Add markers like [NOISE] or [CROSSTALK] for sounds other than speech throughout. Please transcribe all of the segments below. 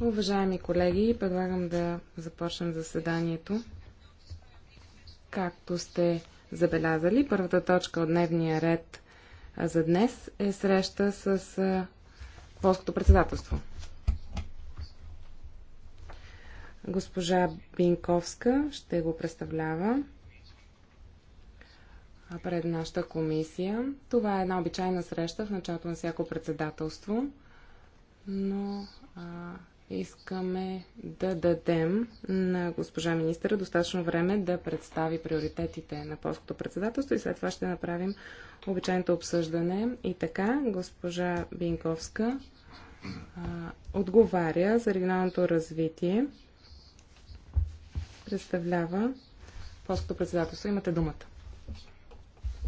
Уважаеми колеги, предлагам да започнем заседанието. Както сте забелязали, първата точка от дневния ред за днес е среща с полското председателство. Госпожа Бинковска ще го представлява пред нашата комисия. Това е една обичайна среща в началото на всяко председателство но а, искаме да дадем на госпожа министра достатъчно време да представи приоритетите на полското председателство и след това ще направим обичайното обсъждане. И така, госпожа Бинковска а, отговаря за регионалното развитие. Представлява полското председателство. Имате думата.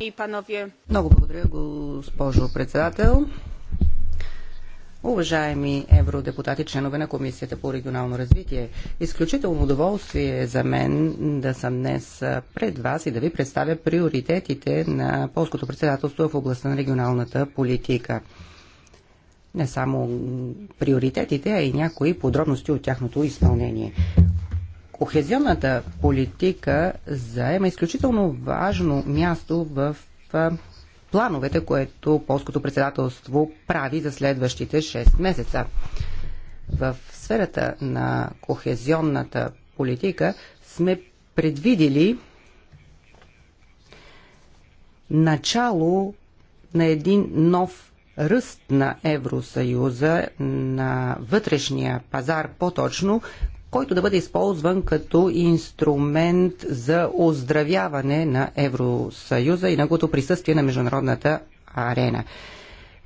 И панове. Много благодаря, госпожо председател. Уважаеми евродепутати, членове на Комисията по регионално развитие, изключително удоволствие е за мен да съм днес пред вас и да ви представя приоритетите на полското председателство в областта на регионалната политика. Не само приоритетите, а и някои подробности от тяхното изпълнение. Кохезионната политика заема изключително важно място в плановете, което полското председателство прави за следващите 6 месеца. В сферата на кохезионната политика сме предвидили начало на един нов ръст на Евросъюза, на вътрешния пазар по-точно, който да бъде използван като инструмент за оздравяване на Евросъюза и неговото присъствие на международната арена.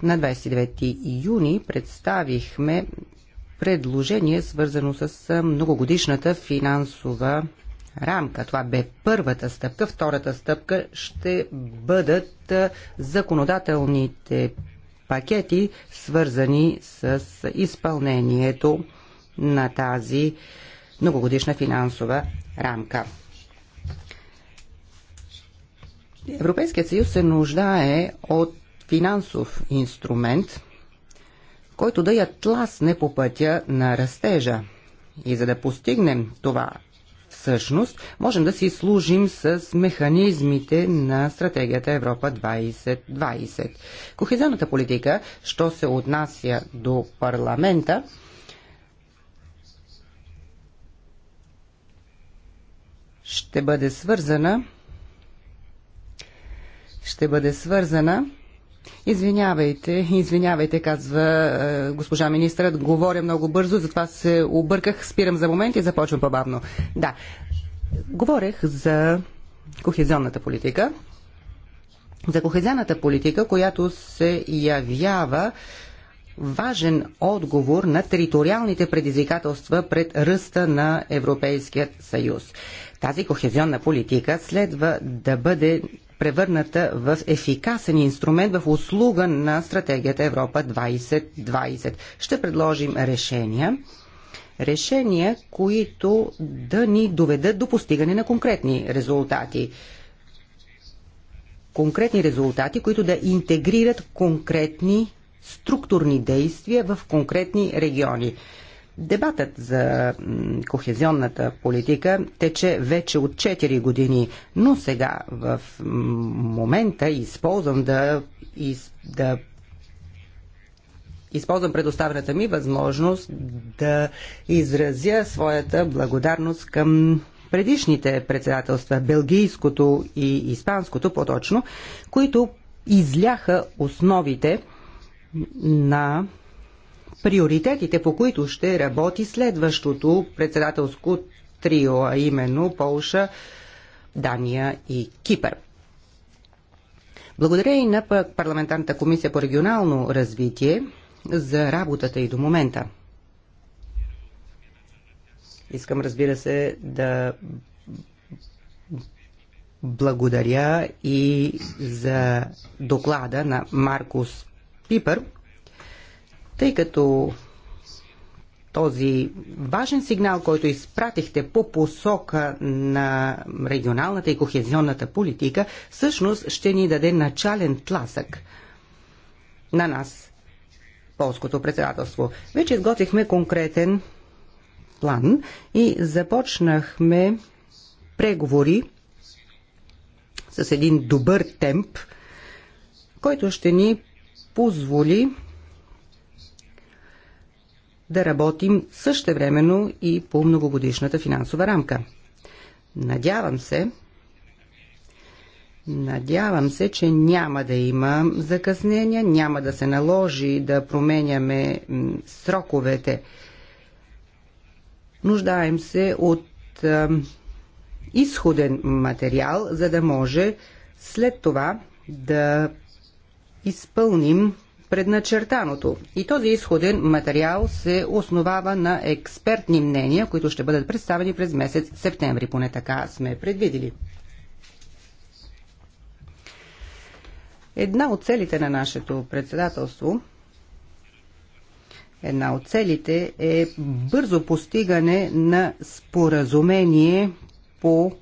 На 29 юни представихме предложение, свързано с многогодишната финансова рамка. Това бе първата стъпка. Втората стъпка ще бъдат законодателните пакети, свързани с изпълнението на тази многогодишна финансова рамка. Европейският съюз се нуждае от финансов инструмент, който да я тласне по пътя на растежа. И за да постигнем това всъщност, можем да си служим с механизмите на стратегията Европа 2020. Кохезионната политика, що се отнася до парламента, ще бъде свързана ще бъде свързана Извинявайте, извинявайте, казва е, госпожа министър. Говоря много бързо, затова се обърках. Спирам за момент и започвам по-бавно. Да, говорех за кохезионната политика. За кохезионната политика, която се явява важен отговор на териториалните предизвикателства пред ръста на Европейският съюз. Тази кохезионна политика следва да бъде превърната в ефикасен инструмент в услуга на стратегията Европа 2020. Ще предложим решения, решения, които да ни доведат до постигане на конкретни резултати. Конкретни резултати, които да интегрират конкретни структурни действия в конкретни региони. Дебатът за кохезионната политика тече вече от 4 години, но сега в момента използвам да, из, да използвам предоставената ми възможност да изразя своята благодарност към предишните председателства, белгийското и испанското по-точно, които изляха основите на приоритетите, по които ще работи следващото председателско трио, а именно Полша, Дания и Кипър. Благодаря и на Парламентарната комисия по регионално развитие за работата и до момента. Искам, разбира се, да благодаря и за доклада на Маркус Пипър – тъй като този важен сигнал, който изпратихте по посока на регионалната и кохезионната политика, всъщност ще ни даде начален тласък на нас, полското председателство. Вече изготвихме конкретен план и започнахме преговори с един добър темп, който ще ни позволи да работим същевременно и по многогодишната финансова рамка. Надявам се, Надявам се, че няма да има закъснения, няма да се наложи да променяме сроковете. Нуждаем се от е, изходен материал, за да може след това да изпълним предначертаното. И този изходен материал се основава на експертни мнения, които ще бъдат представени през месец септември, поне така сме предвидили. Една от целите на нашето председателство една от целите е бързо постигане на споразумение по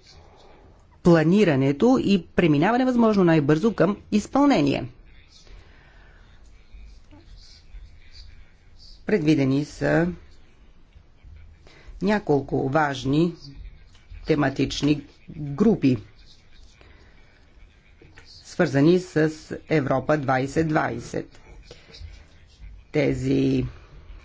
планирането и преминаване възможно най-бързо към изпълнение. Предвидени са няколко важни тематични групи, свързани с Европа 2020. Тези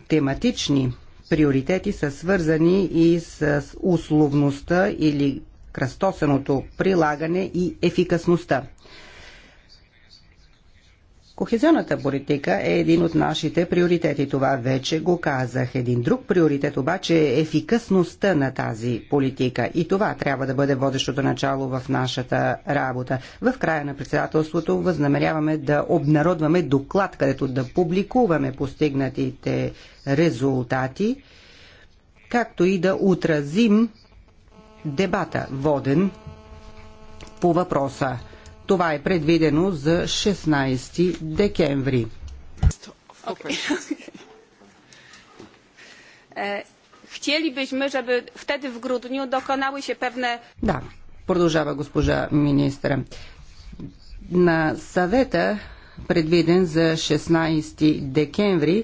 тематични приоритети са свързани и с условността или кръстосаното прилагане и ефикасността. Кохезионната политика е един от нашите приоритети, това вече го казах. Един друг приоритет обаче е ефикасността на тази политика и това трябва да бъде водещото начало в нашата работа. В края на председателството възнамеряваме да обнародваме доклад, където да публикуваме постигнатите резултати, както и да отразим дебата воден по въпроса. Това е предвидено за 16 декември. Е, да, продължава госпожа министра. На съвета, предвиден за 16 декември,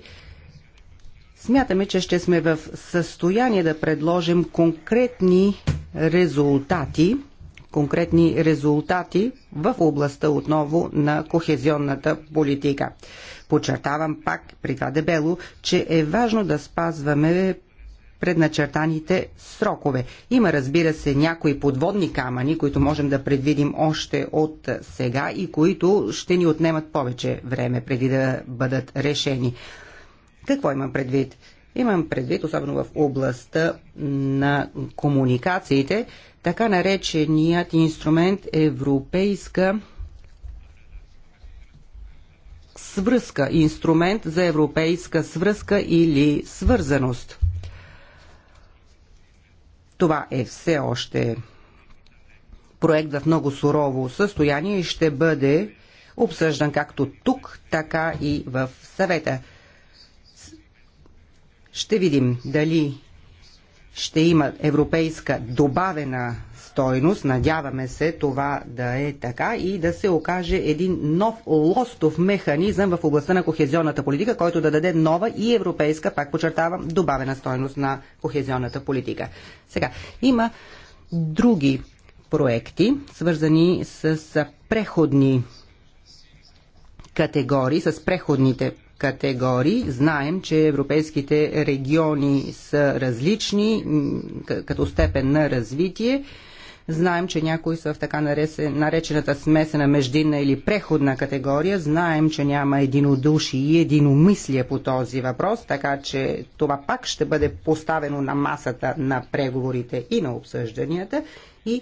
смятаме, че ще сме в състояние да предложим конкретни резултати – конкретни резултати в областта отново на кохезионната политика. Подчертавам пак при това дебело, че е важно да спазваме предначертаните срокове. Има, разбира се, някои подводни камъни, които можем да предвидим още от сега и които ще ни отнемат повече време преди да бъдат решени. Какво имам предвид? Имам предвид, особено в областта на комуникациите, така нареченият инструмент Европейска свръзка, инструмент за европейска свръзка или свързаност. Това е все още проект в много сурово състояние и ще бъде обсъждан както тук, така и в съвета. Ще видим дали ще има европейска добавена стойност. Надяваме се това да е така и да се окаже един нов лостов механизъм в областта на кохезионната политика, който да даде нова и европейска, пак подчертавам, добавена стойност на кохезионната политика. Сега, има други проекти, свързани с преходни категории, с преходните категории. Знаем, че европейските региони са различни като степен на развитие. Знаем, че някои са в така наречената смесена междинна или преходна категория. Знаем, че няма единодуши и единомислие по този въпрос, така че това пак ще бъде поставено на масата на преговорите и на обсъжданията. И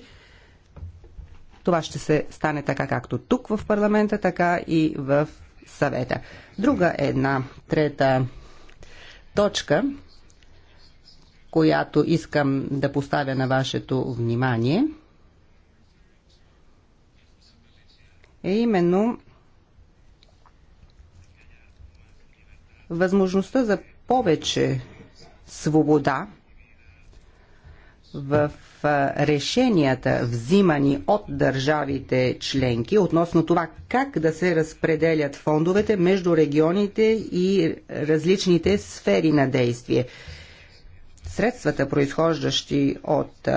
това ще се стане така както тук в парламента, така и в съвета. Друга една трета точка, която искам да поставя на вашето внимание, е именно възможността за повече свобода в решенията, взимани от държавите членки относно това как да се разпределят фондовете между регионите и различните сфери на действие. Средствата, произхождащи от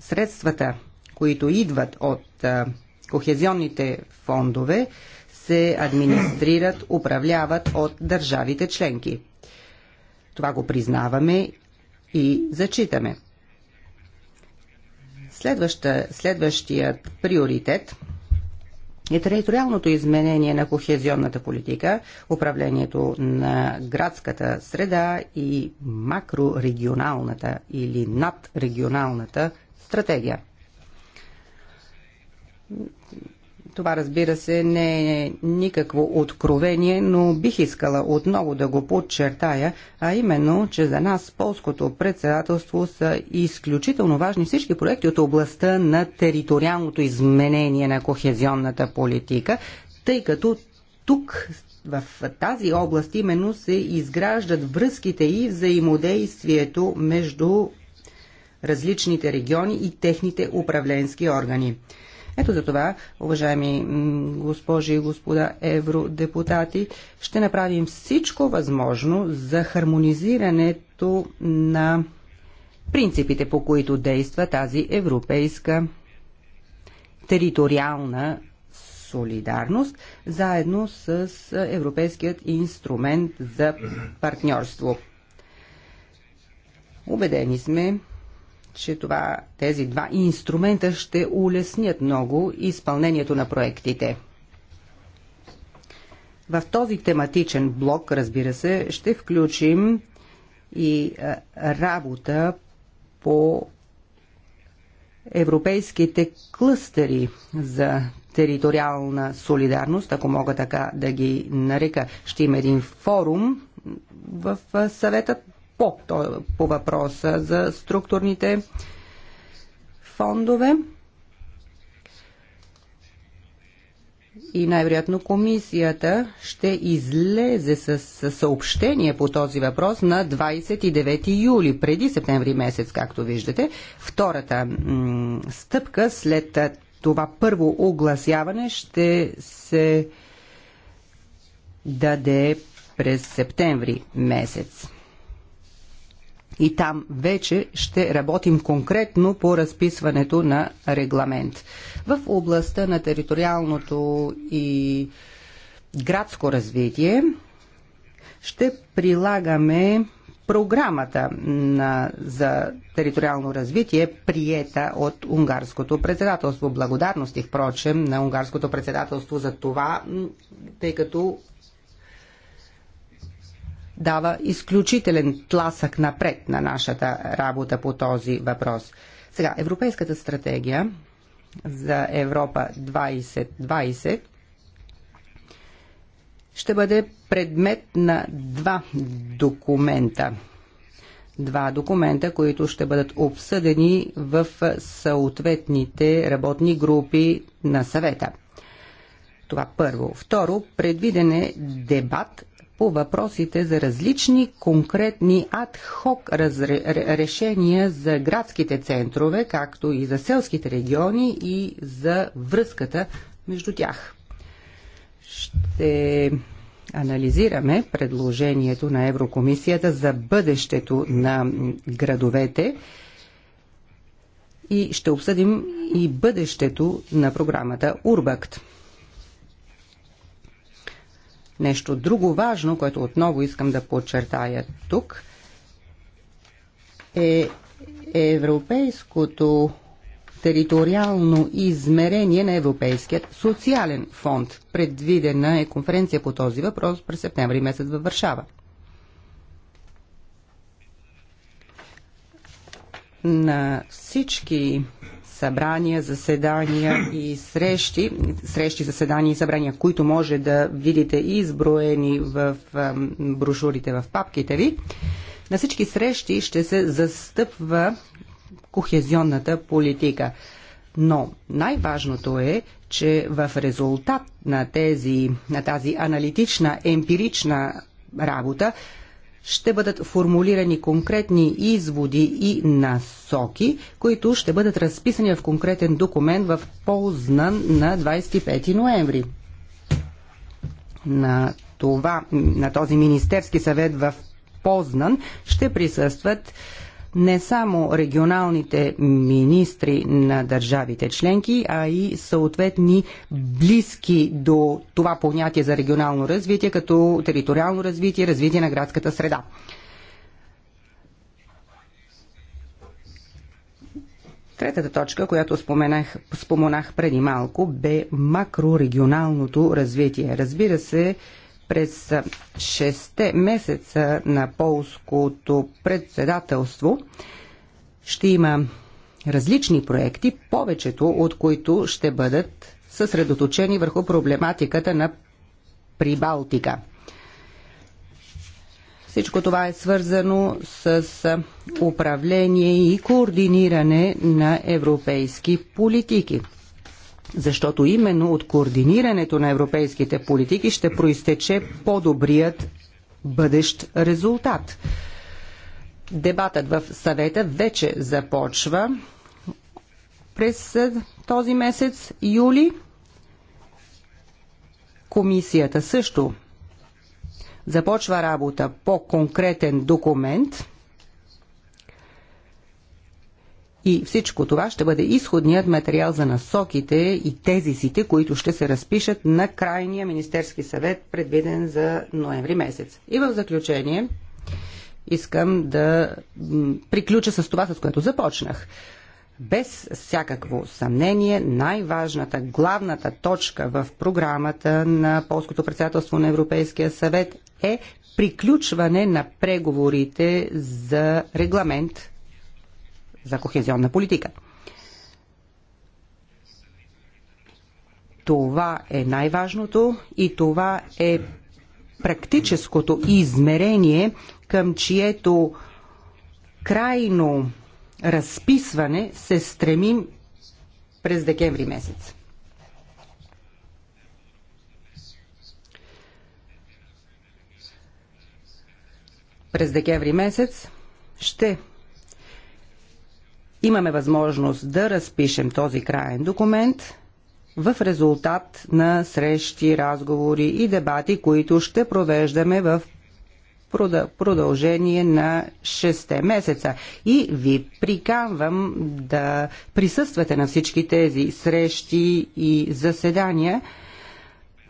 средствата, които идват от кохезионните фондове, се администрират, управляват от държавите членки. Това го признаваме и зачитаме. Следваща, следващият приоритет е териториалното изменение на кохезионната политика, управлението на градската среда и макрорегионалната или надрегионалната стратегия. Това разбира се не е никакво откровение, но бих искала отново да го подчертая, а именно, че за нас полското председателство са изключително важни всички проекти от областта на териториалното изменение на кохезионната политика, тъй като тук в тази област именно се изграждат връзките и взаимодействието между различните региони и техните управленски органи. Ето за това, уважаеми госпожи и господа евродепутати, ще направим всичко възможно за хармонизирането на принципите, по които действа тази европейска териториална солидарност, заедно с Европейският инструмент за партньорство. Убедени сме, че това, тези два инструмента ще улеснят много изпълнението на проектите. В този тематичен блок, разбира се, ще включим и работа по европейските клъстери за териториална солидарност, ако мога така да ги нарека. Ще има един форум в съвета по, по въпроса за структурните фондове. и най-вероятно комисията ще излезе с съобщение по този въпрос на 29 юли, преди септември месец, както виждате. Втората стъпка след това първо огласяване ще се даде през септември месец и там вече ще работим конкретно по разписването на регламент. В областта на териториалното и градско развитие ще прилагаме програмата на, за териториално развитие, приета от унгарското председателство. Благодарности, впрочем, на унгарското председателство за това, тъй като дава изключителен тласък напред на нашата работа по този въпрос. Сега, Европейската стратегия за Европа 2020 ще бъде предмет на два документа. Два документа, които ще бъдат обсъдени в съответните работни групи на съвета. Това първо. Второ, предвиден е дебат по въпросите за различни конкретни адхок решения за градските центрове, както и за селските региони и за връзката между тях. Ще анализираме предложението на Еврокомисията за бъдещето на градовете и ще обсъдим и бъдещето на програмата Урбакт. Нещо друго важно, което отново искам да подчертая тук, е европейското териториално измерение на Европейският социален фонд. Предвидена е конференция по този въпрос през септември месец във Варшава. На всички събрания, заседания и срещи, срещи, заседания и събрания, които може да видите изброени в брошурите, в папките ви, на всички срещи ще се застъпва кохезионната политика. Но най-важното е, че в резултат на, тези, на тази аналитична, емпирична работа, ще бъдат формулирани конкретни изводи и насоки, които ще бъдат разписани в конкретен документ в Познан на 25 ноември. На, това, на този Министерски съвет в Познан ще присъстват не само регионалните министри на държавите членки, а и съответни близки до това понятие за регионално развитие, като териториално развитие, развитие на градската среда. Третата точка, която споменах, споменах преди малко, бе макрорегионалното развитие. Разбира се, през 6 месеца на полското председателство ще има различни проекти, повечето от които ще бъдат съсредоточени върху проблематиката на Прибалтика. Всичко това е свързано с управление и координиране на европейски политики защото именно от координирането на европейските политики ще проистече по-добрият бъдещ резултат. Дебатът в съвета вече започва през е, този месец юли. Комисията също започва работа по конкретен документ – И всичко това ще бъде изходният материал за насоките и тезисите, които ще се разпишат на крайния Министерски съвет, предвиден за ноември месец. И в заключение искам да приключа с това, с което започнах. Без всякакво съмнение, най-важната, главната точка в програмата на Полското председателство на Европейския съвет е приключване на преговорите за регламент за кохезионна политика. Това е най-важното и това е практическото измерение, към чието крайно разписване се стремим през декември месец. През декември месец ще имаме възможност да разпишем този крайен документ в резултат на срещи, разговори и дебати, които ще провеждаме в продължение на 6 месеца. И ви приканвам да присъствате на всички тези срещи и заседания –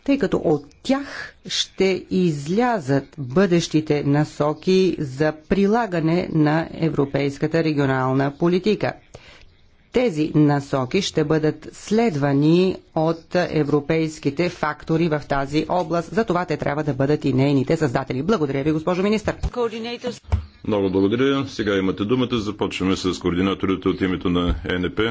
тъй като от тях ще излязат бъдещите насоки за прилагане на европейската регионална политика. Тези насоки ще бъдат следвани от европейските фактори в тази област. За това те трябва да бъдат и нейните създатели. Благодаря ви, госпожо министър. Много благодаря. Сега имате думата. Започваме с координаторите от името на ЕНП.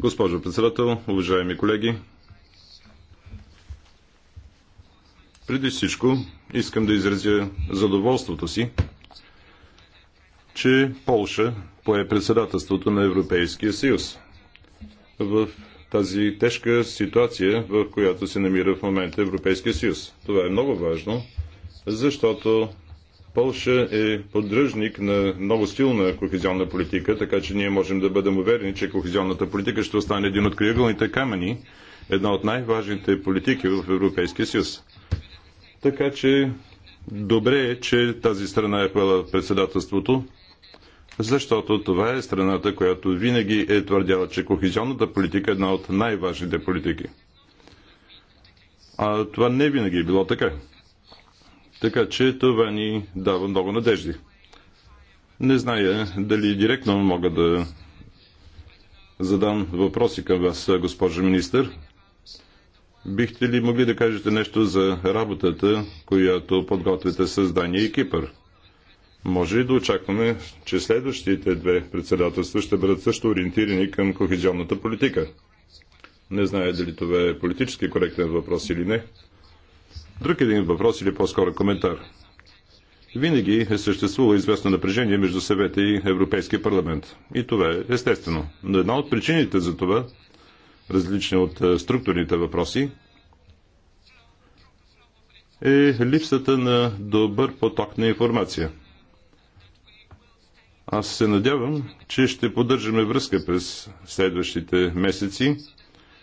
Госпожо председател, уважаеми колеги, преди всичко искам да изразя задоволството си, че Полша пое председателството на Европейския съюз в тази тежка ситуация, в която се намира в момента Европейския съюз. Това е много важно, защото Полша е поддръжник на много силна кохезионна политика, така че ние можем да бъдем уверени, че кохезионната политика ще остане един от крайъгълните камъни, една от най-важните политики в Европейския съюз. Така че добре е, че тази страна е поела председателството, защото това е страната, която винаги е твърдяла, че кохезионната политика е една от най-важните политики. А това не винаги е било така. Така че това ни дава много надежди. Не зная дали директно мога да задам въпроси към вас, госпожо министър. Бихте ли могли да кажете нещо за работата, която подготвяте с Дания и Кипър? Може ли да очакваме, че следващите две председателства ще бъдат също ориентирани към кохезионната политика? Не зная дали това е политически коректен въпрос или не. Друг един въпрос или по-скоро коментар. Винаги е съществувало известно напрежение между съвета и Европейския парламент. И това е естествено. Но една от причините за това, различни от е, структурните въпроси, е липсата на добър поток на информация. Аз се надявам, че ще поддържаме връзка през следващите месеци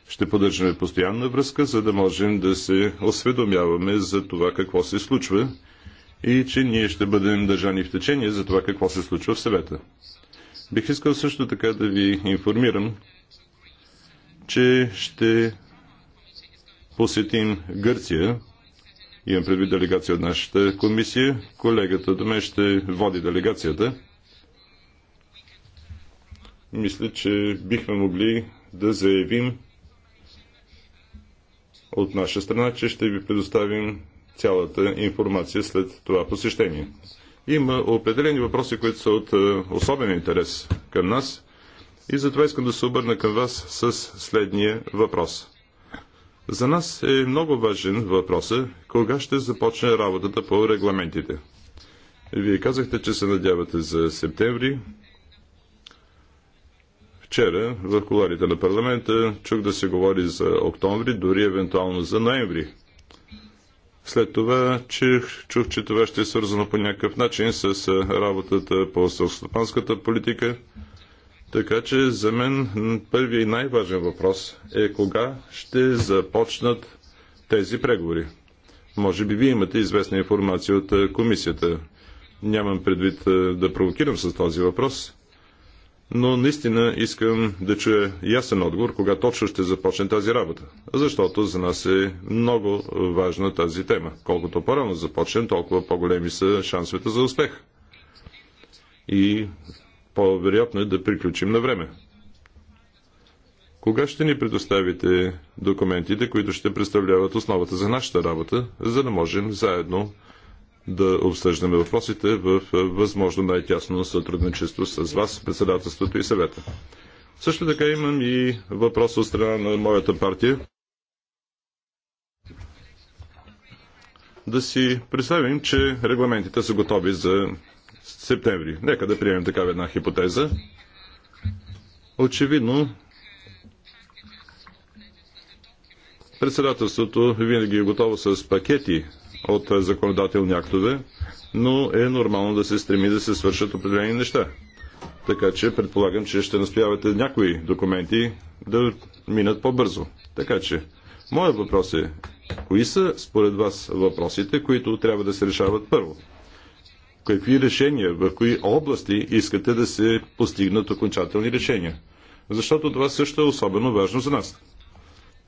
ще поддържаме постоянна връзка, за да можем да се осведомяваме за това какво се случва и че ние ще бъдем държани в течение за това какво се случва в съвета. Бих искал също така да ви информирам, че ще посетим Гърция. Имам предвид делегация от нашата комисия. Колегата до мен ще води делегацията. Мисля, че бихме могли да заявим от наша страна, че ще ви предоставим цялата информация след това посещение. Има определени въпроси, които са от е, особен интерес към нас и затова искам да се обърна към вас с следния въпрос. За нас е много важен въпросът кога ще започне работата по регламентите. Вие казахте, че се надявате за септември. Вчера в коларите на парламента чух да се говори за октомври, дори евентуално за ноември. След това чух, чух че това ще е свързано по някакъв начин с работата по селскостопанската политика. Така че за мен първият и най-важен въпрос е кога ще започнат тези преговори. Може би вие имате известна информация от комисията. Нямам предвид да провокирам с този въпрос, но наистина искам да чуя ясен отговор, кога точно ще започне тази работа. Защото за нас е много важна тази тема. Колкото по-рано започнем, толкова по-големи са шансовете за успех. И по-вероятно е да приключим на време. Кога ще ни предоставите документите, които ще представляват основата за нашата работа, за да можем заедно да обсъждаме въпросите в възможно най-тясно сътрудничество с вас, председателството и съвета. Също така имам и въпрос от страна на моята партия. Да си представим, че регламентите са готови за септември. Нека да приемем такава една хипотеза. Очевидно, председателството винаги е готово с пакети от е, законодателни актове, но е нормално да се стреми да се свършат определени неща. Така че предполагам, че ще настоявате някои документи да минат по-бързо. Така че, моят въпрос е, кои са според вас въпросите, които трябва да се решават първо? Какви решения, в кои области искате да се постигнат окончателни решения? Защото това също е особено важно за нас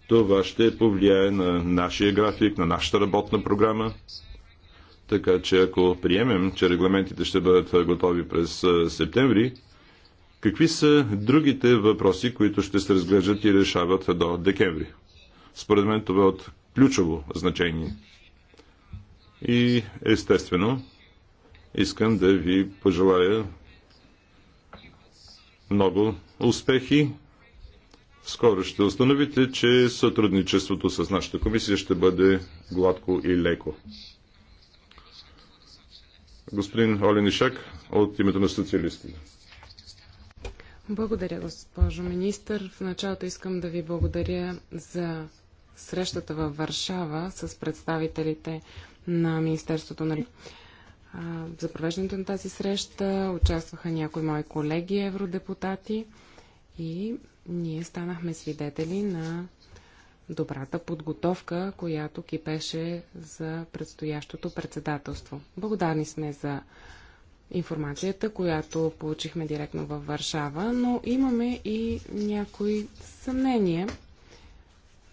това ще повлияе на нашия график, на нашата работна програма. Така че ако приемем, че регламентите ще бъдат готови през септември, какви са другите въпроси, които ще се разглеждат и решават до декември? Според мен това е от ключово значение. И естествено, искам да ви пожелая много успехи скоро ще установите, че сътрудничеството с нашата комисия ще бъде гладко и леко. Господин Ишак, от името на социалистите. Благодаря, госпожо министър. В началото искам да ви благодаря за срещата във Варшава с представителите на Министерството на за провеждането на тази среща участваха някои мои колеги евродепутати и ние станахме свидетели на добрата подготовка, която кипеше за предстоящото председателство. Благодарни сме за информацията, която получихме директно във Варшава, но имаме и някои съмнения.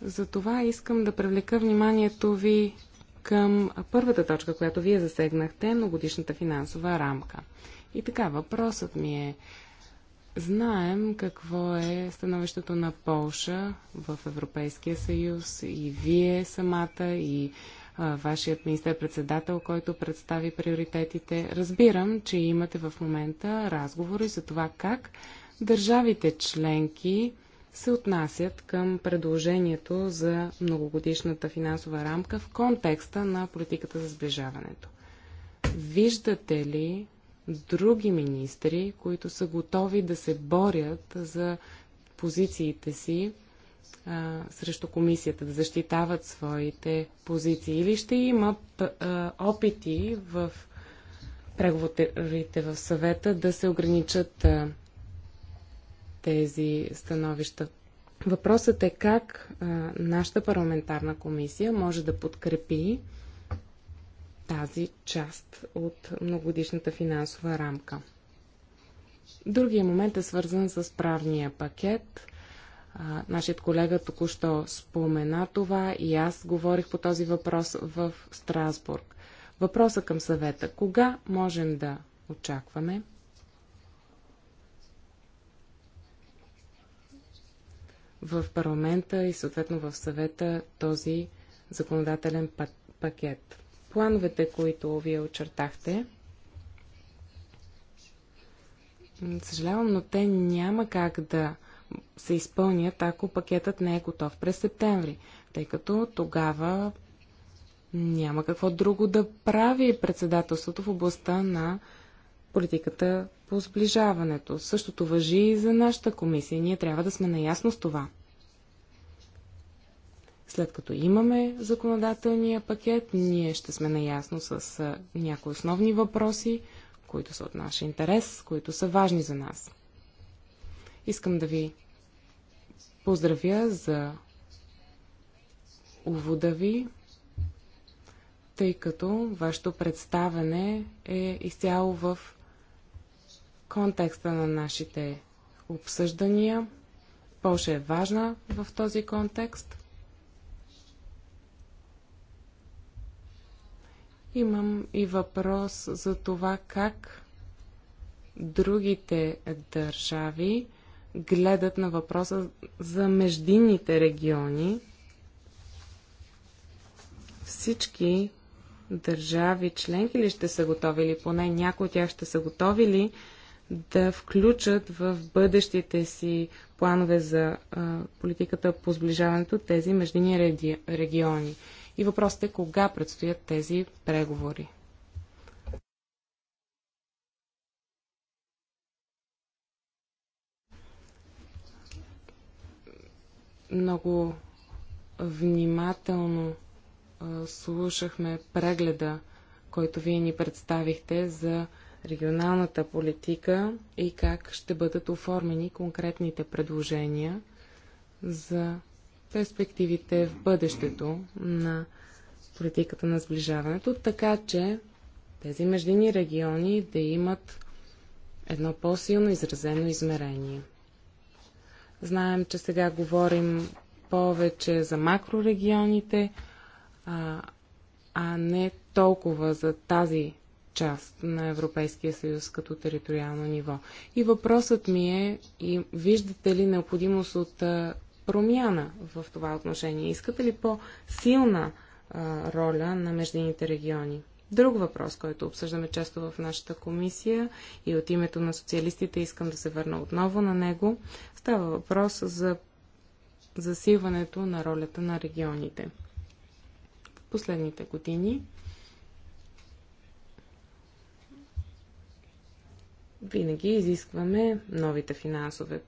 Затова искам да привлека вниманието ви към първата точка, която вие засегнахте, многодишната финансова рамка. И така, въпросът ми е, Знаем какво е становището на Полша в Европейския съюз и вие самата и а, вашият министър-председател, който представи приоритетите. Разбирам, че имате в момента разговори за това как държавите членки се отнасят към предложението за многогодишната финансова рамка в контекста на политиката за сближаването. Виждате ли други министри, които са готови да се борят за позициите си а, срещу комисията, да защитават своите позиции. Или ще има а, опити в преговорите в съвета да се ограничат а, тези становища. Въпросът е как а, нашата парламентарна комисия може да подкрепи тази част от многодишната финансова рамка. Другия момент е свързан с правния пакет. нашият колега току-що спомена това и аз говорих по този въпрос в Страсбург. Въпроса към съвета. Кога можем да очакваме в парламента и съответно в съвета този законодателен пакет? плановете, които вие очертахте. Съжалявам, но те няма как да се изпълнят, ако пакетът не е готов през септември, тъй като тогава няма какво друго да прави председателството в областта на политиката по сближаването. Същото въжи и за нашата комисия. Ние трябва да сме наясно с това. След като имаме законодателния пакет, ние ще сме наясно с някои основни въпроси, които са от наш интерес, които са важни за нас. Искам да ви поздравя за увода ви, тъй като вашето представене е изцяло в контекста на нашите обсъждания. Польша е важна в този контекст. Имам и въпрос за това как другите държави гледат на въпроса за междинните региони. Всички държави членки ли ще са готови или поне някои от тях ще са готови ли да включат в бъдещите си планове за а, политиката по сближаването тези междинни реги... региони. И въпросът е кога предстоят тези преговори. Много внимателно слушахме прегледа, който вие ни представихте за регионалната политика и как ще бъдат оформени конкретните предложения за перспективите в бъдещето на политиката на сближаването, така че тези междинни региони да имат едно по-силно изразено измерение. Знаем, че сега говорим повече за макрорегионите, а, а не толкова за тази част на Европейския съюз като териториално ниво. И въпросът ми е, и виждате ли необходимост от а, промяна в това отношение? Искате ли по-силна роля на междинните региони? Друг въпрос, който обсъждаме често в нашата комисия и от името на социалистите искам да се върна отново на него, става въпрос за засилването на ролята на регионите. В последните години винаги изискваме новите финансови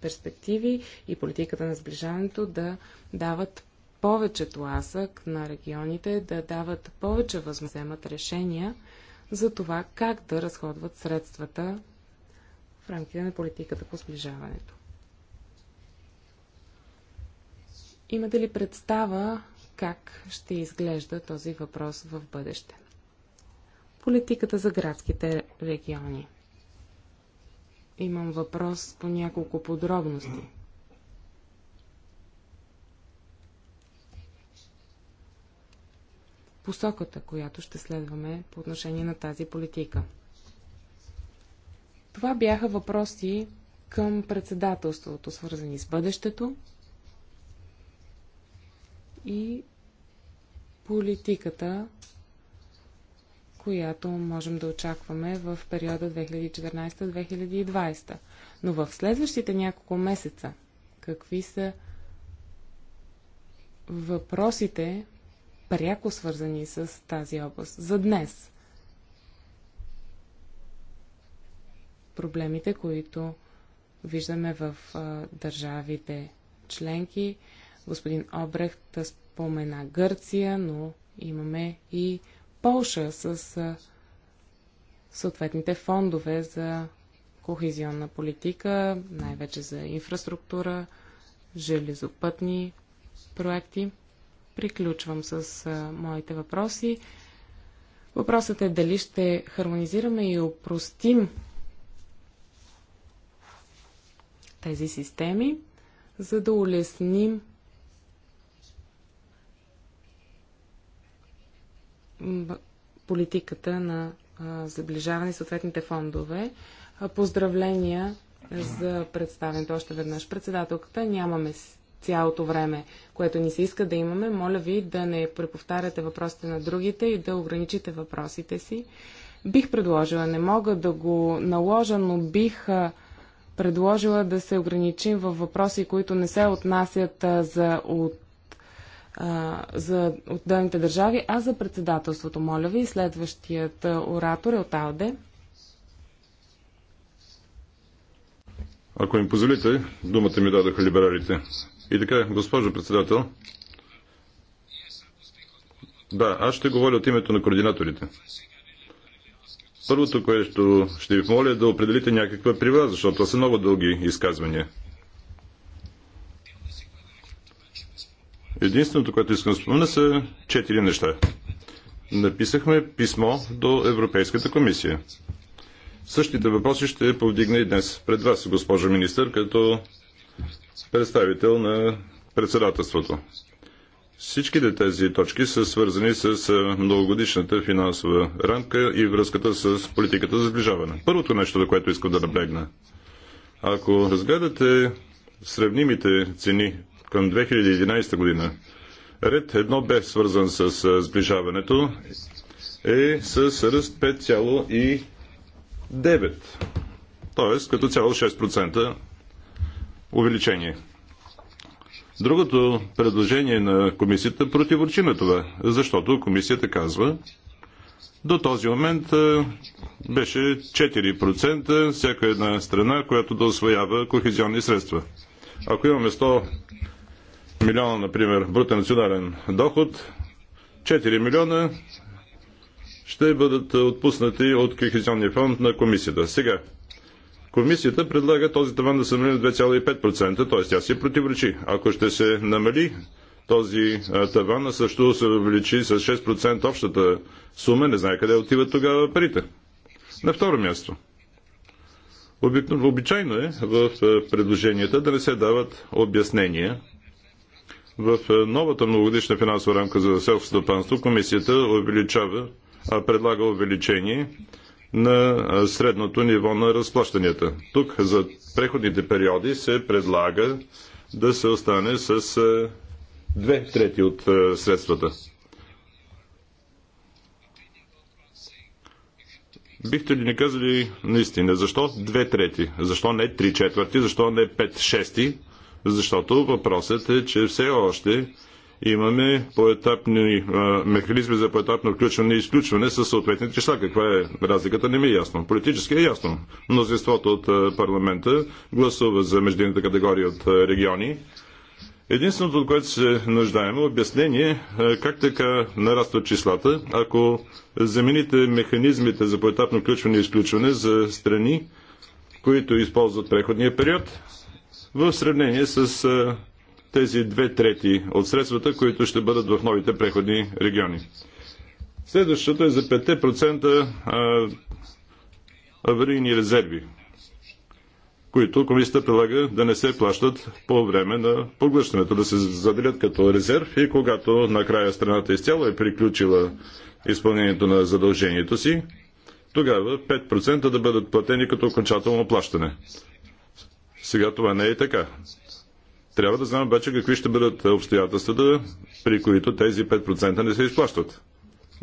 перспективи и политиката на сближаването да дават повече тласък на регионите, да дават повече възможност решения за това как да разходват средствата в рамките на политиката по сближаването. Имате ли представа как ще изглежда този въпрос в бъдеще? Политиката за градските региони. Имам въпрос по няколко подробности. Посоката, която ще следваме по отношение на тази политика. Това бяха въпроси към председателството, свързани с бъдещето и политиката която можем да очакваме в периода 2014-2020. Но в следващите няколко месеца, какви са въпросите, пряко свързани с тази област? За днес. Проблемите, които виждаме в държавите членки. Господин Обрехт спомена Гърция, но имаме и Полша с съответните фондове за кохезионна политика, най-вече за инфраструктура, железопътни проекти. Приключвам с моите въпроси. Въпросът е дали ще хармонизираме и упростим тези системи, за да улесним политиката на заближаване и съответните фондове. Поздравления за представенето още веднъж. Председателката нямаме цялото време, което ни се иска да имаме. Моля ви да не преповтаряте въпросите на другите и да ограничите въпросите си. Бих предложила, не мога да го наложа, но бих предложила да се ограничим във въпроси, които не се отнасят за от за отделните държави, а за председателството. Моля ви, следващият оратор е от АЛДЕ. Ако им позволите, думата ми дадоха либералите. И така, госпожо председател, да, аз ще говоря от името на координаторите. Първото, което ще ви помоля е да определите някаква правила, защото това са много дълги изказвания. Единственото, което искам да спомена са четири неща. Написахме писмо до Европейската комисия. Същите въпроси ще повдигна и днес пред вас, госпожо министър, като представител на председателството. Всичките тези точки са свързани с многогодишната финансова рамка и връзката с политиката за сближаване. Първото нещо, до което искам да наблегна. Ако разгледате сравнимите цени към 2011 година. Ред 1 бе свързан с сближаването е с ръст 5,9. Тоест като цяло 6% увеличение. Другото предложение на комисията противоречи на това, защото комисията казва, до този момент беше 4% всяка една страна, която да освоява кохезионни средства. Ако имаме 100 милиона, например, брутен национален доход, 4 милиона ще бъдат отпуснати от Кохезионния фонд на комисията. Сега, комисията предлага този таван да се намали на 2,5%, т.е. тя си противоречи. Ако ще се намали този таван, а също се увеличи с 6% общата сума, не знае къде отиват тогава парите. На второ място. Обичайно е в предложенията да не се дават обяснения в е, новата многогодишна финансова рамка за селско стопанство комисията увеличава, а предлага увеличение на е, средното ниво на разплащанията. Тук за преходните периоди се предлага да се остане с е, две трети от средствата. Бихте ли ни казали наистина защо две трети? Защо не три четвърти? Защо не пет шести? Защото въпросът е, че все още имаме поетапни механизми за поетапно включване и изключване с съответните числа. Каква е разликата, не ми е ясно. Политически е ясно. Мнозинството от парламента гласува за междинната категория от региони. Единственото, от което се нуждаем, е обяснение как така нарастват числата, ако замените механизмите за поетапно включване и изключване за страни, които използват преходния период в сравнение с тези две трети от средствата, които ще бъдат в новите преходни региони. Следващото е за 5% аварийни резерви, които комисията прилага да не се плащат по време на поглъщането, да се заделят като резерв и когато накрая страната изцяло е приключила изпълнението на задължението си, тогава 5% да бъдат платени като окончателно плащане. Сега това не е така. Трябва да знам обаче какви ще бъдат обстоятелствата, при които тези 5% не се изплащат.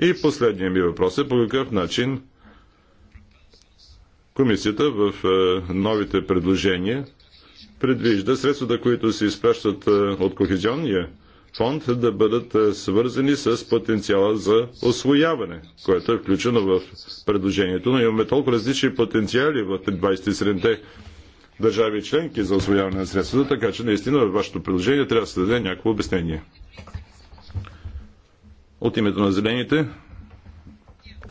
И последният ми въпрос е по какъв начин комисията в е, новите предложения предвижда средствата, които се изплащат е, от кохезионния фонд да бъдат е, свързани с потенциала за освояване, което е включено в предложението. Но имаме толкова различни потенциали в 27-те държави членки за освояване на средствата, така че наистина във вашето предложение трябва да се даде някакво обяснение. От името на зелените.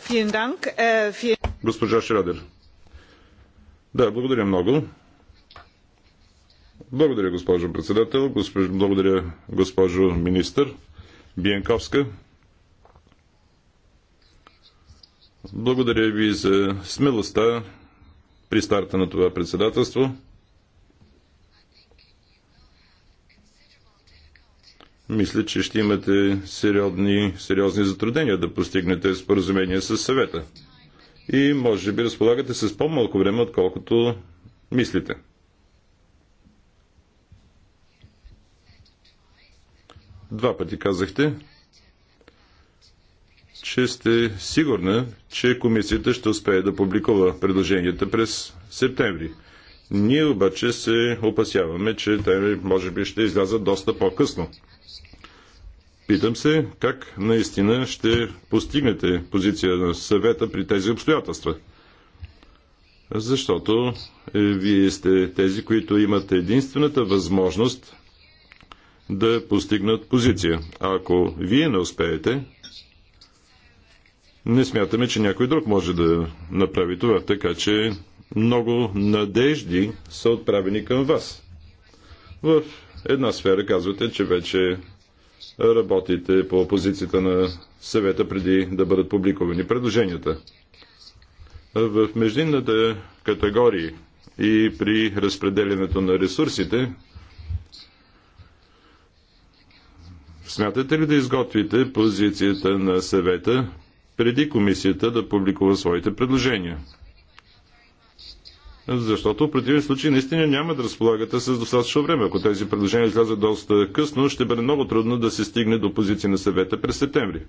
Э, Госпожа Шрадер. Да, благодаря много. Благодаря, госпожо председател. Госпож... Благодаря, госпожо министър Биенковска. Благодаря ви за смелостта при старта на това председателство. Мисля, че ще имате сериозни, сериозни затруднения да постигнете споразумение с съвета. И може би разполагате с по-малко време, отколкото мислите. Два пъти казахте, че сте сигурна, че комисията ще успее да публикува предложенията през септември. Ние обаче се опасяваме, че те може би ще излязат доста по-късно. Питам се как наистина ще постигнете позиция на съвета при тези обстоятелства. Защото е, вие сте тези, които имат единствената възможност да постигнат позиция. А ако вие не успеете, не смятаме, че някой друг може да направи това, така че много надежди са отправени към вас. В една сфера казвате, че вече работите по позицията на съвета преди да бъдат публикувани предложенията. В междинната категория и при разпределянето на ресурсите, смятате ли да изготвите позицията на съвета преди комисията да публикува своите предложения. Защото в противен случай наистина няма да разполагате с достатъчно време. Ако тези предложения излязат доста късно, ще бъде много трудно да се стигне до позиция на съвета през септември.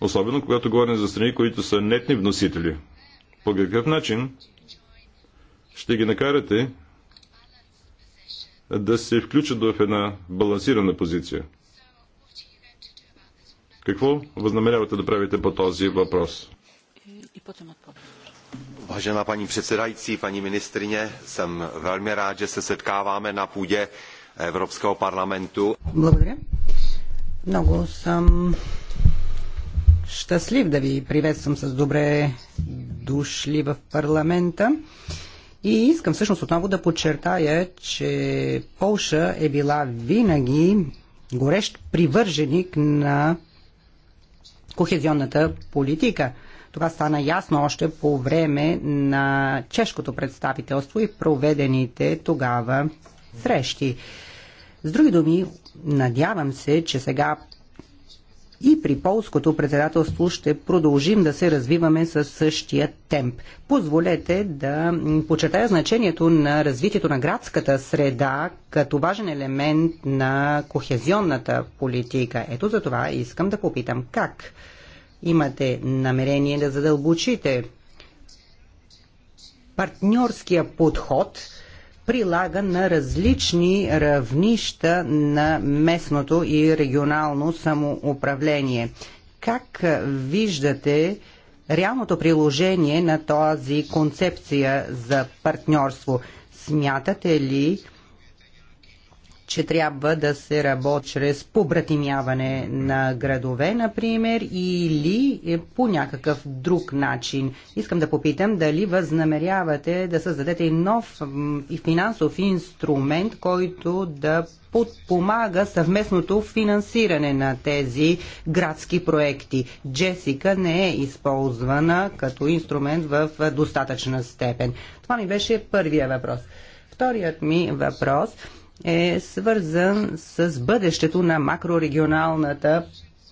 Особено когато говорим за страни, които са нетни вносители. По какъв начин ще ги накарате да се включат в една балансирана позиция? Какво възнамерявате да правите по този въпрос? И потом Vážená paní předsedající, paní ministrině, jsem velmi rád, že se setkáváme na půdě Evropského parlamentu. Благодаря. Много съм щастлив да ви приветствам с добре дошли в парламента. И искам всъщност отново да подчертая, че Полша е била винаги горещ привърженик на кохезионната политика. Това стана ясно още по време на чешкото представителство и проведените тогава срещи. С други думи, надявам се, че сега и при полското председателство ще продължим да се развиваме със същия темп. Позволете да почетая значението на развитието на градската среда като важен елемент на кохезионната политика. Ето за това искам да попитам как имате намерение да задълбочите партньорския подход – прилага на различни равнища на местното и регионално самоуправление. Как виждате реалното приложение на тази концепция за партньорство? Смятате ли, че трябва да се работи чрез побратимяване на градове, например, или е по някакъв друг начин. Искам да попитам дали възнамерявате да създадете нов финансов инструмент, който да подпомага съвместното финансиране на тези градски проекти. Джесика не е използвана като инструмент в достатъчна степен. Това ми беше първия въпрос. Вторият ми въпрос – е свързан с бъдещето на макрорегионалната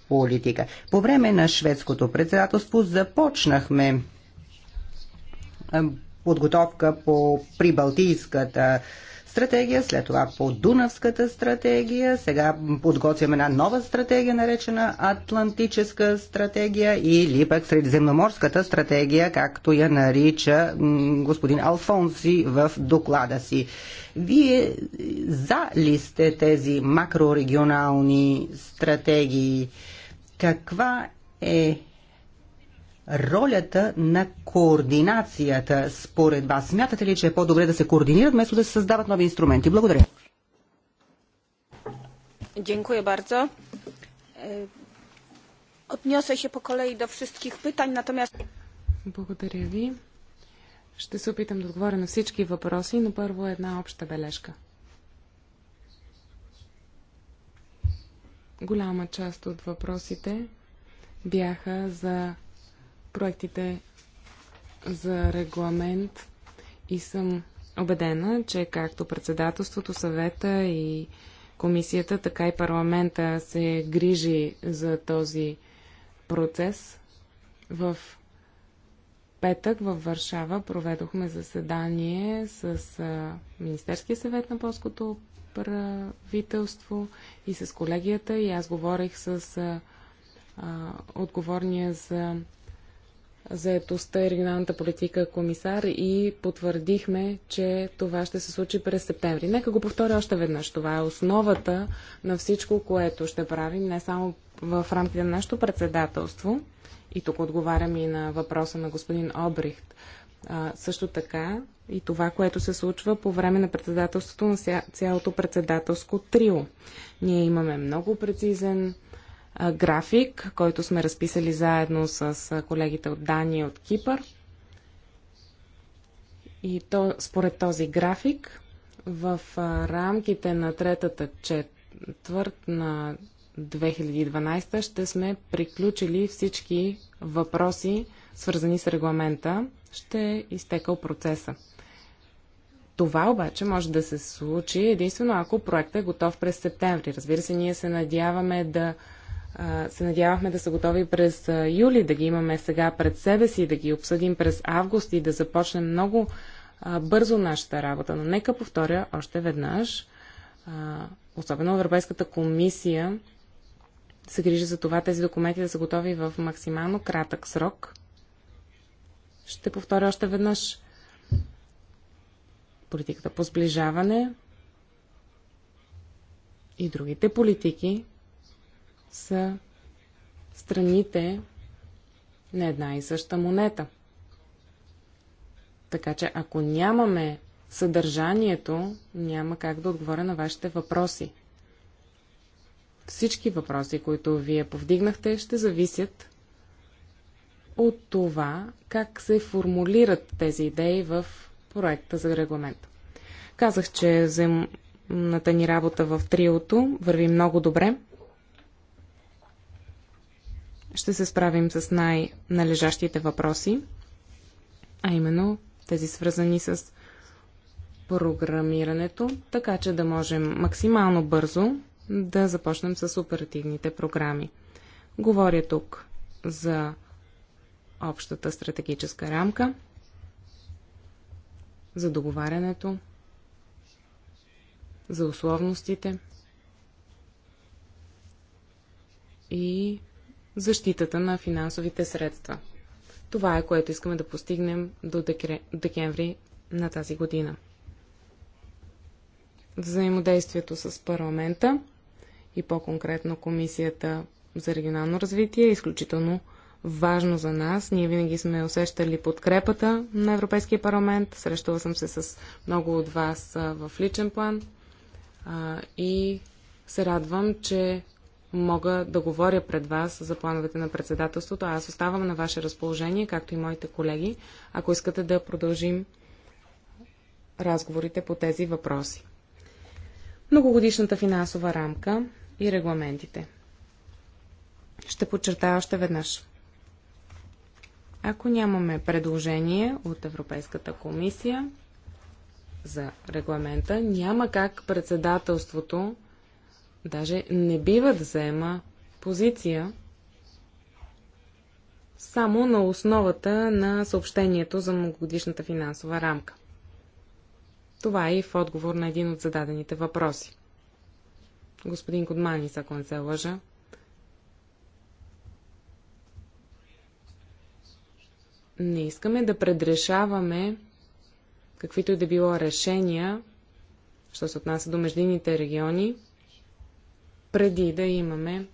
политика. По време на шведското председателство започнахме подготовка по прибалтийската стратегия, след това по Дунавската стратегия, сега подготвяме една нова стратегия, наречена Атлантическа стратегия или пък Средиземноморската стратегия, както я нарича господин Алфонси в доклада си. Вие за ли сте тези макрорегионални стратегии? Каква е ролята на координацията според вас? Смятате ли, че е по-добре да се координират, вместо да се създават нови инструменти? Благодаря. Dziękuję bardzo. E, odniosę się po kolei do wszystkich pytań, natomiast... Благодаря ви. Ще се опитам да отговоря на всички въпроси, но първо една обща бележка. Голяма част от въпросите бяха за проектите за регламент и съм убедена, че както председателството, съвета и комисията, така и парламента се грижи за този процес. В петък във Варшава проведохме заседание с Министерския съвет на полското правителство и с колегията и аз говорих с отговорния за заетостта и регионалната политика комисар и потвърдихме, че това ще се случи през септември. Нека го повторя още веднъж. Това е основата на всичко, което ще правим, не само в рамките на нашето председателство. И тук отговарям и на въпроса на господин Обрихт. А, също така и това, което се случва по време на председателството на цялото председателско трио. Ние имаме много прецизен график, който сме разписали заедно с колегите от Дания и от Кипър. И то, според този график, в рамките на третата четвърт на 2012 ще сме приключили всички въпроси, свързани с регламента. Ще е изтекал процеса. Това обаче може да се случи единствено ако проектът е готов през септември. Разбира се, ние се надяваме да се надявахме да са готови през юли, да ги имаме сега пред себе си, да ги обсъдим през август и да започнем много бързо нашата работа. Но нека повторя още веднъж, особено Европейската комисия се грижи за това тези документи да са готови в максимално кратък срок. Ще повторя още веднъж. Политиката по сближаване и другите политики са страните на една и съща монета. Така че ако нямаме съдържанието, няма как да отговоря на вашите въпроси. Всички въпроси, които вие повдигнахте, ще зависят от това как се формулират тези идеи в проекта за регламент. Казах, че взаимната ни работа в триото върви много добре ще се справим с най-належащите въпроси, а именно тези свързани с програмирането, така че да можем максимално бързо да започнем с оперативните програми. Говоря тук за общата стратегическа рамка, за договарянето, за условностите и защитата на финансовите средства. Това е което искаме да постигнем до декември на тази година. Взаимодействието с парламента и по-конкретно Комисията за регионално развитие е изключително важно за нас. Ние винаги сме усещали подкрепата на Европейския парламент. Срещала съм се с много от вас в личен план и се радвам, че мога да говоря пред вас за плановете на председателството. Аз оставам на ваше разположение, както и моите колеги, ако искате да продължим разговорите по тези въпроси. Многогодишната финансова рамка и регламентите. Ще подчертая още веднъж. Ако нямаме предложение от Европейската комисия за регламента, няма как председателството даже не бива да заема позиция само на основата на съобщението за многогодишната финансова рамка. Това е и в отговор на един от зададените въпроси. Господин Кодманис, ако не се лъжа, не искаме да предрешаваме каквито и да било решения, що се отнася до междинните региони, преди да имаме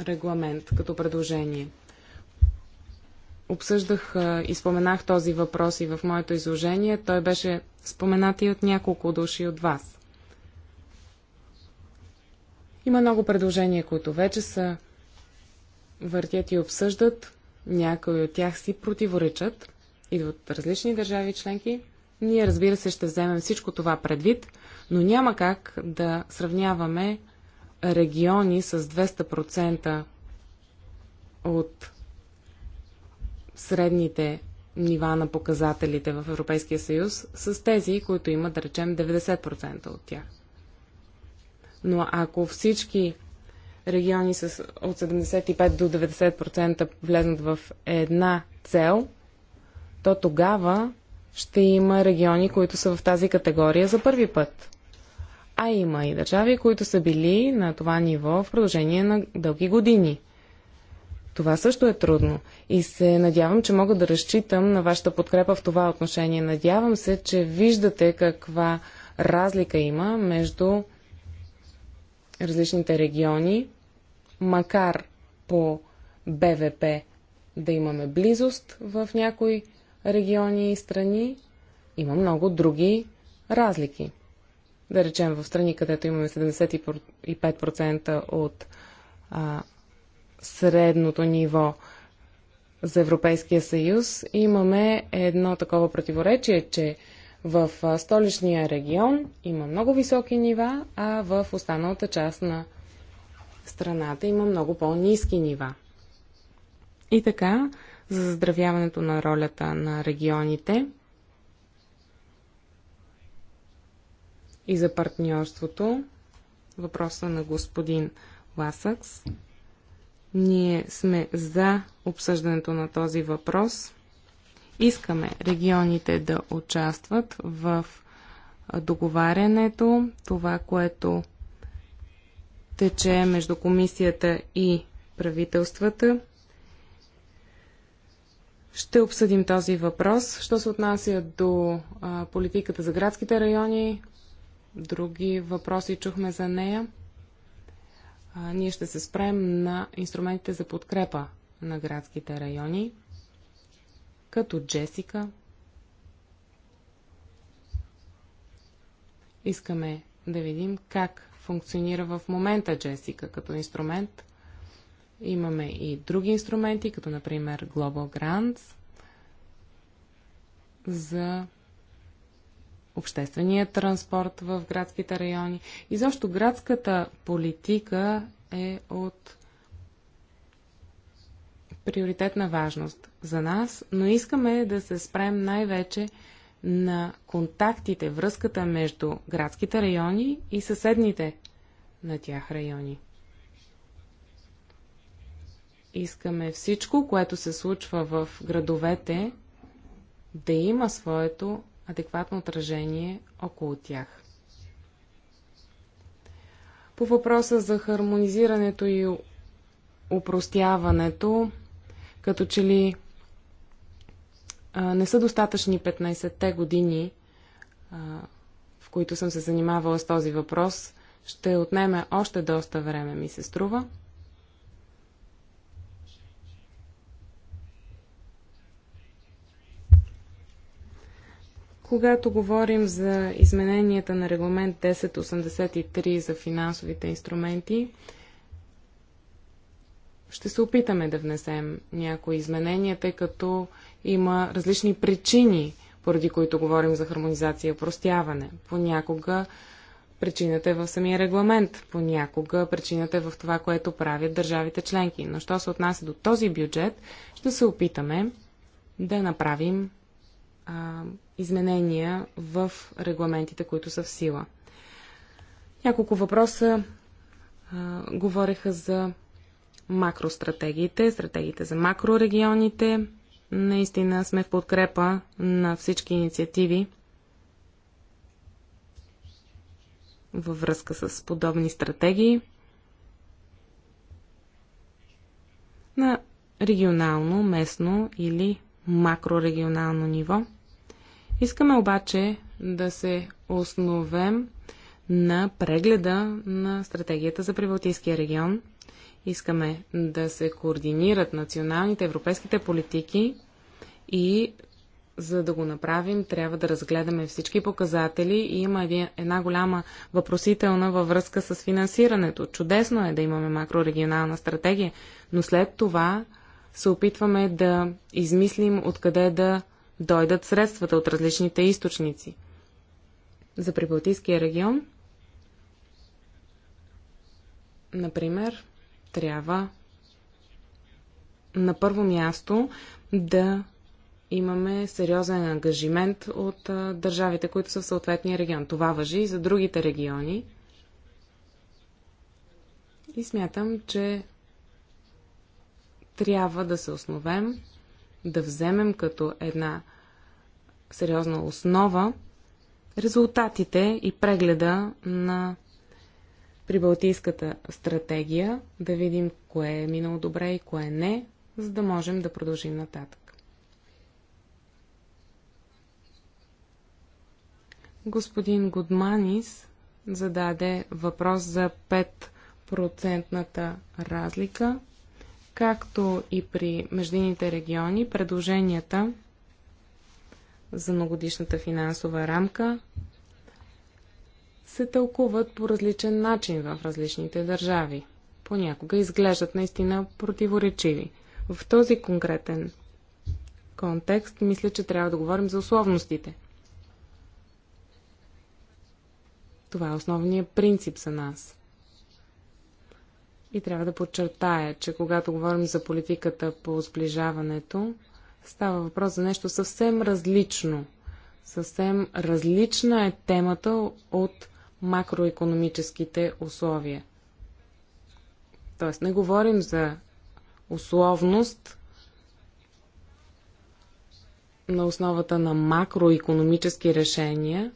регламент като предложение. Обсъждах и споменах този въпрос и в моето изложение. Той беше споменат и от няколко души от вас. Има много предложения, които вече са въртят и обсъждат. Някои от тях си противоречат. Идват от различни държави членки. Ние, разбира се, ще вземем всичко това предвид, но няма как да сравняваме региони с 200% от средните нива на показателите в Европейския съюз с тези, които имат, да речем, 90% от тях. Но ако всички региони с от 75 до 90% влезнат в една цел, то тогава ще има региони, които са в тази категория за първи път а има и държави, които са били на това ниво в продължение на дълги години. Това също е трудно и се надявам, че мога да разчитам на вашата подкрепа в това отношение. Надявам се, че виждате каква разлика има между различните региони, макар по БВП да имаме близост в някои региони и страни, има много други разлики да речем в страни, където имаме 75% от а, средното ниво за Европейския съюз, имаме едно такова противоречие, че в столичния регион има много високи нива, а в останалата част на страната има много по-низки нива. И така, за заздравяването на ролята на регионите – и за партньорството. Въпроса на господин Ласакс. Ние сме за обсъждането на този въпрос. Искаме регионите да участват в договарянето, това, което тече между комисията и правителствата. Ще обсъдим този въпрос. Що се отнася до а, политиката за градските райони, други въпроси чухме за нея. А, ние ще се спрем на инструментите за подкрепа на градските райони, като Джесика. Искаме да видим как функционира в момента Джесика като инструмент. Имаме и други инструменти, като например Global Grants за обществения транспорт в градските райони. И защо градската политика е от приоритетна важност за нас, но искаме да се спрем най-вече на контактите, връзката между градските райони и съседните на тях райони. Искаме всичко, което се случва в градовете, да има своето адекватно отражение около тях. По въпроса за хармонизирането и упростяването, като че ли а, не са достатъчни 15-те години, а, в които съм се занимавала с този въпрос, ще отнеме още доста време, ми се струва. когато говорим за измененията на регламент 1083 за финансовите инструменти, ще се опитаме да внесем някои изменения, тъй като има различни причини, поради които говорим за хармонизация и опростяване. Понякога причината е в самия регламент, понякога причината е в това, което правят държавите членки. Но що се отнася до този бюджет, ще се опитаме да направим изменения в регламентите, които са в сила. Няколко въпроса а, говореха за макростратегиите, стратегиите за макрорегионите. Наистина сме в подкрепа на всички инициативи във връзка с подобни стратегии. На регионално, местно или макрорегионално ниво. Искаме обаче да се основем на прегледа на стратегията за Прибалтийския регион. Искаме да се координират националните европейските политики и за да го направим, трябва да разгледаме всички показатели и има една голяма въпросителна във връзка с финансирането. Чудесно е да имаме макрорегионална стратегия, но след това се опитваме да измислим откъде да дойдат средствата от различните източници. За Прибалтийския регион, например, трябва на първо място да имаме сериозен ангажимент от държавите, които са в съответния регион. Това въжи и за другите региони. И смятам, че трябва да се основем да вземем като една сериозна основа резултатите и прегледа на Прибалтийската стратегия, да видим кое е минало добре и кое не, за да можем да продължим нататък. Господин Гудманис зададе въпрос за 5 разлика Както и при междинните региони, предложенията за многодишната финансова рамка се тълкуват по различен начин в различните държави. Понякога изглеждат наистина противоречиви. В този конкретен контекст мисля, че трябва да говорим за условностите. Това е основният принцип за нас. И трябва да подчертая, че когато говорим за политиката по сближаването, става въпрос за нещо съвсем различно. Съвсем различна е темата от макроекономическите условия. Тоест, не говорим за условност на основата на макроекономически решения,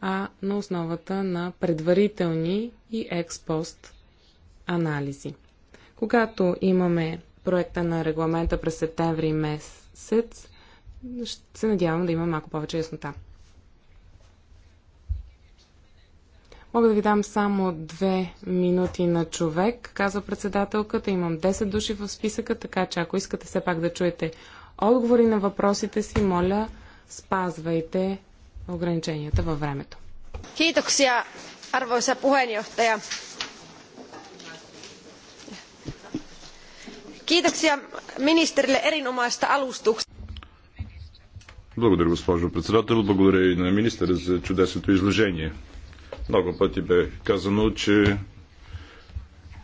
а на основата на предварителни и експост анализи. Когато имаме проекта на регламента през септември месец, ще се надявам да има малко повече яснота. Мога да ви дам само две минути на човек, казва председателката. Имам 10 души в списъка, така че ако искате все пак да чуете отговори на въпросите си, моля, спазвайте ограниченията във времето. Kiitoksia, arvoisa puheenjohtaja. Kiitoksia ministerille erinomaista alustuksesta. Благодаря, госпожо председател. Благодаря и на министъра за чудесното изложение. Много пъти бе казано, че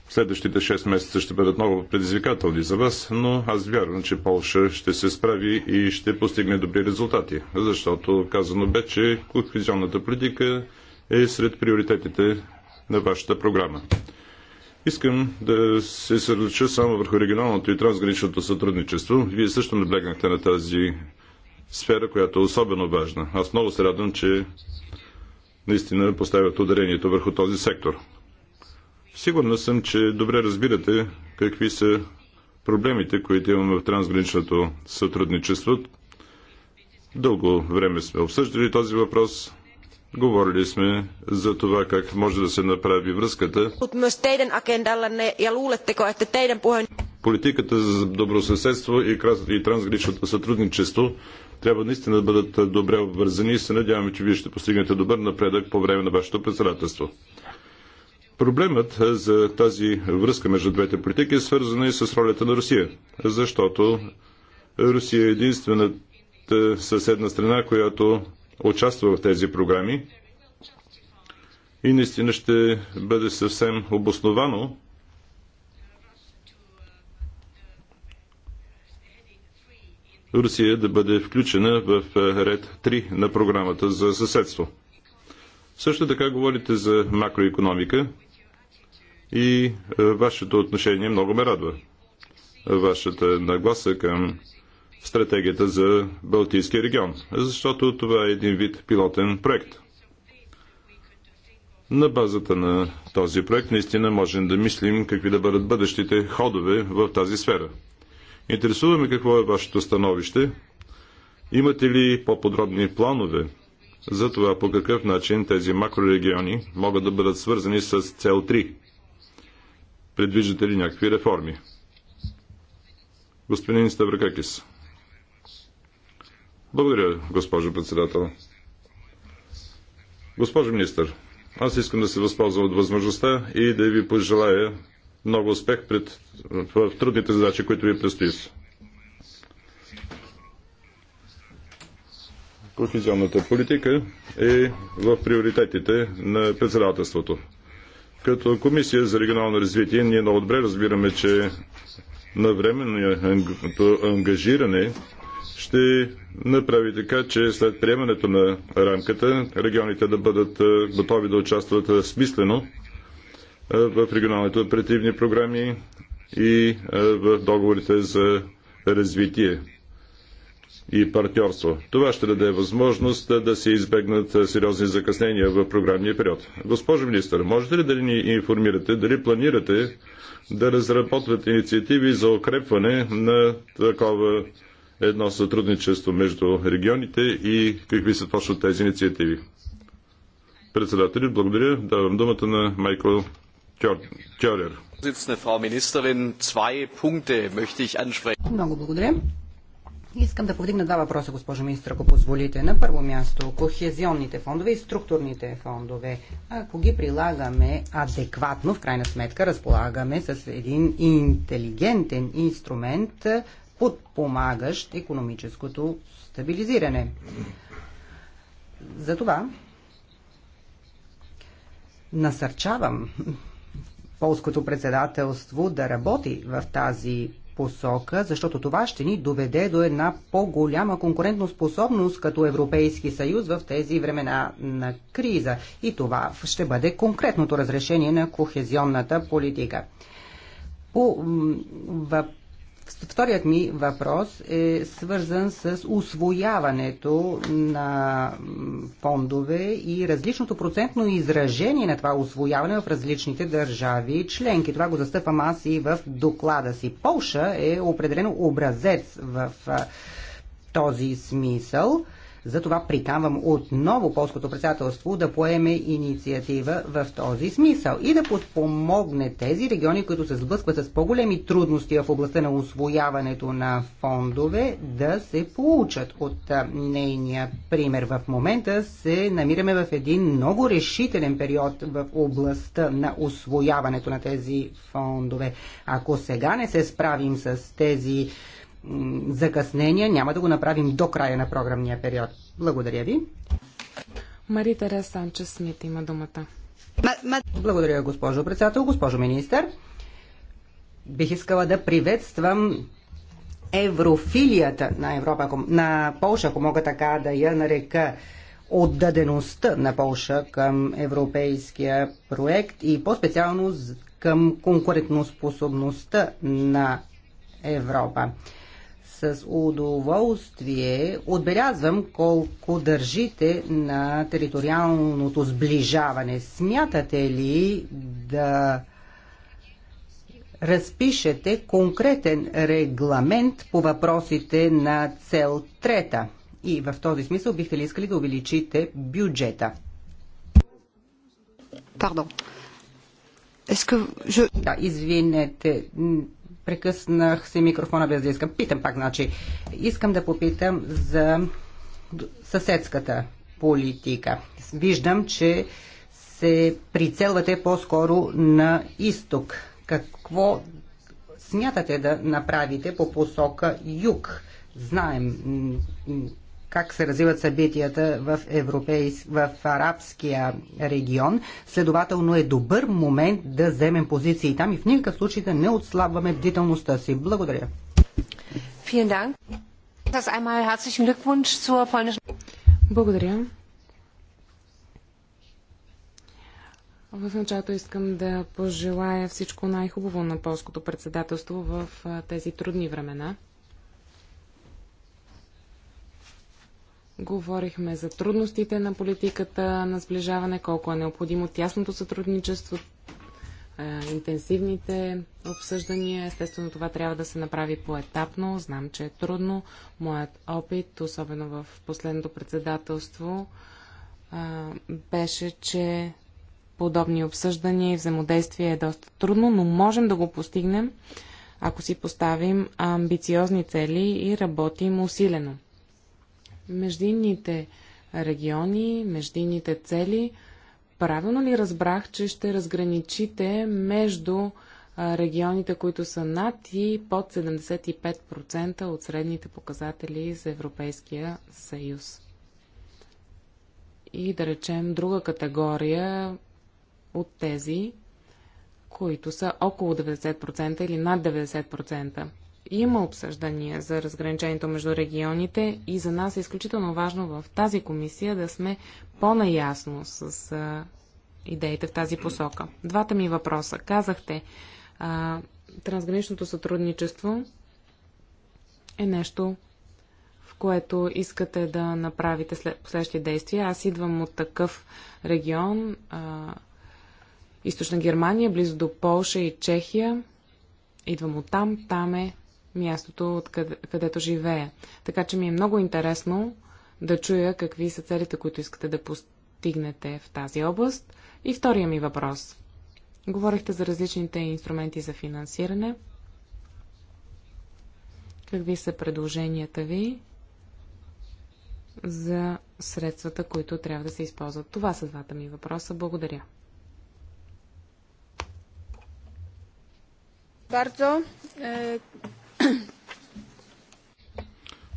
следващите 6 месеца ще бъдат много предизвикателни за вас, но аз вярвам, че Полша ще се справи и ще постигне добри резултати, защото казано бе, че кохезионната политика е сред приоритетите на вашата програма. Искам да се съсредоточа само върху регионалното и трансграничното сътрудничество. Вие също наблегнахте на тази сфера, която е особено важна. Аз много се радвам, че наистина поставят ударението върху този сектор. Сигурна съм, че добре разбирате какви са проблемите, които имаме в трансграничното сътрудничество. Дълго време сме обсъждали този въпрос. Говорили сме за това как може да се направи връзката. Политиката за добросъседство и, и трансграничното сътрудничество трябва наистина да бъдат добре обвързани и се надяваме, че вие ще постигнете добър напредък по време на вашето председателство. Проблемът за тази връзка между двете политики е свързана и с ролята на Русия, защото Русия е единствената съседна страна, която участва в тези програми и наистина ще бъде съвсем обосновано Русия да бъде включена в е, ред 3 на програмата за съседство. Също така говорите за макроекономика и е, вашето отношение много ме радва. Вашата нагласа към стратегията за Балтийския регион, защото това е един вид пилотен проект. На базата на този проект наистина можем да мислим какви да бъдат бъдещите ходове в тази сфера. Интересуваме какво е вашето становище. Имате ли по-подробни планове за това по какъв начин тези макрорегиони могат да бъдат свързани с цел 3? Предвиждате ли някакви реформи? Господин Ставракакис. Благодаря, госпожо председател. Госпожо министър, аз искам да се възползвам от възможността и да ви пожелая много успех пред, в трудните задачи, които ви предстоят. Кохезионната политика е в приоритетите на председателството. Като Комисия за регионално развитие ние много добре разбираме, че на временното ангажиране ще направи така, че след приемането на рамката регионите да бъдат е, готови да участват смислено е, в регионалните оперативни програми и е, в договорите за развитие и партньорство. Това ще даде възможност да се избегнат сериозни закъснения в програмния период. Госпожо министър, можете ли да ни информирате дали планирате да разработват инициативи за укрепване на такова едно сътрудничество между регионите и какви са точно тези инициативи. Председатели, благодаря. Давам думата на Майкъл Кьорер. Много благодаря. Искам да повдигна два въпроса, госпожо министр, ако позволите. На първо място, кохезионните фондове и структурните фондове. Ако ги прилагаме адекватно, в крайна сметка разполагаме с един интелигентен инструмент, подпомагащ економическото стабилизиране. Затова насърчавам полското председателство да работи в тази посока, защото това ще ни доведе до една по-голяма конкурентоспособност като Европейски съюз в тези времена на криза. И това ще бъде конкретното разрешение на кохезионната политика. По въпроса Вторият ми въпрос е свързан с освояването на фондове и различното процентно изражение на това освояване в различните държави членки. Това го застъпам аз и в доклада си. Полша е определено образец в този смисъл. Затова приканвам отново полското председателство да поеме инициатива в този смисъл и да подпомогне тези региони, които се сблъскват с по-големи трудности в областта на освояването на фондове, да се получат от нейния пример. В момента се намираме в един много решителен период в областта на освояването на тези фондове. Ако сега не се справим с тези закъснения. Няма да го направим до края на програмния период. Благодаря ви. Мари Терес Санчес Смит има думата. Благодаря, госпожо председател, госпожо министър. Бих искала да приветствам еврофилията на Европа, на Полша, ако мога така да я нарека отдадеността на Полша към европейския проект и по-специално към конкурентоспособността на Европа с удоволствие отбелязвам колко държите на териториалното сближаване. Смятате ли да разпишете конкретен регламент по въпросите на цел трета? И в този смисъл бихте ли искали да увеличите бюджета? Пардон. Que... Je... Да, извинете, Прекъснах си микрофона без да искам. Питам пак, значи. Искам да попитам за съседската политика. Виждам, че се прицелвате по-скоро на изток. Какво смятате да направите по посока юг? Знаем как се развиват събитията в, европейс... в арабския регион. Следователно е добър момент да вземем позиции там и в никакъв случай да не отслабваме бдителността си. Благодаря. Благодаря. В началото искам да пожелая всичко най-хубаво на полското председателство в тези трудни времена. Говорихме за трудностите на политиката на сближаване, колко е необходимо тясното сътрудничество, е, интенсивните обсъждания. Естествено, това трябва да се направи поетапно. Знам, че е трудно. Моят опит, особено в последното председателство, е, беше, че подобни обсъждания и взаимодействие е доста трудно, но можем да го постигнем, ако си поставим амбициозни цели и работим усилено междинните региони, междинните цели. Правилно ли разбрах, че ще разграничите между регионите, които са над и под 75% от средните показатели за Европейския съюз? И да речем друга категория от тези, които са около 90% или над 90% има обсъждания за разграничението между регионите и за нас е изключително важно в тази комисия да сме по-наясно с а, идеите в тази посока. Двата ми въпроса. Казахте, а, трансграничното сътрудничество е нещо, в което искате да направите след, последващи действия. Аз идвам от такъв регион, а, източна Германия, близо до Полша и Чехия. Идвам от там. Там е мястото, къде, където живея. Така че ми е много интересно да чуя какви са целите, които искате да постигнете в тази област. И втория ми въпрос. Говорихте за различните инструменти за финансиране. Какви са предложенията ви за средствата, които трябва да се използват? Това са двата ми въпроса. Благодаря. Bardzo. Е,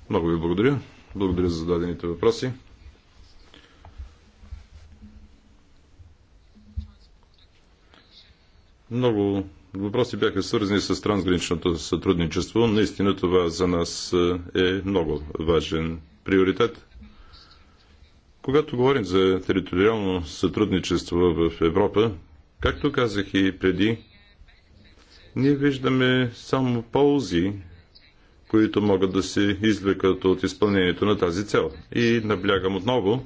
много ви благодаря. Благодаря за зададените въпроси. Много въпроси бяха свързани с трансграничното сътрудничество. Наистина това за нас е, е много важен приоритет. Когато говорим за териториално сътрудничество в Европа, както казах и преди, ние виждаме само ползи, които могат да се извлекат от изпълнението на тази цел. И наблягам отново,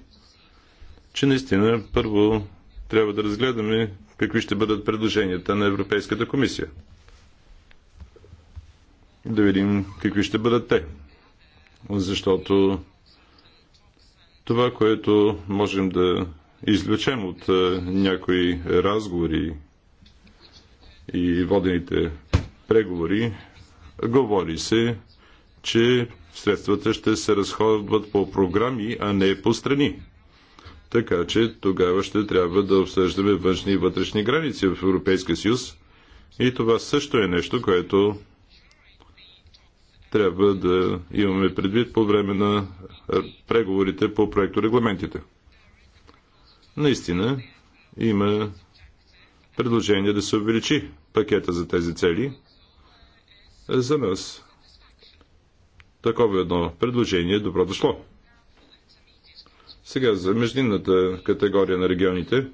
че наистина първо трябва да разгледаме какви ще бъдат предложенията на Европейската комисия. Да видим какви ще бъдат те. Защото това, което можем да извлечем от някои разговори и водените преговори говори се, че средствата ще се разходват по програми, а не по страни. Така че тогава ще трябва да обсъждаме външни и вътрешни граници в Европейския съюз. И това също е нещо, което трябва да имаме предвид по време на преговорите по проекто регламентите. Наистина има предложение да се увеличи пакета за тези цели, за нас такова едно предложение е добро дошло. Сега за междинната категория на регионите.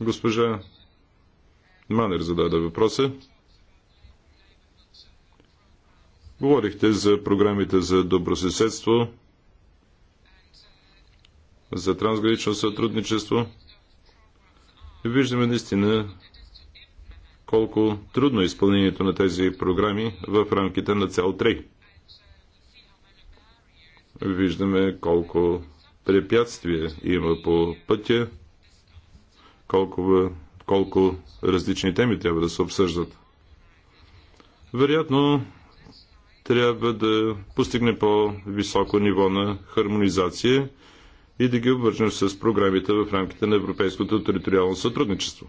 Госпожа Манер зададе въпроса. Говорихте за програмите за добросъседство, за трансгранично сътрудничество. виждаме наистина колко трудно е изпълнението на тези програми в рамките на цел 3. Виждаме колко препятствия има по пътя, колко, колко различни теми трябва да се обсъждат. Вероятно, трябва да постигне по-високо ниво на хармонизация и да ги обвържем с програмите в рамките на Европейското териториално сътрудничество.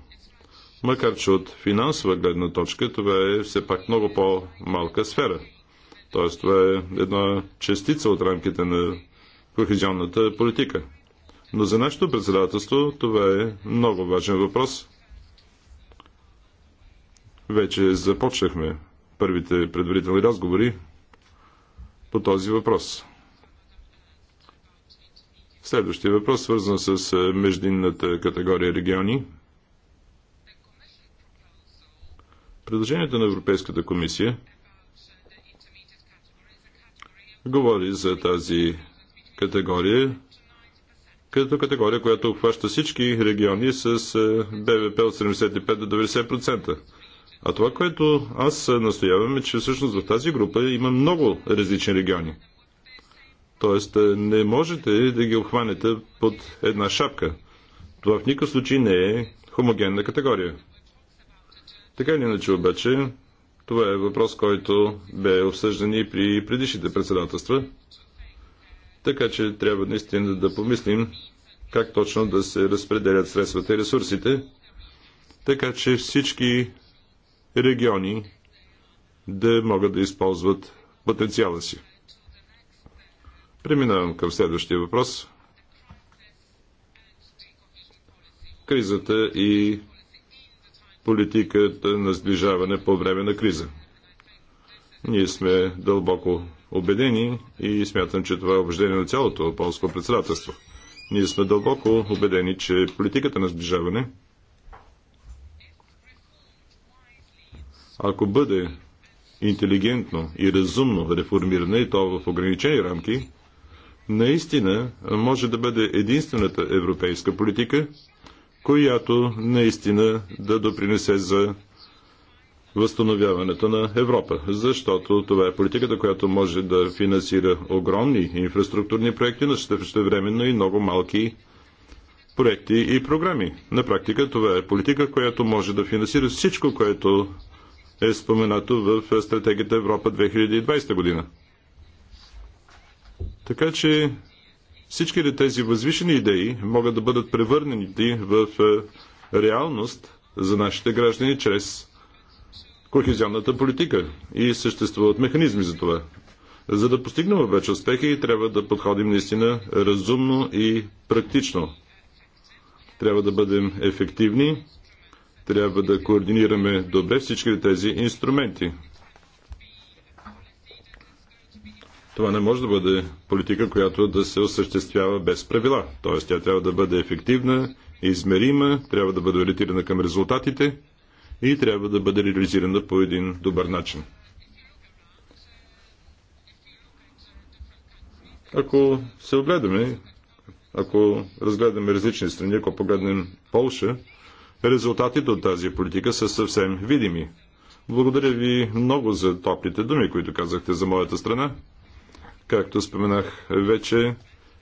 Макар, че от финансова гледна точка това е все пак много по-малка сфера. Тоест, това е една частица от рамките на кохезионната политика. Но за нашето председателство това е много важен въпрос. Вече започнахме първите предварителни разговори по този въпрос. Следващия въпрос, свързан с междинната категория региони. Предложението на Европейската комисия говори за тази категория, като категория, която обхваща всички региони с БВП от 75 до 90%. А това, което аз настоявам е, че всъщност в тази група има много различни региони. Тоест, е, не можете да ги обхванете под една шапка. Това в никакъв случай не е хомогенна категория. Така или иначе обаче, това е въпрос, който бе обсъждан и при предишните председателства. Така че трябва наистина да помислим как точно да се разпределят средствата и ресурсите, така че всички региони да могат да използват потенциала си. Преминавам към следващия въпрос. Кризата и политиката на сближаване по време на криза. Ние сме дълбоко убедени и смятам, че това е убеждение на цялото полско председателство. Ние сме дълбоко убедени, че политиката на сближаване, ако бъде интелигентно и разумно реформиране, и то в ограничени рамки, наистина може да бъде единствената европейска политика, която наистина да допринесе за възстановяването на Европа, защото това е политиката, която може да финансира огромни инфраструктурни проекти, но ще временно и много малки проекти и програми. На практика това е политика, която може да финансира всичко, което е споменато в стратегията Европа 2020 година. Така че всички тези възвишени идеи могат да бъдат превърнени в е, реалност за нашите граждани чрез кохезионната политика и съществуват механизми за това. За да постигнем вече успехи, трябва да подходим наистина разумно и практично. Трябва да бъдем ефективни, трябва да координираме добре всички тези инструменти. Това не може да бъде политика, която да се осъществява без правила. Тоест тя трябва да бъде ефективна, измерима, трябва да бъде ориентирана към резултатите и трябва да бъде реализирана по един добър начин. Ако се огледаме, ако разгледаме различни страни, ако погледнем Полша, резултатите от тази политика са съвсем видими. Благодаря ви много за топлите думи, които казахте за моята страна. Както споменах вече,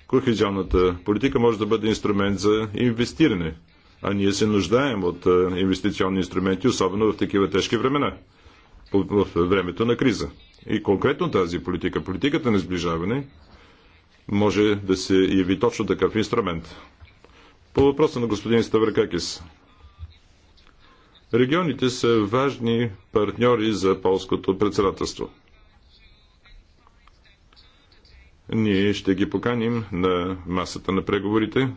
кохезионната политика може да бъде инструмент за инвестиране, а ние се нуждаем от инвестиционни инструменти, особено в такива тежки времена, в времето на криза. И конкретно тази политика, политиката на сближаване, може да се яви точно такъв инструмент. По въпроса на господин Ставракакис. Регионите са важни партньори за полското председателство – ние ще ги поканим на масата на преговорите.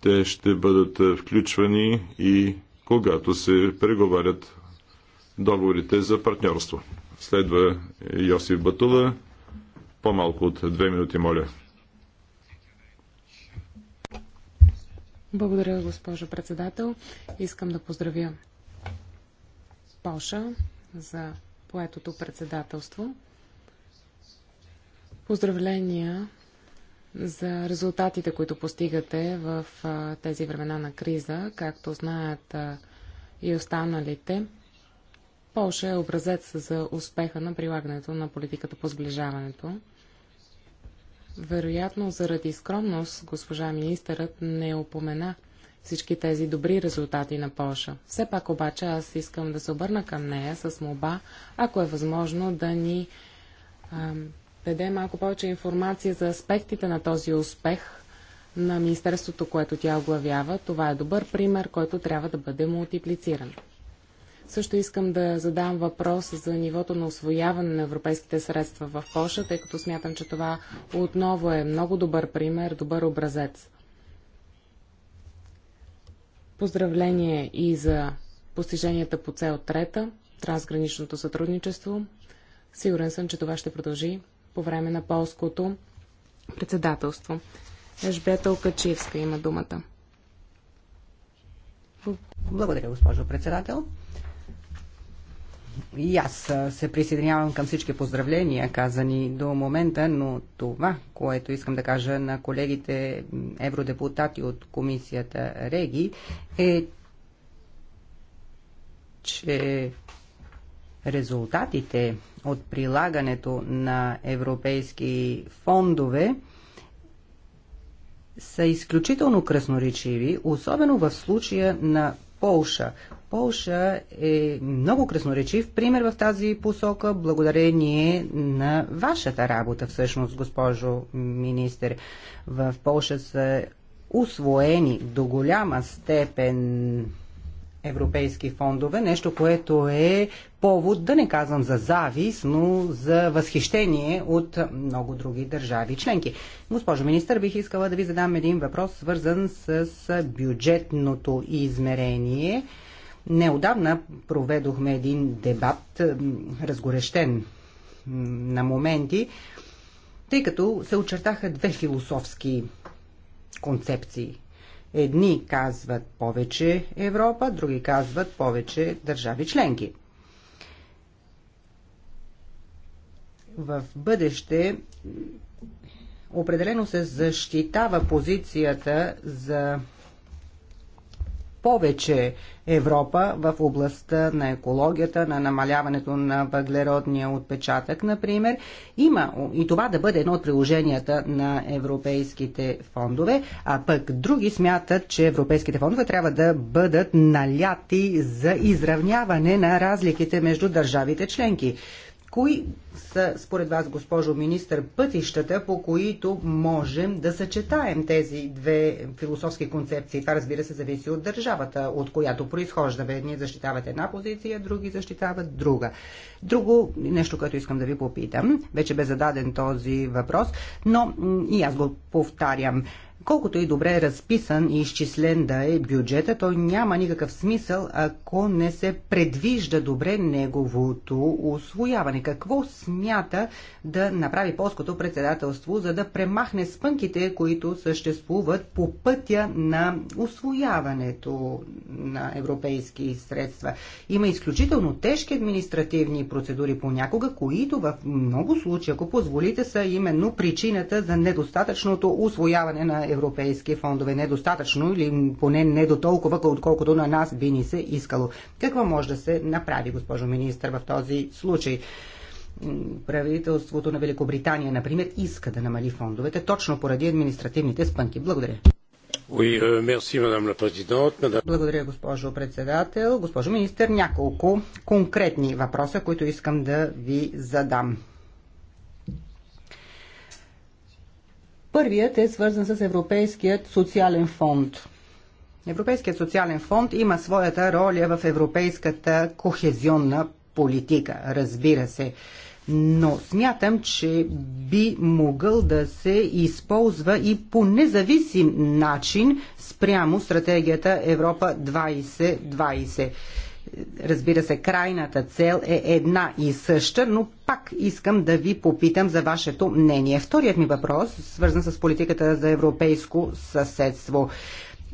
Те ще бъдат е, включвани и когато се преговарят договорите за партньорство. Следва Йосиф Батула. По-малко от две минути, моля. Благодаря, госпожо председател. Искам да поздравя Полша за поетото председателство. Поздравления за резултатите, които постигате в тези времена на криза. Както знаят и останалите, Полша е образец за успеха на прилагането на политиката по сближаването. Вероятно, заради скромност, госпожа министърът не опомена всички тези добри резултати на Полша. Все пак обаче аз искам да се обърна към нея с молба, ако е възможно да ни ам, даде малко повече информация за аспектите на този успех на Министерството, което тя оглавява. Това е добър пример, който трябва да бъде мултиплициран. Също искам да задам въпрос за нивото на освояване на европейските средства в Польша, тъй като смятам, че това отново е много добър пример, добър образец. Поздравление и за постиженията по цел трета, трансграничното сътрудничество. Сигурен съм, че това ще продължи по време на полското председателство. Ежбета Окачевска има думата. Благодаря, госпожо председател. И аз се присъединявам към всички поздравления, казани до момента, но това, което искам да кажа на колегите евродепутати от комисията Реги, е, че резултатите от прилагането на европейски фондове са изключително красноречиви, особено в случая на Полша. Полша е много красноречив пример в тази посока, благодарение на вашата работа, всъщност, госпожо министр. В Полша са усвоени до голяма степен европейски фондове, нещо, което е повод, да не казвам за завис, но за възхищение от много други държави членки. Госпожо министър, бих искала да ви задам един въпрос, свързан с бюджетното измерение. Неодавна проведохме един дебат, разгорещен на моменти, тъй като се очертаха две философски концепции Едни казват повече Европа, други казват повече държави членки. В бъдеще определено се защитава позицията за повече Европа в областта на екологията, на намаляването на въглеродния отпечатък, например. Има и това да бъде едно от приложенията на европейските фондове, а пък други смятат, че европейските фондове трябва да бъдат наляти за изравняване на разликите между държавите членки. Кои са, според вас, госпожо министър, пътищата, по които можем да съчетаем тези две философски концепции? Това, разбира се, зависи от държавата, от която произхождаме. Едни защитават една позиция, други защитават друга. Друго нещо, което искам да ви попитам, вече бе зададен този въпрос, но и аз го повтарям. Колкото и добре е разписан и изчислен да е бюджета, той няма никакъв смисъл, ако не се предвижда добре неговото освояване. Какво смята да направи полското председателство, за да премахне спънките, които съществуват по пътя на освояването на европейски средства? Има изключително тежки административни процедури понякога, които в много случаи, ако позволите, са именно причината за недостатъчното освояване на европейски фондове. Недостатъчно или поне не до толкова, отколкото на нас би ни се искало. Какво може да се направи, госпожо министър, в този случай? Правителството на Великобритания, например, иска да намали фондовете точно поради административните спънки. Благодаря. Oui, euh, merci, madame... Благодаря, госпожо председател. Госпожо министър, няколко конкретни въпроса, които искам да ви задам. Първият е свързан с Европейският социален фонд. Европейският социален фонд има своята роля в европейската кохезионна политика, разбира се. Но смятам, че би могъл да се използва и по независим начин спрямо стратегията Европа 2020 разбира се, крайната цел е една и съща, но пак искам да ви попитам за вашето мнение. Вторият ми въпрос, свързан с политиката за европейско съседство.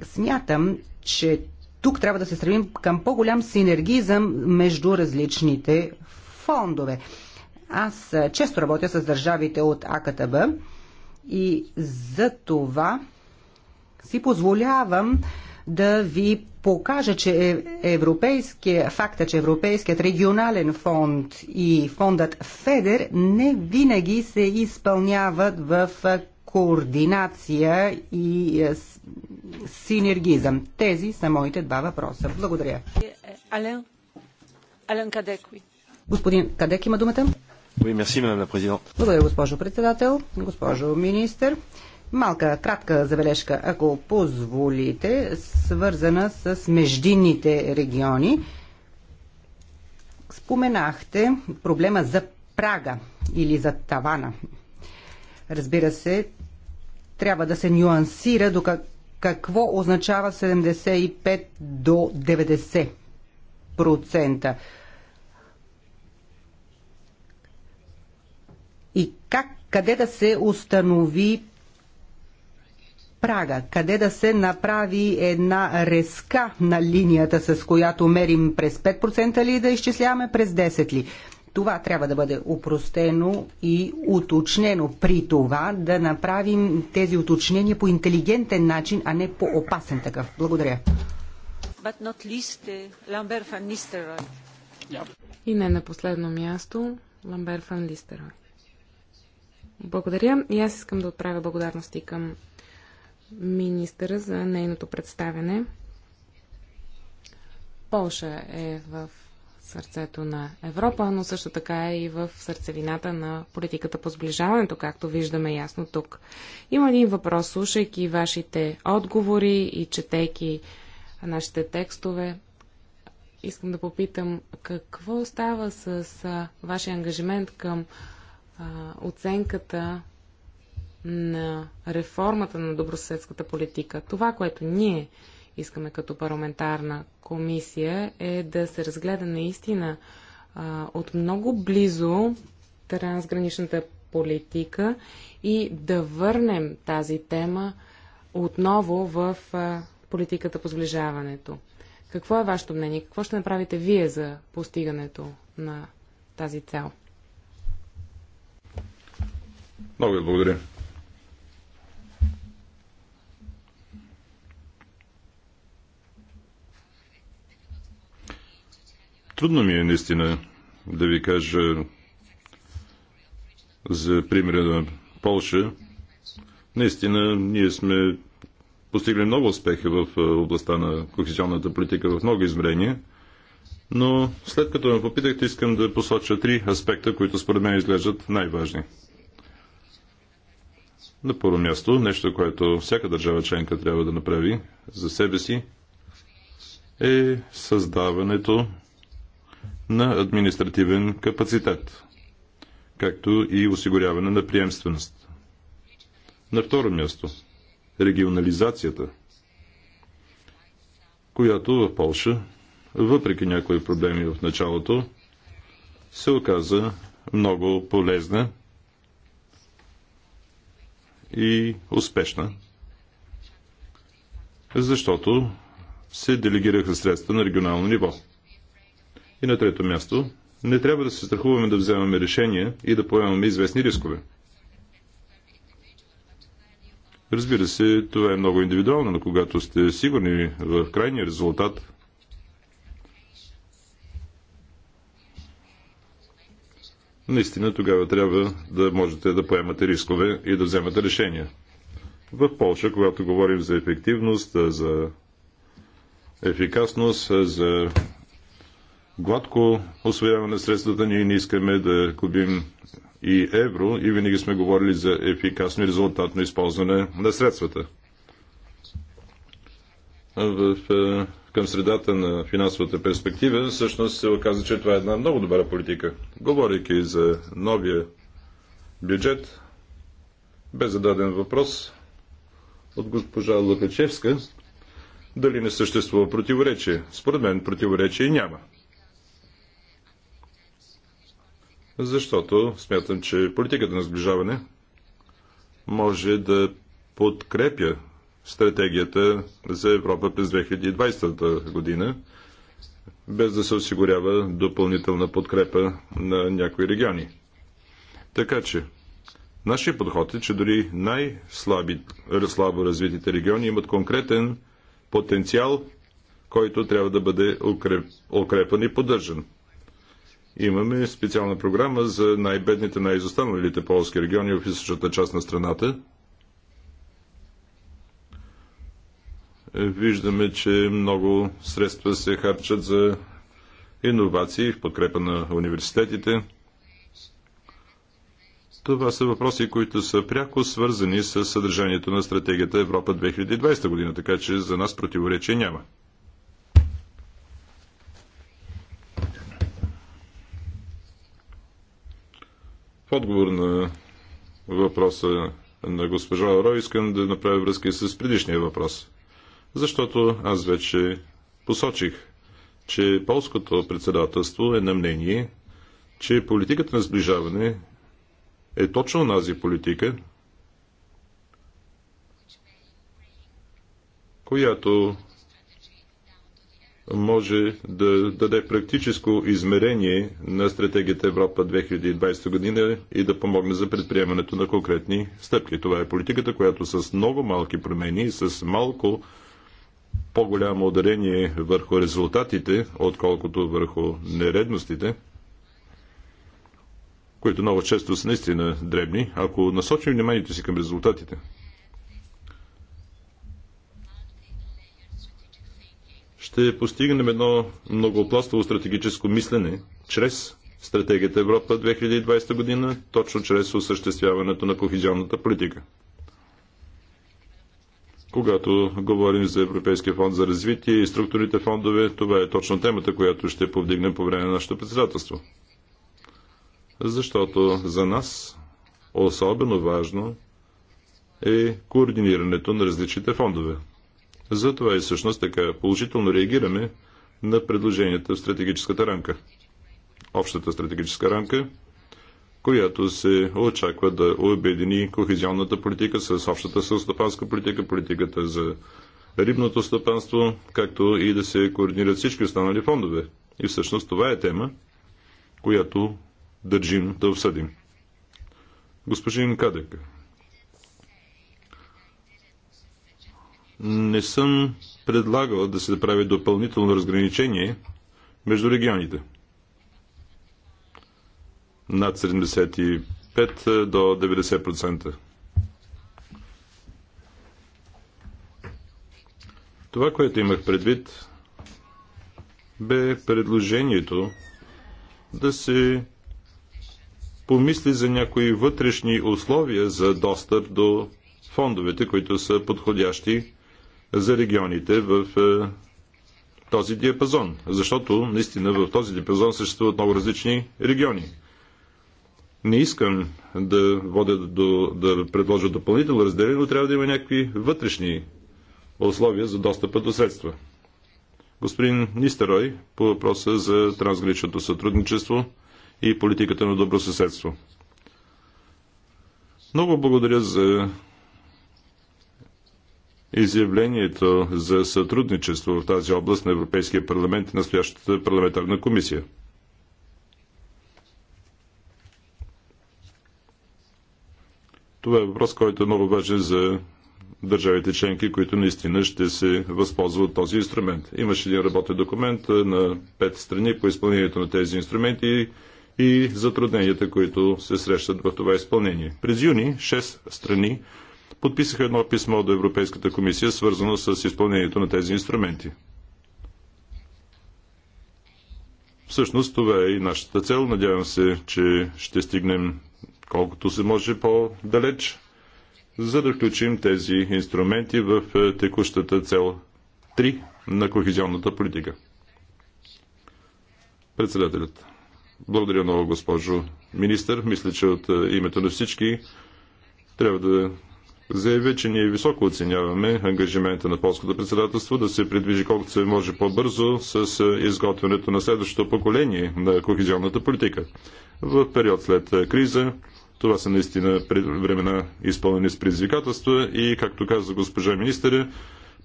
Смятам, че тук трябва да се стремим към по-голям синергизъм между различните фондове. Аз често работя с държавите от АКТБ и за това си позволявам да ви покаже, че е европейския, факта, че Европейският регионален фонд и фондът ФЕДЕР не винаги се изпълняват в координация и синергизъм. Тези са моите два въпроса. Благодаря. Ален, Ален Кадекви. Господин Кадек има думата. Благодаря, госпожо председател, госпожо министър. Малка, кратка забележка, ако позволите, свързана с междинните региони. Споменахте проблема за прага или за тавана. Разбира се, трябва да се нюансира до как, какво означава 75 до 90 процента. И как, къде да се установи прага, къде да се направи една резка на линията, с която мерим през 5% ли да изчисляваме през 10 ли. Това трябва да бъде упростено и уточнено. При това да направим тези уточнения по интелигентен начин, а не по опасен такъв. Благодаря. Least, uh, и не на последно място, Ламбер Фан Листерой. Благодаря и аз искам да отправя благодарности към министъра за нейното представяне. Полша е в сърцето на Европа, но също така е и в сърцевината на политиката по сближаването, както виждаме ясно тук. Има един въпрос, слушайки вашите отговори и четейки нашите текстове. Искам да попитам какво става с вашия ангажимент към а, оценката на реформата на добросъседската политика. Това, което ние искаме като парламентарна комисия е да се разгледа наистина а, от много близо трансграничната политика и да върнем тази тема отново в а, политиката по сближаването. Какво е вашето мнение? Какво ще направите вие за постигането на тази цел? Много ви благодаря. Трудно ми е наистина да ви кажа за примера на Полша. Наистина, ние сме постигли много успехи в областта на кохезионната политика в много измерения, но след като ме попитахте, искам да посоча три аспекта, които според мен изглеждат най-важни. На първо място, нещо, което всяка държава членка трябва да направи за себе си, е създаването на административен капацитет, както и осигуряване на приемственост. На второ място – регионализацията, която в Польша, въпреки някои проблеми в началото, се оказа много полезна и успешна, защото се делегираха средства на регионално ниво – и на трето място, не трябва да се страхуваме да вземаме решения и да поемаме известни рискове. Разбира се, това е много индивидуално, но когато сте сигурни в крайния резултат, наистина тогава трябва да можете да поемате рискове и да вземате решения. В Польша, когато говорим за ефективност, за ефикасност, за гладко освояване на средствата. Ние не искаме да губим и евро и винаги сме говорили за ефикасно и резултатно използване на средствата. В, към средата на финансовата перспектива всъщност се оказа, че това е една много добра политика. Говорейки за новия бюджет, бе зададен въпрос от госпожа Лукачевска дали не съществува противоречие. Според мен противоречие няма. защото смятам, че политиката на сближаване може да подкрепя стратегията за Европа през 2020 година, без да се осигурява допълнителна подкрепа на някои региони. Така че, нашия подход е, че дори най-слабо развитите региони имат конкретен потенциал, който трябва да бъде укреп, укрепан и поддържан. Имаме специална програма за най-бедните, най-изостаналите полски региони в източната част на страната. Виждаме, че много средства се харчат за иновации в подкрепа на университетите. Това са въпроси, които са пряко свързани с съдържанието на стратегията Европа 2020 година, така че за нас противоречие няма. В отговор на въпроса на госпожа Ро, искам да направя връзка и с предишния въпрос. Защото аз вече посочих, че полското председателство е на мнение, че политиката на сближаване е точно тази политика, която може да даде практическо измерение на стратегията Европа 2020 година и да помогне за предприемането на конкретни стъпки. Това е политиката, която с много малки промени и с малко по-голямо ударение върху резултатите, отколкото върху нередностите, които много често са наистина дребни, ако насочим вниманието си към резултатите – ще постигнем едно многопластово стратегическо мислене чрез стратегията Европа 2020 година, точно чрез осъществяването на кохезионната политика. Когато говорим за Европейския фонд за развитие и структурните фондове, това е точно темата, която ще повдигнем по време на нашето председателство. Защото за нас особено важно е координирането на различните фондове. Затова и всъщност така положително реагираме на предложенията в стратегическата рамка. Общата стратегическа рамка, която се очаква да обедини кохезионната политика с общата селстопанска политика, политиката за рибното стопанство, както и да се координират всички останали фондове. И всъщност това е тема, която държим да обсъдим. Господин Кадек Не съм предлагал да се направи допълнително разграничение между регионите. Над 75 до 90%. Това, което имах предвид, бе предложението да се помисли за някои вътрешни условия за достъп до фондовете, които са подходящи за регионите в е, този диапазон. Защото наистина в този диапазон съществуват много различни региони. Не искам да водя до, да предложа допълнително разделение, но трябва да има някакви вътрешни условия за достъпа до средства. Господин Нистерой по въпроса за трансграничното сътрудничество и политиката на добросъседство. Много благодаря за изявлението за сътрудничество в тази област на Европейския парламент и настоящата парламентарна комисия. Това е въпрос, който е много важен за държавите членки, които наистина ще се възползват от този инструмент. Имаше един работен документ на пет страни по изпълнението на тези инструменти и затрудненията, които се срещат в това изпълнение. През юни 6 страни подписаха едно писмо до Европейската комисия, свързано с изпълнението на тези инструменти. Всъщност това е и нашата цел. Надявам се, че ще стигнем колкото се може по-далеч, за да включим тези инструменти в е, текущата цел 3 на кохезионната политика. Председателят. Благодаря много, госпожо министър. Мисля, че от е, името на всички трябва да заяви, че ние високо оценяваме ангажимента на полското председателство да се придвижи колкото се може по-бързо с изготвянето на следващото поколение на кохезионната политика. В период след криза това са наистина времена изпълнени с предизвикателства и, както каза госпожа министъра,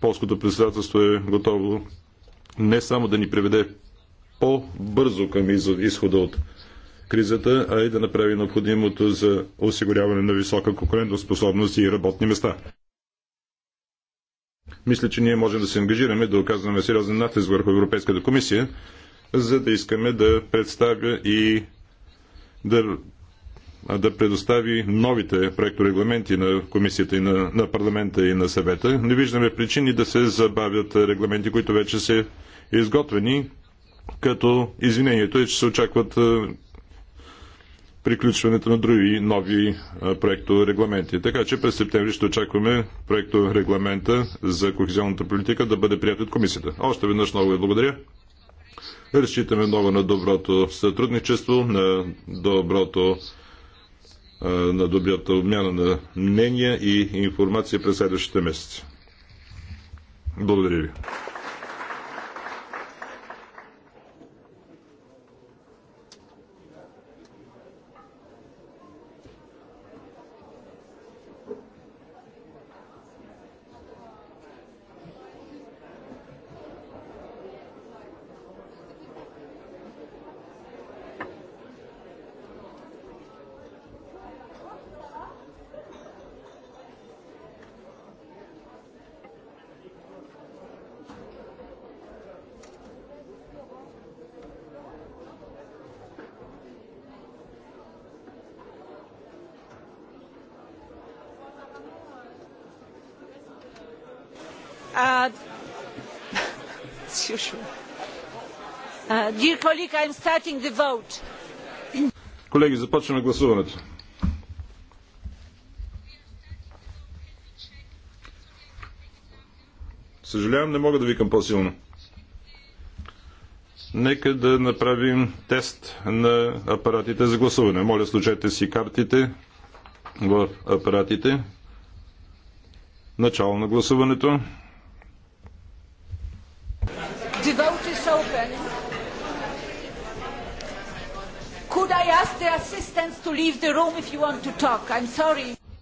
полското председателство е готово не само да ни приведе по-бързо към изхода от кризата, а и да направи необходимото за осигуряване на висока конкурентоспособност и работни места. Мисля, че ние можем да се ангажираме да оказваме сериозен натиск върху Европейската комисия, за да искаме да представя и да, да предостави новите проекторегламенти на комисията и на, на парламента и на съвета. Не виждаме причини да се забавят регламенти, които вече са изготвени, като извинението е, че се очакват е, приключването на други нови проекторегламенти. Така че през септември ще очакваме проекторегламента за кохезионната политика да бъде прият от комисията. Още веднъж много ви благодаря. Разчитаме много на доброто сътрудничество, на доброто на добрата обмяна на мнения и информация през следващите месеци. Благодаря ви. Колеги, започваме гласуването. Съжалявам, не мога да викам по-силно. Нека да направим тест на апаратите за гласуване. Моля, случайте си картите в апаратите. Начало на гласуването.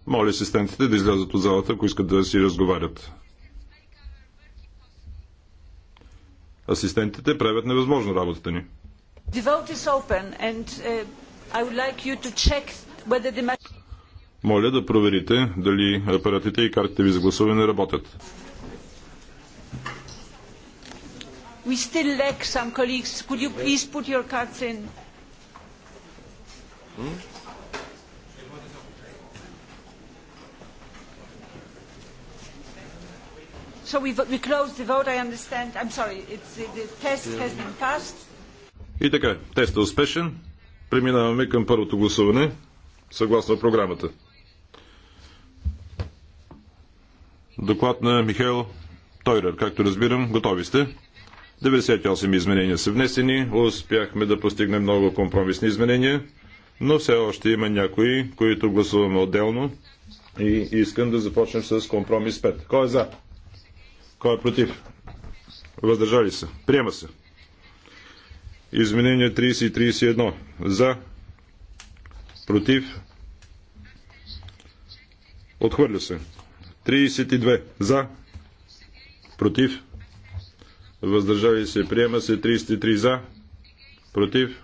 Моля асистентите да излязат от залата, ако искат да си разговарят. Асистентите правят невъзможно работата ни. Моля да проверите дали апаратите и картите ви за гласуване работят. We still lack some colleagues. Could you please put your cards in? So we've, we close the vote, I understand. I'm sorry, it's, the test has been passed. И така, тестът е успешен. Преминаваме към първото гласуване, съгласно програмата. Доклад на Михаил Тойрер, както разбирам, готови сте. 98 изменения са внесени, успяхме да постигнем много компромисни изменения но все още има някои, които гласуваме отделно и искам да започнем с компромис 5. Кой е за? Кой е против? Въздържали се. Приема се. Изменения 30 и 31. За. Против. Отхвърля се. 32. За. Против. Въздържали се. Приема се. 33 за. Против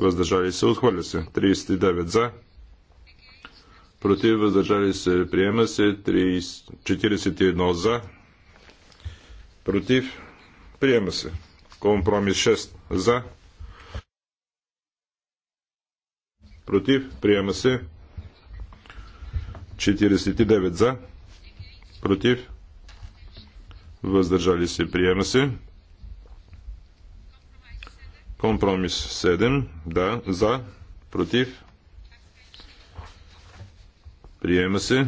въздържали се, отхвърля се. 39 за, против, въздържали се, приема се. 30, 41 за, против, приема се. Компромис 6 за, против, приема се. 49 за, против, въздържали се, приема се. Компромис 7. Да. За. Против. Приема се.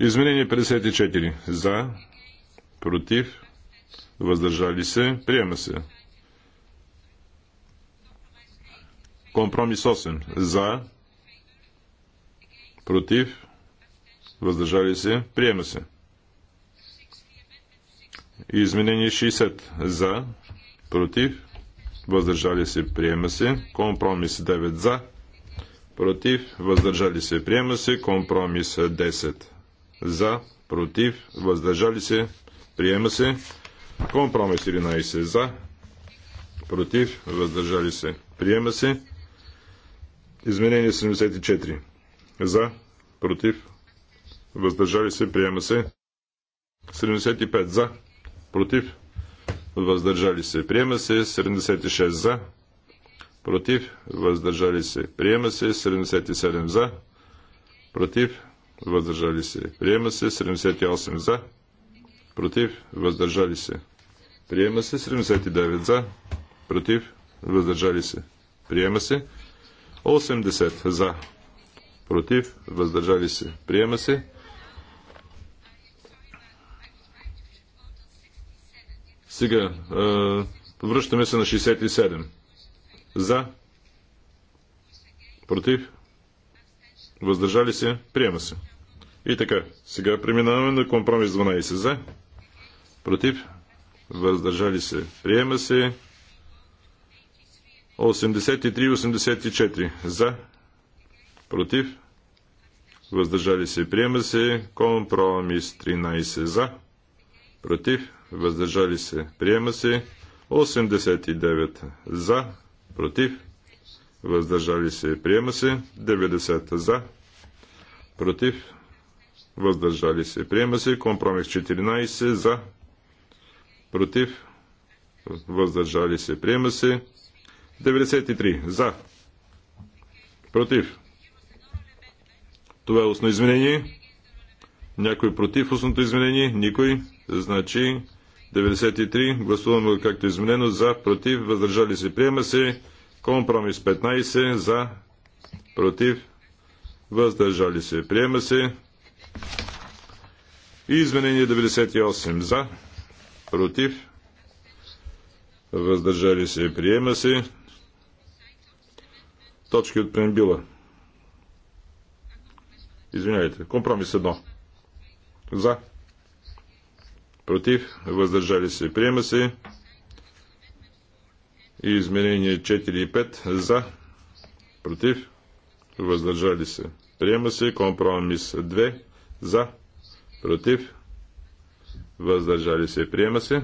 Изменение 54. За. Против. Въздържали се. Приема се. Компромис 8. За. Против. Въздържали се. Приема се. Изменение 60 за, против, въздържали се, приема се. Компромис 9 за, против, въздържали се, приема се. Компромис 10 за, против, въздържали се, приема се. Компромис 11 за, против, въздържали се, приема се. Изменение 74 за, против, въздържали се, приема се. 75 за, против, въздържали се, приема се 76 за, против, въздържали се, приема се 77 за, против, въздържали се, приема се 78 за, против, въздържали се, приема се 79 за, против, въздържали се, приема се 80 за, против, въздържали се, приема се Сега, връщаме се на 67. За. Против. Въздържали се. Приема се. И така, сега преминаваме на компромис 12 за. Против. Въздържали се. Приема се. 83-84 за. Против. Въздържали се. Приема се. Компромис 13 за. Против въздържали се, приема се. 89 за, против, въздържали се, приема се. 90 за, против, въздържали се, приема се. Компромис 14 за, против, въздържали се, приема се. 93 за, против. Това е устно изменение. Някой против устното изменение? Никой. Значи 93. Гласуваме както е изменено. За, против, въздържали се. Приема се. Компромис 15. За, против, въздържали се. Приема се. И изменение 98. За, против, въздържали се. Приема се. Точки от преамбила. Извинявайте. Компромис 1. За, против, въздържали се, приема се. И изменение 4 и 5 за, против, въздържали се, приема се. Компромис 2 за, против, въздържали се, приема се.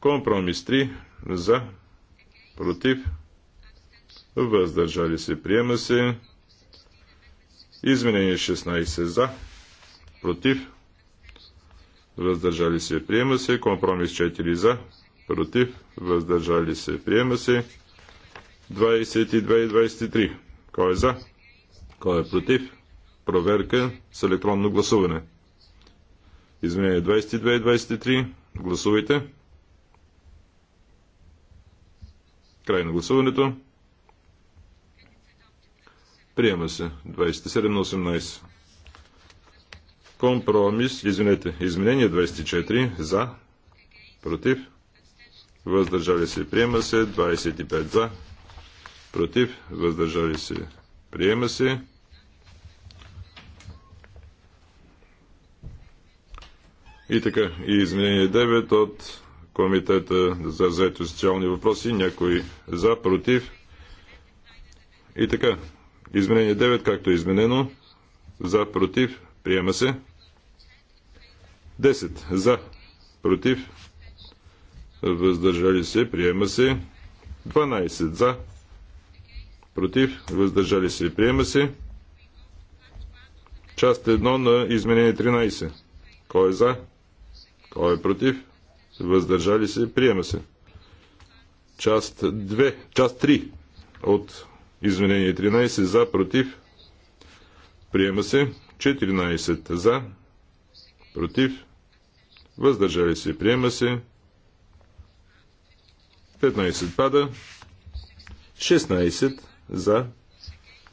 Компромис 3 за, против, въздържали се, приема се. Изменение 16 за, против, въздържали се, приема се. Компромис 4 за, против, въздържали се, приема се. 22 и 23. Кой е за? Кой е против? Проверка с електронно гласуване. Изменение 22 и 23. Гласувайте. Край на гласуването. Приема се. 27 на 18. Компромис, извинете, изменение 24 за, против, въздържали се, приема се, 25 за, против, въздържали се, приема се. И така, и изменение 9 от Комитета за заето социални въпроси, някой за, против. И така, изменение 9, както е изменено, за, против, приема се. 10 за, против, въздържали се, приема се. 12 за, против, въздържали се, приема се. Част 1 на изменение 13. Кой е за? Кой е против? Въздържали се, приема се. Част 2, част 3 от изменение 13 за, против, приема се. 14 за, против, въздържали се, приема се. 15 пада. 16 за,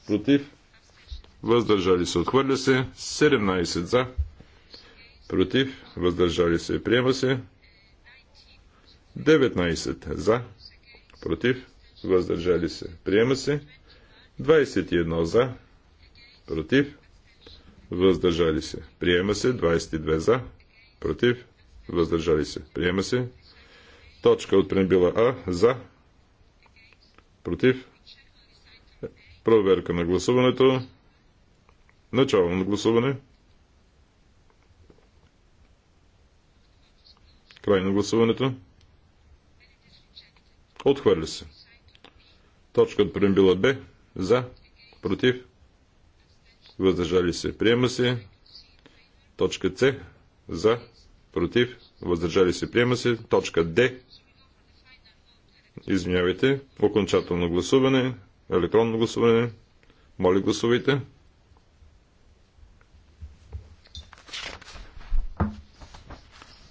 против, въздържали се, отхвърля се. 17 за, против, въздържали се, приема се. 19 за, против, въздържали се, приема се. 21 за, против, въздържали се, приема се. 22 за, против, въздържали се, приема се. Точка от пренебила А, за, против, проверка на гласуването, начало на гласуване, край на гласуването, отхвърля се. Точка от пренебила Б, за, против, въздържали се, приема се. Точка С, за, против, въздържали се, приема се. Точка Д. Извинявайте. Окончателно гласуване. Електронно гласуване. Моля, гласувайте.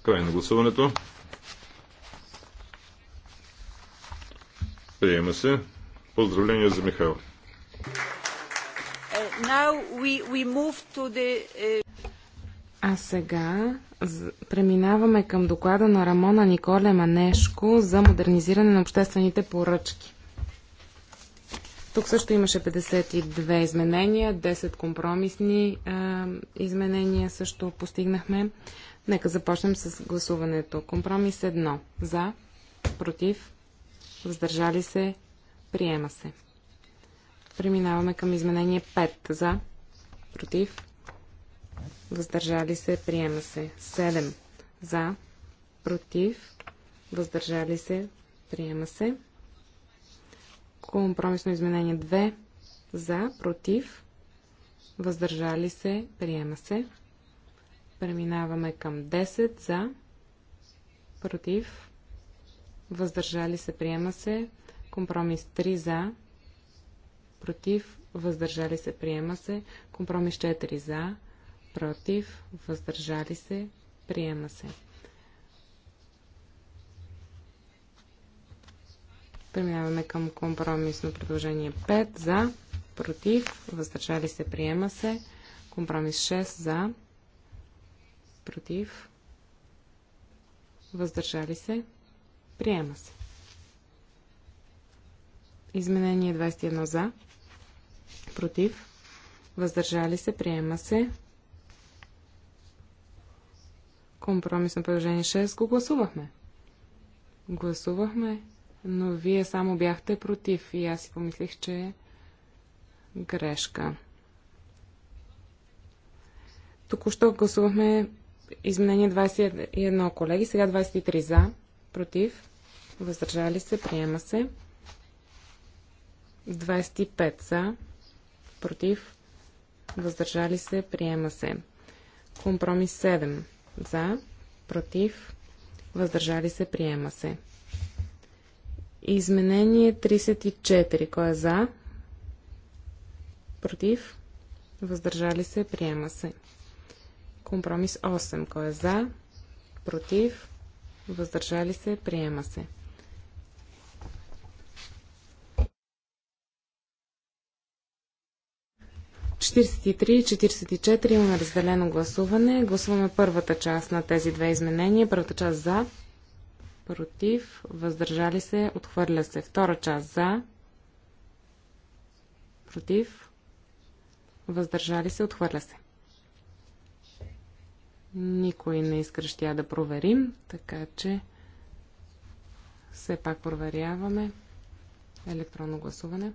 Край на гласуването. Приема се. Поздравления за Михайло. Е, now we, we move to the, uh... А сега преминаваме към доклада на Рамона Николе Манешко за модернизиране на обществените поръчки. Тук също имаше 52 изменения, 10 компромисни е, изменения също постигнахме. Нека започнем с гласуването. Компромис 1. За, против, въздържали се, приема се. Преминаваме към изменение 5. За, против, въздържали се, приема се. 7 за, против, въздържали се, приема се. Компромисно изменение 2 за, против, въздържали се, приема се. Преминаваме към 10 за, против, въздържали се, приема се. Компромис 3 за, против, въздържали се, приема се. Компромис 4 за, против, въздържали се, приема се. Преминаваме към компромисно предложение 5 за, против, въздържали се, приема се. Компромис 6 за, против, въздържали се, приема се. Изменение 21 за, против, въздържали се, приема се. Компромисно предложение 6 го гласувахме. Гласувахме, но вие само бяхте против и аз си помислих, че е грешка. Току-що гласувахме изменение 21 колеги, сега 23 за, против, въздържали се, приема се. 25 за, против, въздържали се, приема се. Компромис 7 за, против, въздържали се, приема се. Изменение 34. Кой е за? Против? Въздържали се? Приема се. Компромис 8. Кой е за? Против? Въздържали се? Приема се. 43 и 44 имаме разделено гласуване. Гласуваме първата част на тези две изменения. Първата част за, против, въздържали се, отхвърля се. Втора част за, против, въздържали се, отхвърля се. Никой не изкръщя да проверим, така че все пак проверяваме електронно гласуване.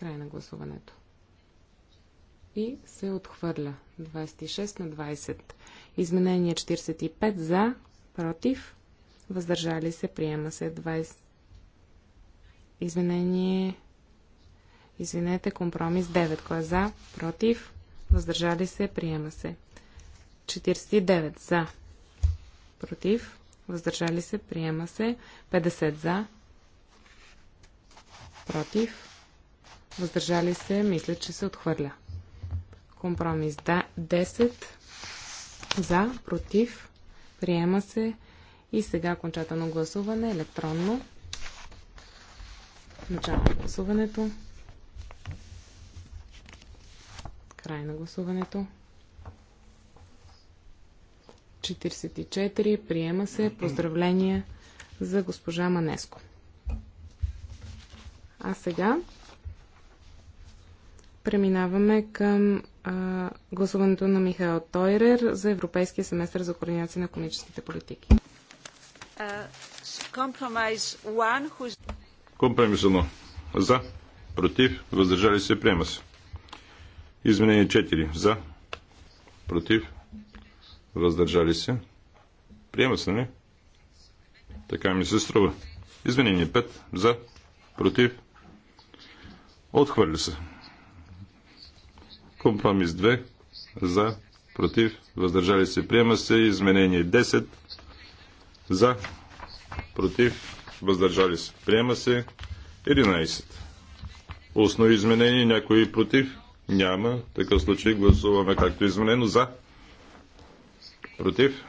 Край на гласуването. И се отхвърля. 26 на 20. Изменение 45 за, против, въздържали се, приема се 20. Изменение Извинете, компромис 9. кое е за? Против? Въздържали се? Приема се. 49 за. Против? Въздържали се? Приема се. 50 за. Против? въздържали се, мисля, че се отхвърля. Компромис да, 10 за, против, приема се и сега окончателно гласуване електронно. Начало на гласуването. Край на гласуването. 44. Приема се. Поздравления за госпожа Манеско. А сега преминаваме към а, гласуването на Михаил Тойрер за Европейския семестър за координация на економическите политики. Компромис 1. За. Против. Въздържали се. Приема се. Изменение 4. За. Против. Въздържали се. Приема се, не? Така ми се струва. Изменение 5. За. Против. Отхвърли се. Компромис 2 за, против, въздържали се, приема се. Изменение 10 за, против, въздържали се, приема се. 11. Устно изменение, някой против? Няма. В такъв случай гласуваме както изменено за, против,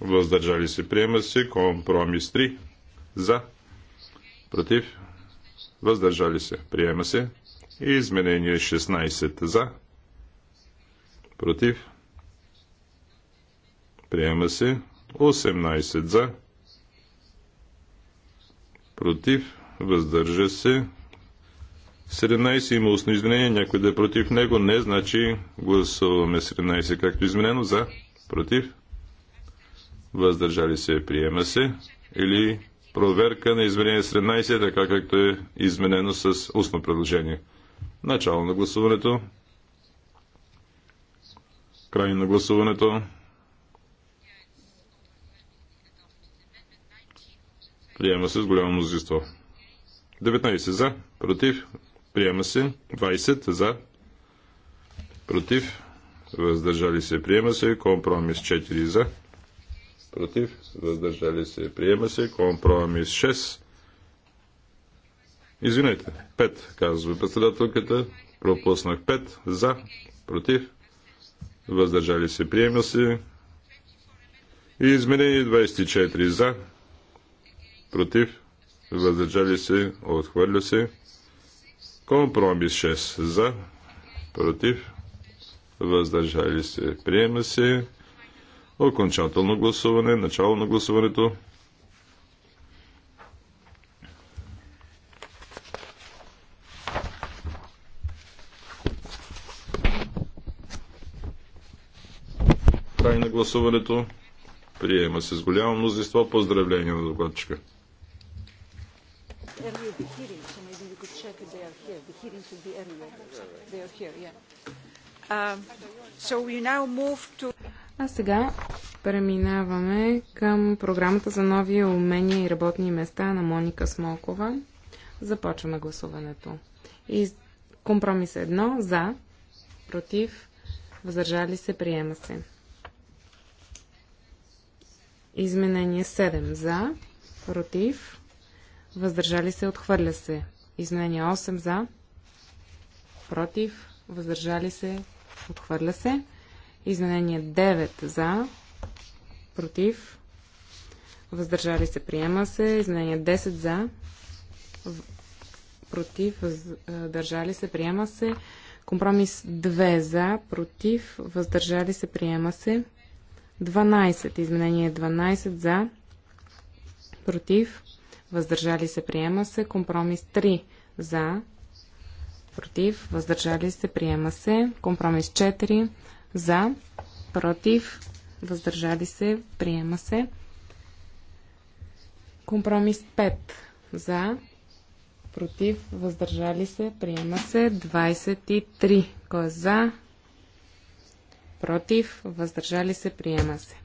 въздържали се, приема се. Компромис 3 за, против, въздържали се, приема се. Изменение 16 за. Против. Приема се. 18 за. Против. Въздържа се. 17 има устно изменение. Някой да е против него? Не. Значи гласуваме 17 както е изменено. За. Против. Въздържали се. Приема се. Или проверка на изменение 17, така както е изменено с устно предложение. Начало на гласуването. Край на гласуването. Приема се с голямо мнозинство. 19 за, против, приема се. 20 за, против, въздържали се, приема се. Компромис 4 за, против, въздържали се, приема се. Компромис 6 Извинете, 5, казва председателката. Пропуснах 5. За, против, въздържали се, приема се. И изменение 24 за, против, въздържали се, отхвърля се. Компромис 6 за, против, въздържали се, приема се. Окончателно гласуване, начало на гласуването. Край на гласуването. Приема се с голямо мнозинство. Поздравление на докладчика. Um, а сега преминаваме към програмата за нови умения и работни места на Моника Смолкова. Започваме гласуването. И компромис едно за, против, въздържали се, приема се. Изменение 7 за, против, въздържали се, отхвърля се. Изменение 8 за, против, въздържали се, отхвърля се. Изменение 9 за, против, въздържали се, приема се. Изменение 10 за, против, въздържали се, приема се. Компромис 2 за, против, въздържали се, приема се. 12. Изменение 12 за, против, въздържали се, приема се. Компромис 3 за, против, въздържали се, приема се. Компромис 4 за, против, въздържали се, приема се. Компромис 5 за, против, въздържали се, приема се. 23. Кой е за, против, въздържали се, приема се.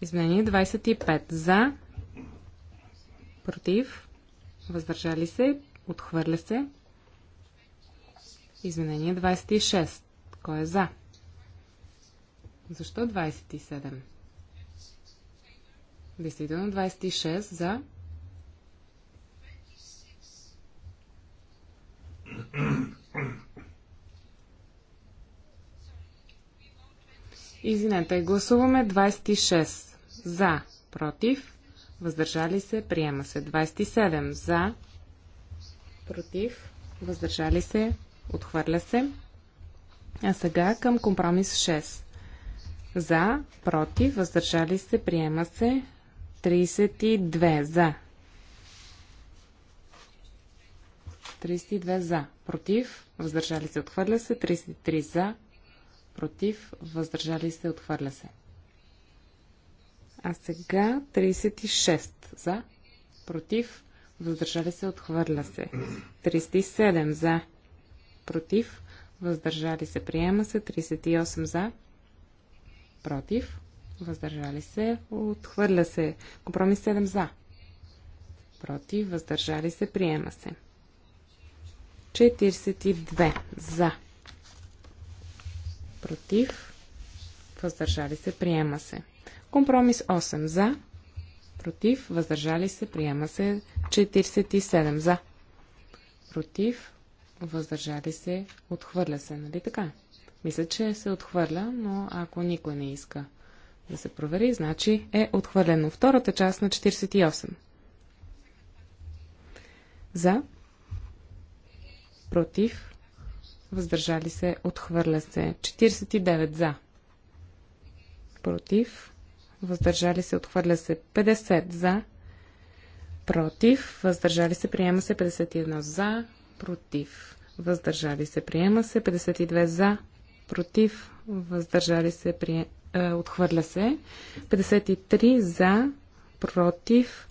Изменение 25 за, против, въздържали се, отхвърля се. Изменение 26. Кой е за? Защо 27? Действително 26 за. Извинете, гласуваме 26 за, против, въздържали се, приема се. 27 за, против, въздържали се, отхвърля се. А сега към компромис 6. За, против, въздържали се, приема се. 32 за. 32 за. Против, въздържали се, отхвърля се. 33 за против, въздържали се, отхвърля се. А сега 36 за, против, въздържали се, отхвърля се. 37 за, против, въздържали се, приема се. 38 за, против, въздържали се, отхвърля се. Компромис 7 за, против, въздържали се, приема се. 42 за, против, въздържали се, приема се. Компромис 8 за, против, въздържали се, приема се 47 за, против, въздържали се, отхвърля се, нали така? Мисля, че се отхвърля, но ако никой не иска да се провери, значи е отхвърлено. Втората част на 48. За, против, въздържали се, отхвърля се. 49 за, против, въздържали се, отхвърля се. 50 за, против, въздържали се, приема се. 51 за, против, въздържали се, приема се. 52 за, против, въздържали се, прие... Е, отхвърля се. 53 за, против,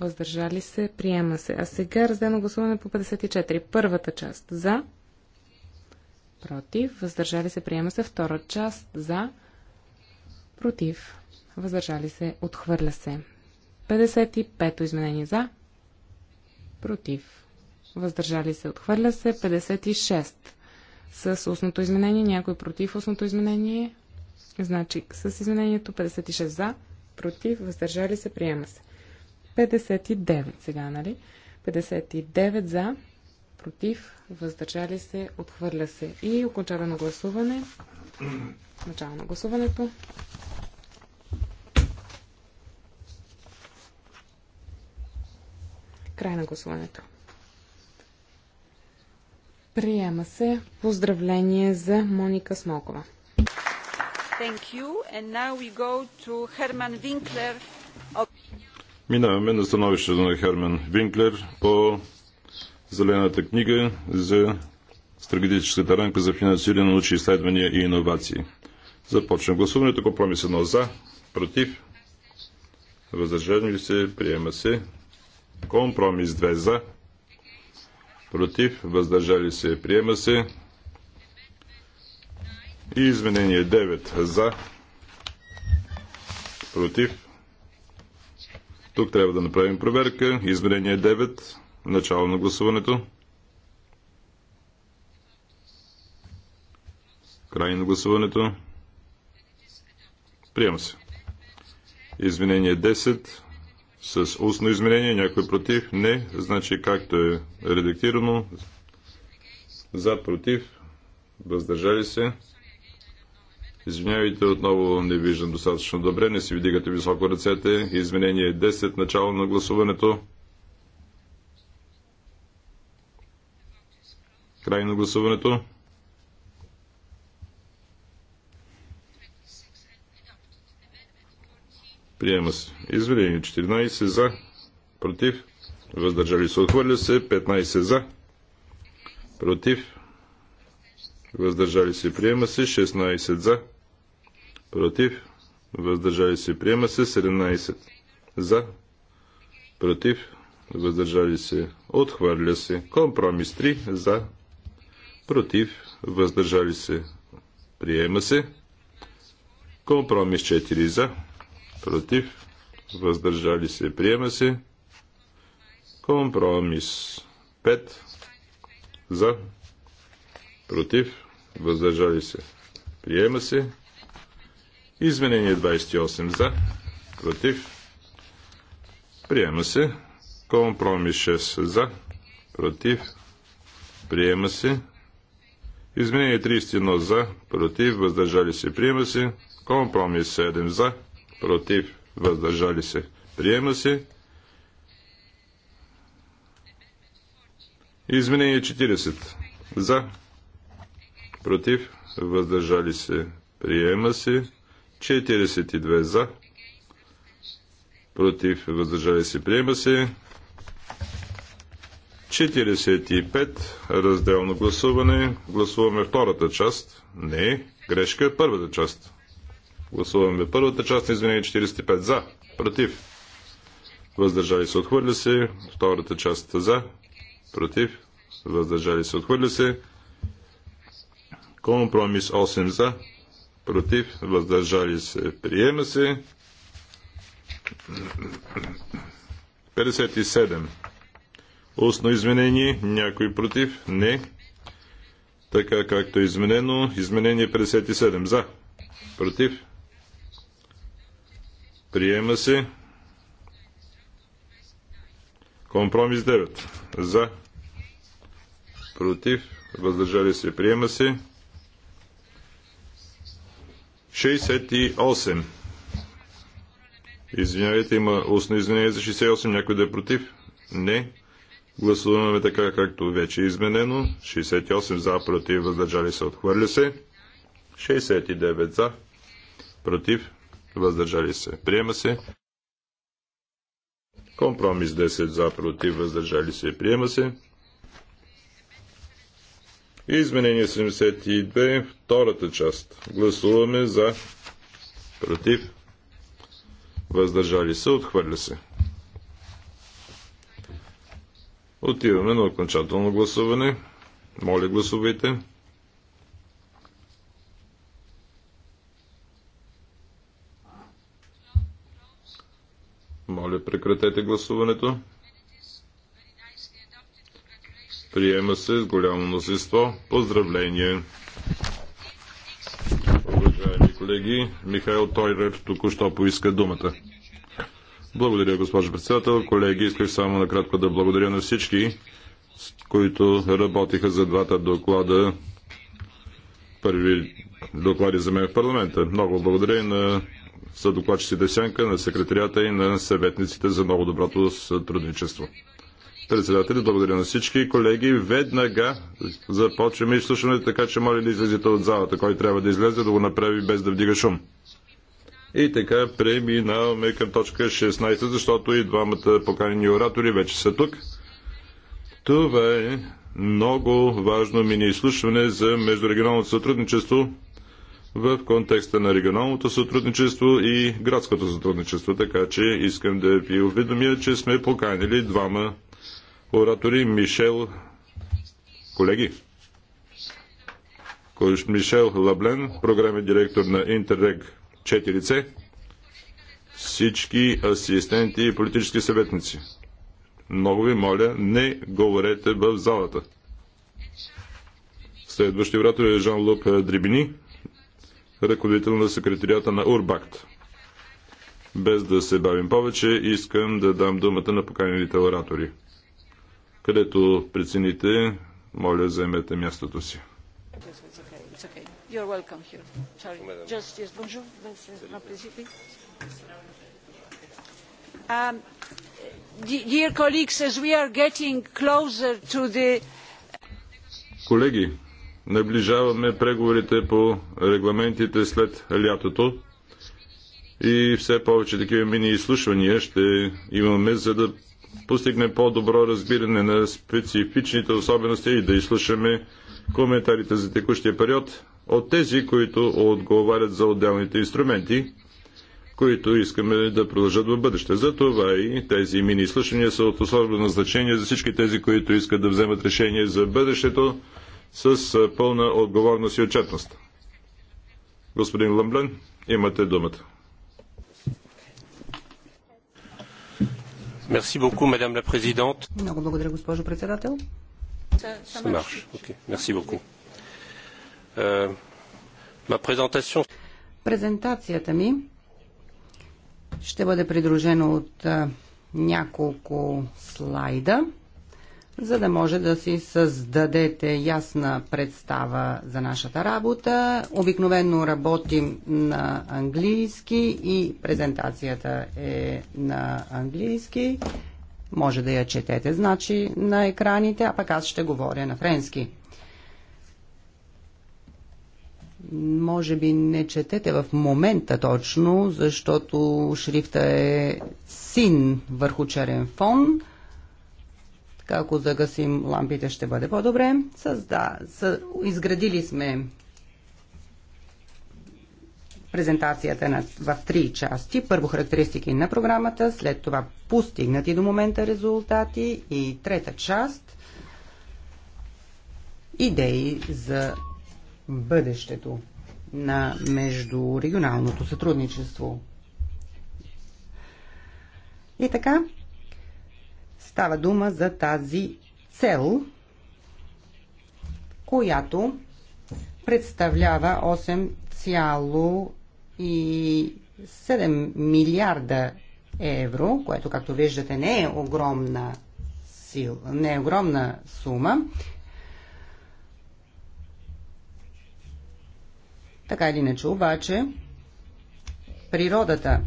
въздържали се, приема се. А сега разделно гласуване по 54. Първата част за, против, въздържали се, приема се. Втора част за, против, въздържали се, отхвърля се. 55 изменение за, против, въздържали се, отхвърля се. 56 с устното изменение, някой против устното изменение, значи с изменението 56 за, против, въздържали се, приема се. 59 сега, нали? 59 за, против, въздържали се, отхвърля се. И окончателно гласуване. Начало на гласуването. Край на гласуването. Приема се поздравление за Моника Смолкова. Thank you. And now we go to Herman Winkler Минаваме на становището на Херман Винклер по Зелената книга за стратегическата рамка за финансиране на научни изследвания и иновации. Започвам гласуването. Компромис 1 за, против, въздържани ли се, приема се. Компромис 2 за, против, въздържали се, приема се. И изменение 9 за, против, тук трябва да направим проверка. Изменение 9. Начало на гласуването. Край на гласуването. Приема се. Изменение 10 с устно изменение. Някой против? Не. Значи както е редактирано. За, против. Въздържали се. Извинявайте, отново не виждам достатъчно добре, не си видигате високо ръцете. Изменение 10, начало на гласуването. Край на гласуването. Приема се. Извинение 14 за, против, въздържали се, отхвърля се, 15 за, против, въздържали се, приема се, 16 за, против, въздържали се, приема се 17 за, против, въздържали се, отхвърля се, компромис 3 за, против, въздържали се, приема се, компромис 4 за, против, въздържали се, приема се, компромис 5 за, против, въздържали се, приема се, Изменение 28 за, против, приема се. Компромис 6 за, против, приема се. Изменение 31 за, против, въздържали се, приема се. Компромис 7 за, против, въздържали се, приема се. Изменение 40 за, против, въздържали се, приема се. 42 за, против, въздържали се, приема се. 45, разделно гласуване. Гласуваме втората част. Не, грешка е първата част. Гласуваме първата част на извинение 45 за, против. Въздържали се, отхвърля се. Втората част за, против. Въздържали се, отхвърля се. Компромис 8 за, против, въздържали се, приема се. 57. Устно изменение, някой против, не. Така както е изменено, изменение 57. За, против, приема се. Компромис 9. За, против, въздържали се, приема се. 68. Извинявайте, има устно извинение за 68. Някой да е против? Не. Гласуваме така, както вече е изменено. 68 за, против, въздържали се, отхвърля се. 69 за, против, въздържали се, приема се. Компромис 10 за, против, въздържали се, приема се. Изменение 72, втората част. Гласуваме за, против, въздържали се, отхвърля се. Отиваме на окончателно гласуване. Моля, гласувайте. Моля, прекратете гласуването. Приема се с голямо мнозинство. Поздравление! Уважаеми колеги, Михаил Тойрев току-що поиска думата. Благодаря, госпожо председател. Колеги, исках само накратко да благодаря на всички, които работиха за двата доклада. Първи доклади за мен в парламента. Много благодаря и на съдокладчиците Сенка, на секретарията и на съветниците за много доброто сътрудничество. Председатели, благодаря на всички колеги. Веднага започваме изслушването, така че моля да излезете от залата. Кой трябва да излезе, да го направи без да вдига шум. И така преминаваме към точка 16, защото и двамата поканени оратори вече са тук. Това е много важно мини изслушване за междурегионалното сътрудничество в контекста на регионалното сътрудничество и градското сътрудничество. Така че искам да ви уведомя, че сме поканили двама оратори Мишел. Колеги, Мишел Лаблен, програмен директор на Интеррег 4C, всички асистенти и политически съветници. Много ви моля, не говорете в залата. Следващия оратор е жан Луп Дрибини, ръководител на секретарията на Урбакт. Без да се бавим повече, искам да дам думата на поканените оратори. Където прецените, моля, заемете мястото си. Um, Колеги, наближаваме преговорите по регламентите след лятото и все повече такива мини изслушвания ще имаме, за да постигнем по-добро разбиране на специфичните особености и да изслушаме коментарите за текущия период от тези, които отговарят за отделните инструменти, които искаме да продължат в бъдеще. За това и тези мини изслушания са от особено значение за всички тези, които искат да вземат решение за бъдещето с пълна отговорност и отчетност. Господин Ламблен, имате думата. Merci beaucoup, madame la présidente. Много благодаря, госпожо председател. Euh, Презентацията ми ще бъде придружена от няколко слайда за да може да си създадете ясна представа за нашата работа. Обикновено работим на английски и презентацията е на английски. Може да я четете, значи, на екраните, а пък аз ще говоря на френски. Може би не четете в момента точно, защото шрифта е син върху черен фон – така, ако загасим лампите, ще бъде по-добре. Да, Изградили сме презентацията на, в три части. Първо характеристики на програмата, след това постигнати до момента резултати и трета част идеи за бъдещето на междурегионалното сътрудничество. И така, Става дума за тази цел, която представлява 8,7 милиарда евро, което, както виждате, не е огромна сил, не е огромна сума. Така или иначе, обаче, природата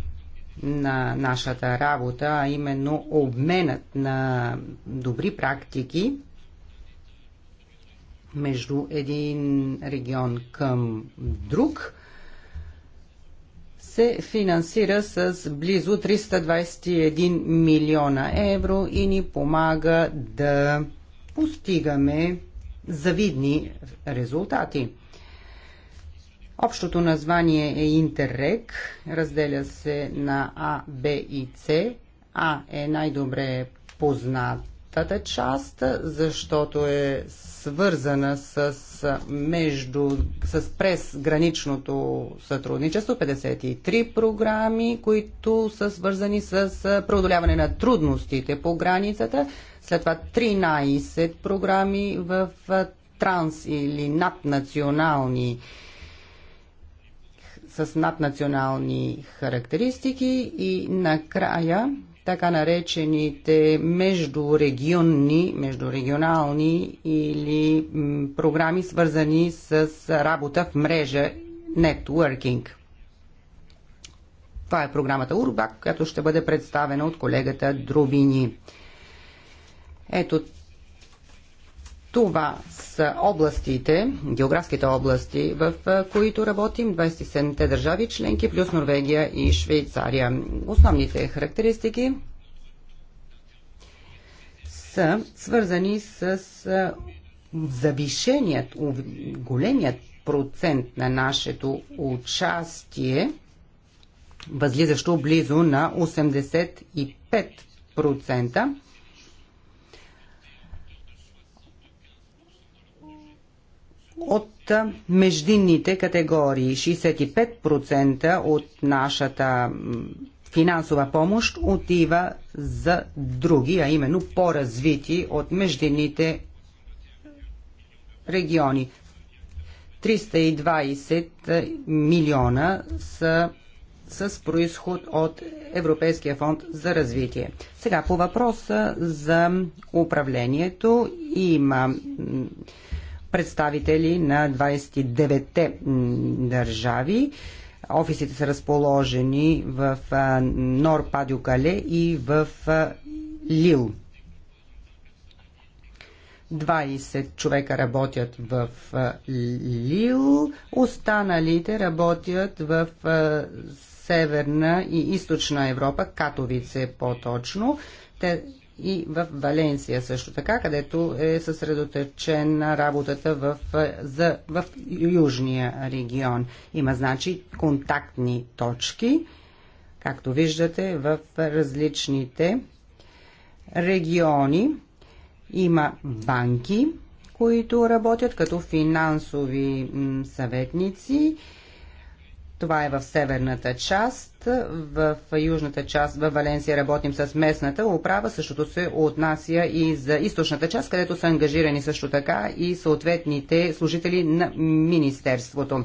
на нашата работа, а именно обменът на добри практики между един регион към друг се финансира с близо 321 милиона евро и ни помага да постигаме завидни резултати. Общото название е Интеррек, разделя се на А, Б и С. А е най-добре познатата част, защото е свързана с, между, с презграничното сътрудничество, 53 програми, които са свързани с преодоляване на трудностите по границата, след това 13 програми в транс или наднационални национални с наднационални характеристики и накрая така наречените междурегионни, междурегионални или програми свързани с работа в мрежа Networking. Това е програмата Урбак, която ще бъде представена от колегата Друбини. Ето това са областите, географските области, в които работим 27-те държави членки, плюс Норвегия и Швейцария. Основните характеристики са свързани с завишеният, големият процент на нашето участие, възлизащо близо на 85%. от междинните категории. 65% от нашата финансова помощ отива за други, а именно по-развити от междинните региони. 320 милиона са с происход от Европейския фонд за развитие. Сега по въпроса за управлението има представители на 29-те държави. Офисите са разположени в Нор Падюкале и в Лил. 20 човека работят в Лил, останалите работят в Северна и Източна Европа, Катовице по-точно. Те и в Валенсия също така, където е съсредоточена работата в, за, в южния регион. Има значи контактни точки, както виждате, в различните региони. Има банки, които работят като финансови съветници. Това е в северната част в южната част, в Валенсия, работим с местната управа. Същото се отнася и за източната част, където са ангажирани също така и съответните служители на Министерството.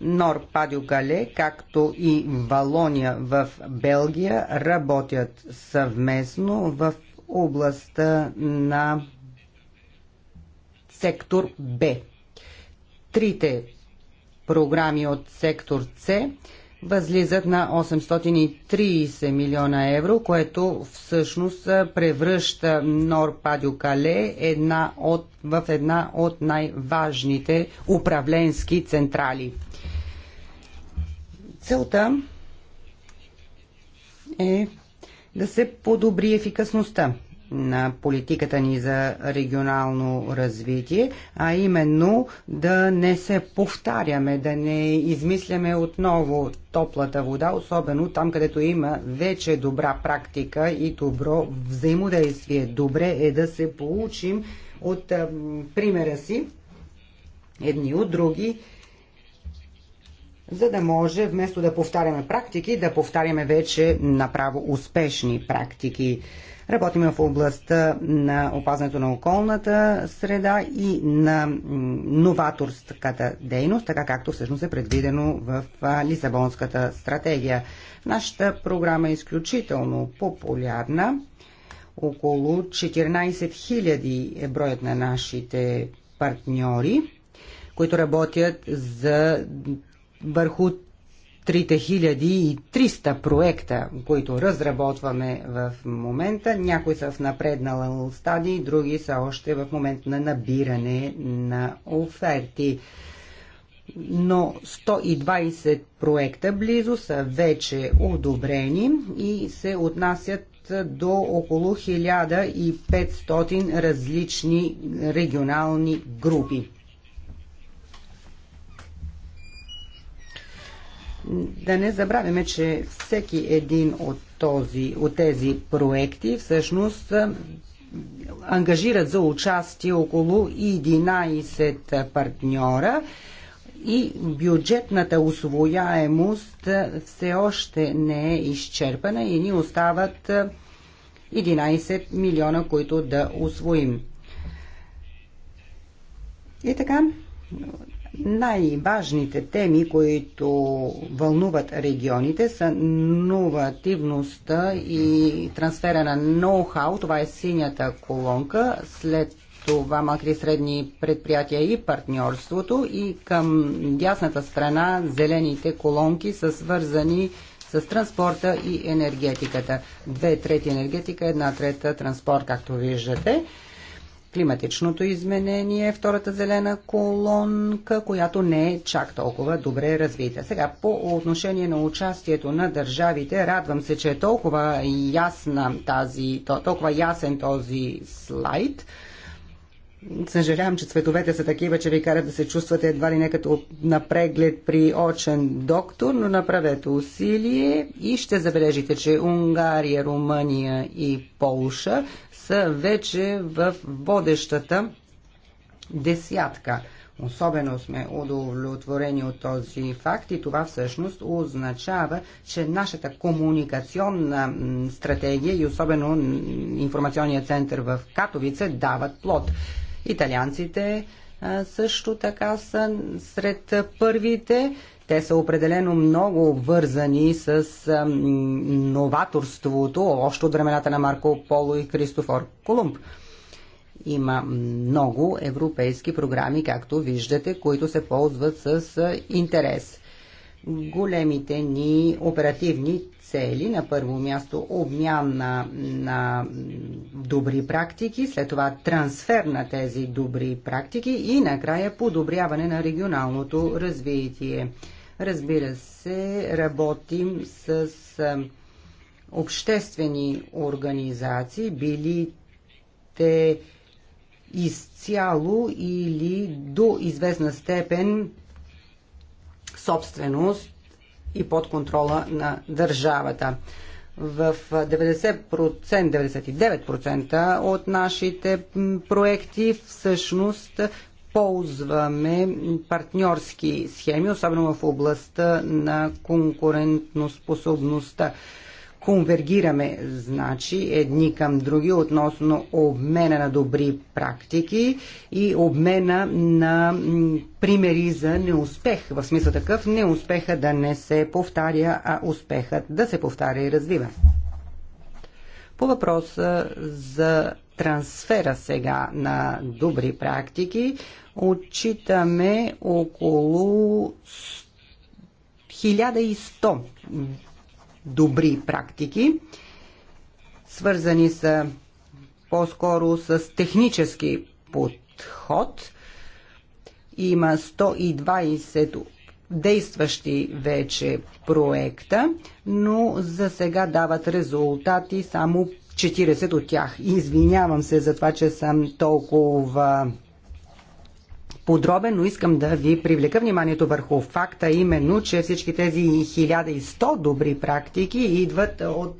Нор Падио Гале, както и Валония в Белгия, работят съвместно в областта на сектор Б. Трите програми от сектор С възлизат на 830 милиона евро, което всъщност превръща Нор Падю Кале една от, в една от най-важните управленски централи. Целта е да се подобри ефикасността на политиката ни за регионално развитие, а именно да не се повтаряме, да не измисляме отново топлата вода, особено там, където има вече добра практика и добро взаимодействие. Добре е да се получим от примера си едни от други, за да може вместо да повтаряме практики, да повтаряме вече направо успешни практики. Работим в областта на опазването на околната среда и на новаторската дейност, така както всъщност е предвидено в Лисабонската стратегия. Нашата програма е изключително популярна. Около 14 000 е броят на нашите партньори, които работят за върху 3300 проекта, които разработваме в момента. Някои са в напреднала стадии, други са още в момент на набиране на оферти. Но 120 проекта близо са вече одобрени и се отнасят до около 1500 различни регионални групи. да не забравяме, че всеки един от, този, от тези проекти всъщност ангажират за участие около 11 партньора и бюджетната освояемост все още не е изчерпана и ни остават 11 милиона, които да освоим. И така, най-важните теми, които вълнуват регионите са новативността и трансфера на ноу-хау. Това е синята колонка. След това малки средни предприятия и партньорството. И към дясната страна зелените колонки са свързани с транспорта и енергетиката. Две трети енергетика, една трета транспорт, както виждате климатичното изменение, втората зелена колонка, която не е чак толкова добре развита. Сега, по отношение на участието на държавите, радвам се, че е толкова, ясна тази, толкова ясен този слайд. Съжалявам, че цветовете са такива, че ви карат да се чувствате едва ли не като на преглед при очен доктор, но направете усилие и ще забележите, че Унгария, Румъния и Полша са вече в водещата десятка. Особено сме удовлетворени от този факт и това всъщност означава, че нашата комуникационна стратегия и особено информационният център в Катовице дават плод. Италианците също така са сред първите те са определено много вързани с новаторството още от времената на Марко Поло и Кристофор Колумб. Има много европейски програми, както виждате, които се ползват с интерес. Големите ни оперативни цели. На първо място обмян на, на добри практики, след това трансфер на тези добри практики и накрая подобряване на регионалното развитие. Разбира се, работим с обществени организации, били те изцяло или до известна степен собственост и под контрола на държавата. В 90%, 99% от нашите проекти всъщност ползваме партньорски схеми, особено в областта на конкурентноспособността. Конвергираме, значи, едни към други относно обмена на добри практики и обмена на примери за неуспех. В смисъл такъв неуспеха да не се повтаря, а успехът да се повтаря и развива. По въпроса за трансфера сега на добри практики, отчитаме около 1100 добри практики. Свързани са по-скоро с технически подход. Има 120 действащи вече проекта, но за сега дават резултати само 40 от тях. Извинявам се за това, че съм толкова подробен, но искам да ви привлека вниманието върху факта именно, че всички тези 1100 добри практики идват от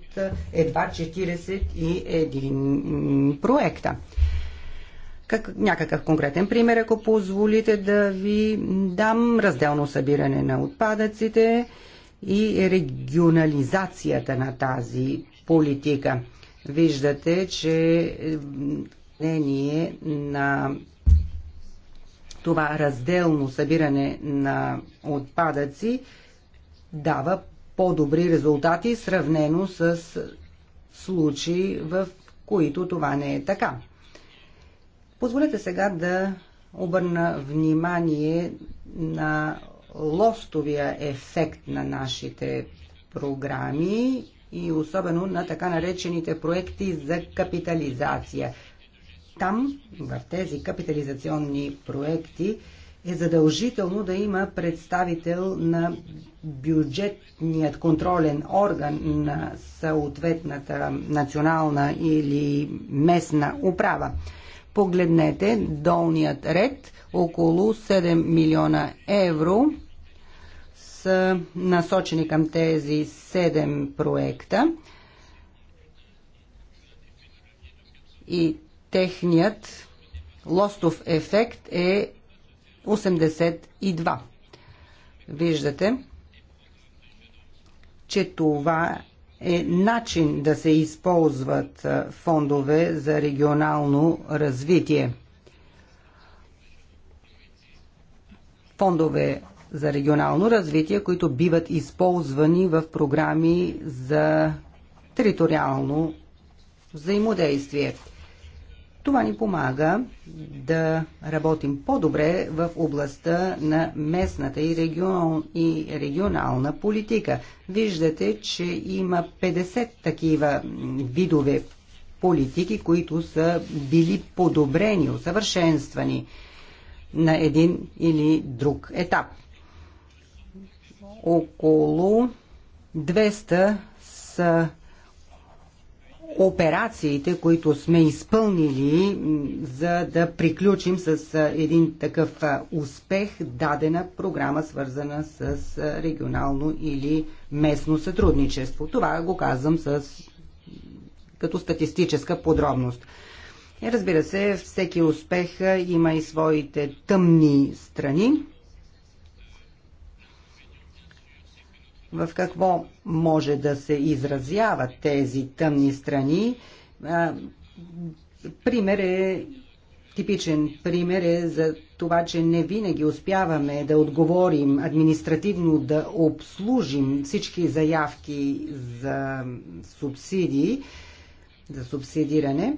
е, едва 41 проекта. Как, някакъв конкретен пример, ако позволите да ви дам разделно събиране на отпадъците и регионализацията на тази политика. Виждате, че мнение на това разделно събиране на отпадъци дава по-добри резултати, сравнено с случаи, в които това не е така. Позволете сега да обърна внимание на лостовия ефект на нашите програми и особено на така наречените проекти за капитализация – там, в тези капитализационни проекти, е задължително да има представител на бюджетният контролен орган на съответната национална или местна управа. Погледнете долният ред, около 7 милиона евро са насочени към тези 7 проекта. И техният лостов ефект е 82. Виждате, че това е начин да се използват фондове за регионално развитие. Фондове за регионално развитие, които биват използвани в програми за териториално взаимодействие. Това ни помага да работим по-добре в областта на местната и, регион, и регионална политика. Виждате, че има 50 такива видове политики, които са били подобрени, усъвършенствани на един или друг етап. Около 200 са операциите, които сме изпълнили, за да приключим с един такъв успех дадена програма, свързана с регионално или местно сътрудничество. Това го казвам с, като статистическа подробност. И разбира се, всеки успех има и своите тъмни страни. в какво може да се изразяват тези тъмни страни. Пример е, типичен пример е за това, че не винаги успяваме да отговорим административно, да обслужим всички заявки за субсидии, за субсидиране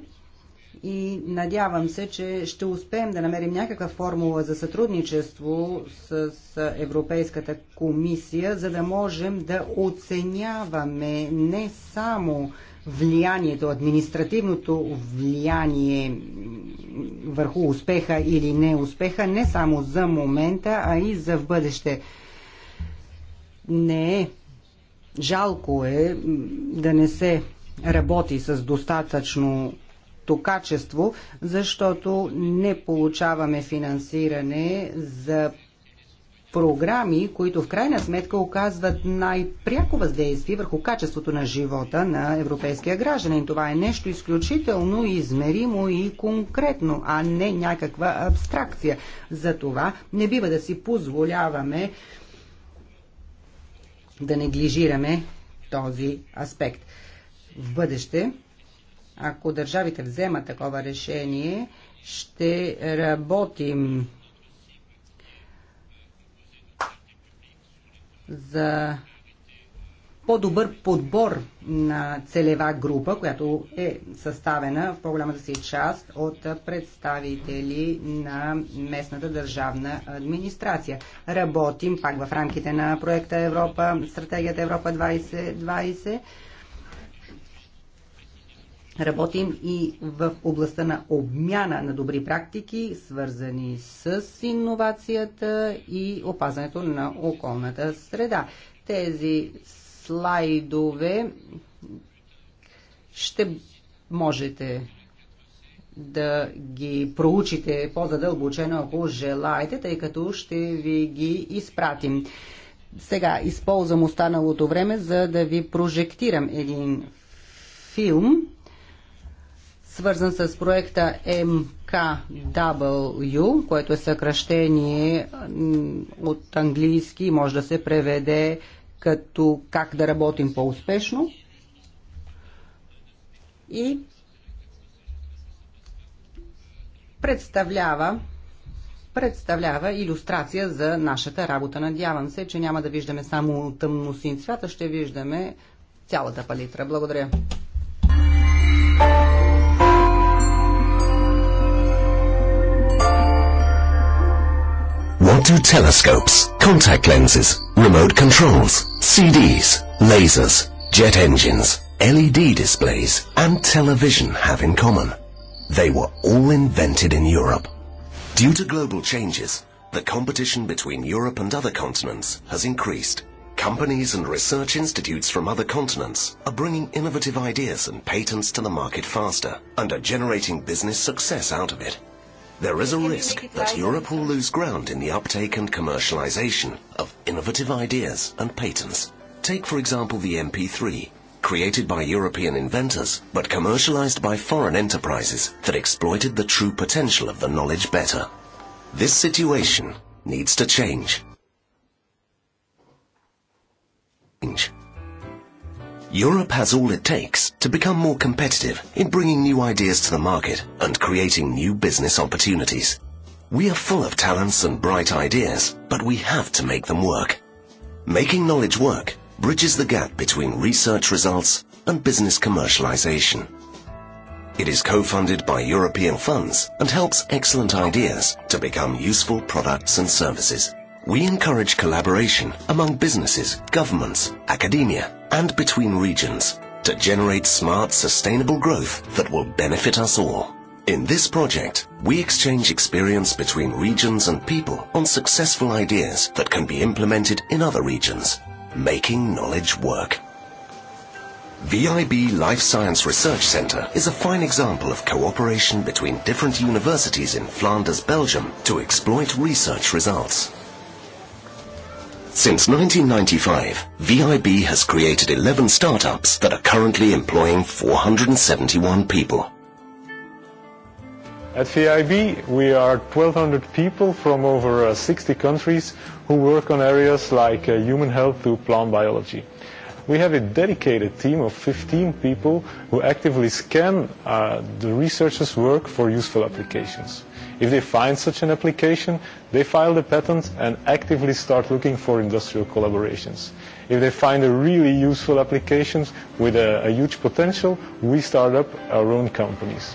и надявам се, че ще успеем да намерим някаква формула за сътрудничество с Европейската комисия, за да можем да оценяваме не само влиянието, административното влияние върху успеха или неуспеха, не само за момента, а и за в бъдеще. Не е. Жалко е да не се работи с достатъчно високото качество, защото не получаваме финансиране за програми, които в крайна сметка оказват най-пряко въздействие върху качеството на живота на европейския гражданин. Това е нещо изключително измеримо и конкретно, а не някаква абстракция. За това не бива да си позволяваме да неглижираме този аспект. В бъдеще ако държавите вземат такова решение, ще работим за по-добър подбор на целева група, която е съставена в по-голямата си част от представители на местната държавна администрация. Работим пак в рамките на проекта Европа, стратегията Европа 2020 Работим и в областта на обмяна на добри практики, свързани с иновацията и опазването на околната среда. Тези слайдове ще можете да ги проучите по-задълбочено, ако желаете, тъй като ще ви ги изпратим. Сега използвам останалото време, за да ви прожектирам един филм, свързан с проекта MKW, което е съкръщение от английски и може да се преведе като как да работим по-успешно. И представлява представлява иллюстрация за нашата работа. Надявам се, че няма да виждаме само тъмно син цвят, а ще виждаме цялата палитра. Благодаря. do telescopes, contact lenses, remote controls, CDs, lasers, jet engines, LED displays, and television have in common. They were all invented in Europe. Due to global changes, the competition between Europe and other continents has increased. Companies and research institutes from other continents are bringing innovative ideas and patents to the market faster and are generating business success out of it. There is a risk that Europe will lose ground in the uptake and commercialization of innovative ideas and patents. Take, for example, the MP3, created by European inventors but commercialized by foreign enterprises that exploited the true potential of the knowledge better. This situation needs to change. change. Europe has all it takes to become more competitive in bringing new ideas to the market and creating new business opportunities. We are full of talents and bright ideas, but we have to make them work. Making knowledge work bridges the gap between research results and business commercialization. It is co-funded by European funds and helps excellent ideas to become useful products and services. We encourage collaboration among businesses, governments, academia, and between regions to generate smart, sustainable growth that will benefit us all. In this project, we exchange experience between regions and people on successful ideas that can be implemented in other regions, making knowledge work. VIB Life Science Research Center is a fine example of cooperation between different universities in Flanders, Belgium to exploit research results. Since 1995, VIB has created 11 startups that are currently employing 471 people. At VIB, we are 1,200 people from over uh, 60 countries who work on areas like uh, human health to plant biology. We have a dedicated team of 15 people who actively scan uh, the researchers' work for useful applications. If they find such an application, they file the patent and actively start looking for industrial collaborations. If they find a really useful application with a, a huge potential, we start up our own companies.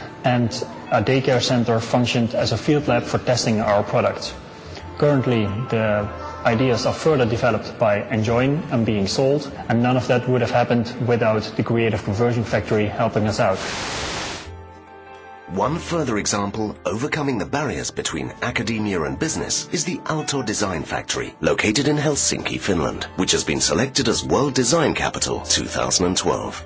and a daycare center functioned as a field lab for testing our product. Currently, the ideas are further developed by Enjoin and Being Sold, and none of that would have happened without the Creative Conversion Factory helping us out. One further example overcoming the barriers between academia and business is the Aalto Design Factory, located in Helsinki, Finland, which has been selected as World Design Capital 2012.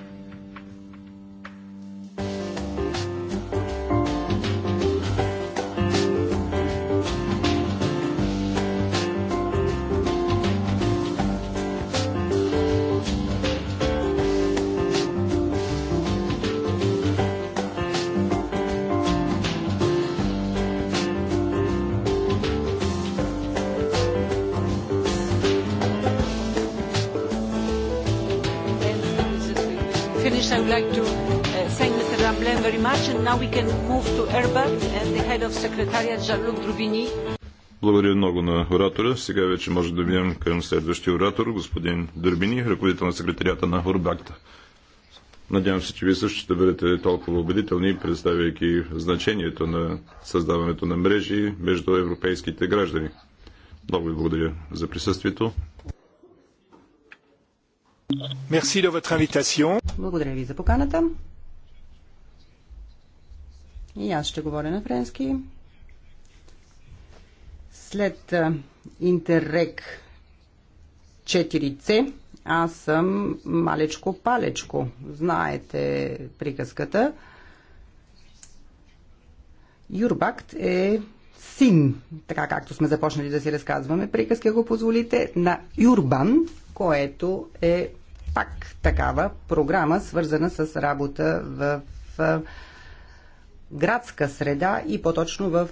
Благодаря много на оратора. Сега вече може да минем към следващия оратор, господин Дърбини, ръководител на секретарията на Урбакта. Надявам се, че вие също ще бъдете толкова убедителни, представяйки значението на създаването на мрежи между европейските граждани. Много ви благодаря за присъствието. Благодаря ви за поканата. И аз ще говоря на френски. След Интеррек 4C аз съм малечко-палечко. Знаете приказката. Юрбакт е син, така както сме започнали да си разказваме приказки, ако позволите, на Юрбан, което е пак такава програма, свързана с работа в градска среда и по-точно в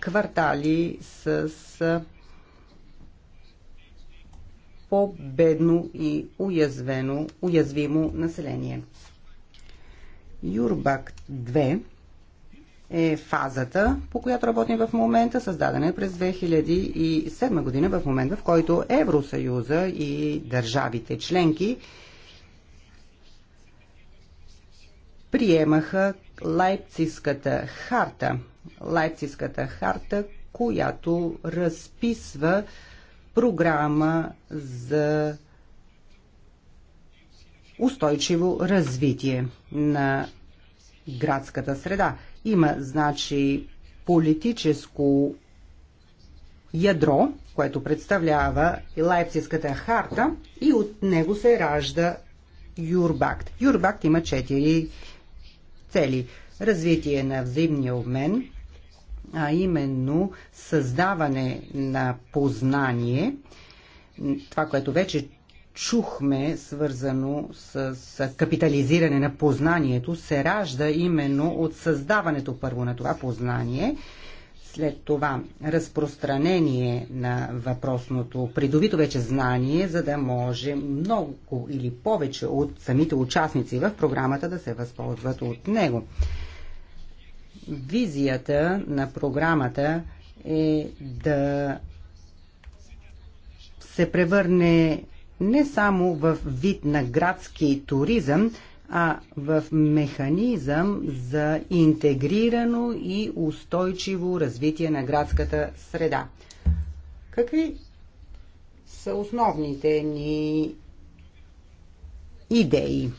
квартали с по-бедно и уязвено, уязвимо население. Юрбак 2 е фазата, по която работим в момента, създадена е през 2007 година, в момента, в който Евросъюза и държавите членки приемаха Лайпцигската харта. Лайпцигската харта, която разписва програма за устойчиво развитие на градската среда. Има, значи, политическо ядро, което представлява Лайпцигската харта и от него се ражда Юрбакт. Юрбакт има четири цели. Развитие на взаимния обмен, а именно създаване на познание, това, което вече чухме, свързано с, с капитализиране на познанието, се ражда именно от създаването първо на това познание след това разпространение на въпросното придобито вече знание, за да може много или повече от самите участници в програмата да се възползват от него. Визията на програмата е да се превърне не само в вид на градски туризъм, а в механизъм за интегрирано и устойчиво развитие на градската среда. Какви са основните ни идеи,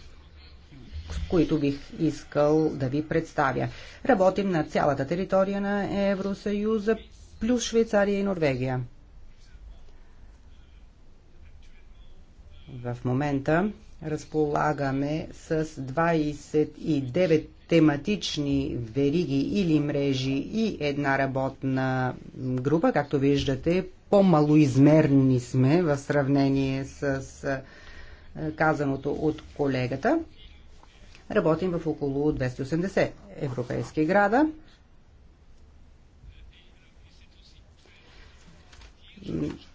които бих искал да ви представя? Работим на цялата територия на Евросъюза, плюс Швейцария и Норвегия. В момента разполагаме с 29 тематични вериги или мрежи и една работна група. Както виждате, по-малоизмерни сме в сравнение с казаното от колегата. Работим в около 280 европейски града.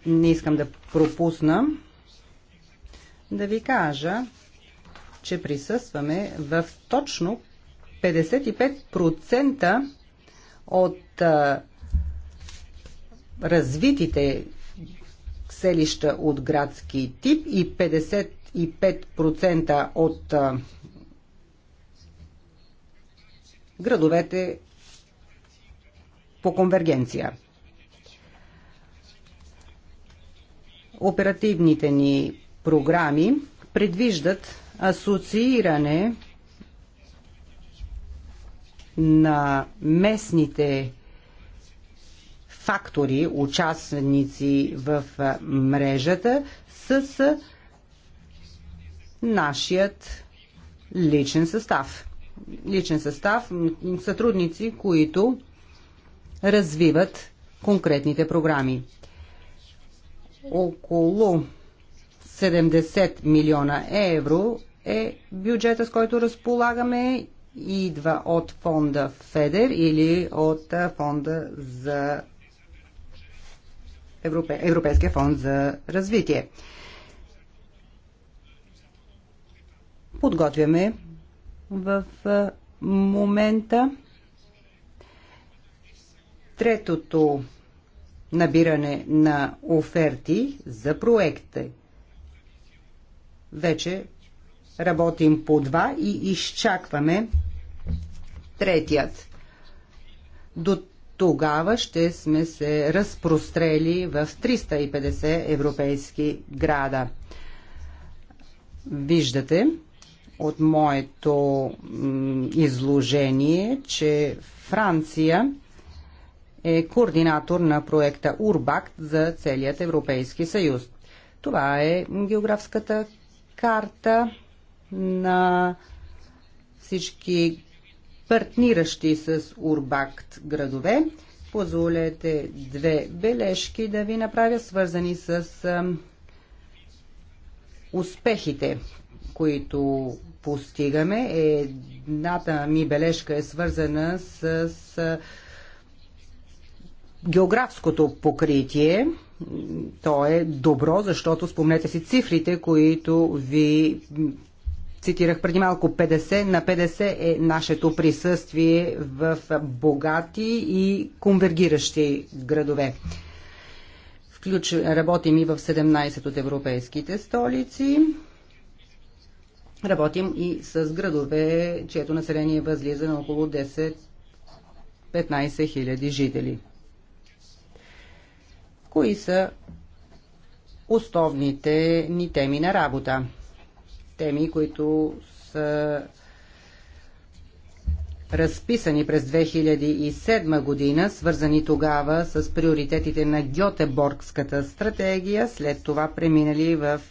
Не искам да пропусна да ви кажа, че присъстваме в точно 55% от а, развитите селища от градски тип и 55% от а, градовете по конвергенция. Оперативните ни програми предвиждат асоцииране на местните фактори, участници в мрежата с нашият личен състав. Личен състав, сътрудници, които развиват конкретните програми. Около 70 милиона евро е бюджета, с който разполагаме, идва от фонда ФЕДЕР или от фонда за Европе... Европейския фонд за развитие. Подготвяме в момента третото набиране на оферти за проекти вече работим по два и изчакваме третият. До тогава ще сме се разпрострели в 350 европейски града. Виждате от моето изложение, че Франция е координатор на проекта Урбакт за целият Европейски съюз. Това е географската карта на всички партниращи с Урбакт градове. Позволете две бележки да ви направя, свързани с успехите, които постигаме. Едната ми бележка е свързана с географското покритие то е добро, защото спомнете си цифрите, които ви цитирах преди малко, 50 на 50 е нашето присъствие в богати и конвергиращи градове. Включ, работим и в 17 от европейските столици. Работим и с градове, чието население възлиза на около 10-15 хиляди жители кои са основните ни теми на работа. Теми, които са разписани през 2007 година, свързани тогава с приоритетите на Гьотеборгската стратегия, след това преминали в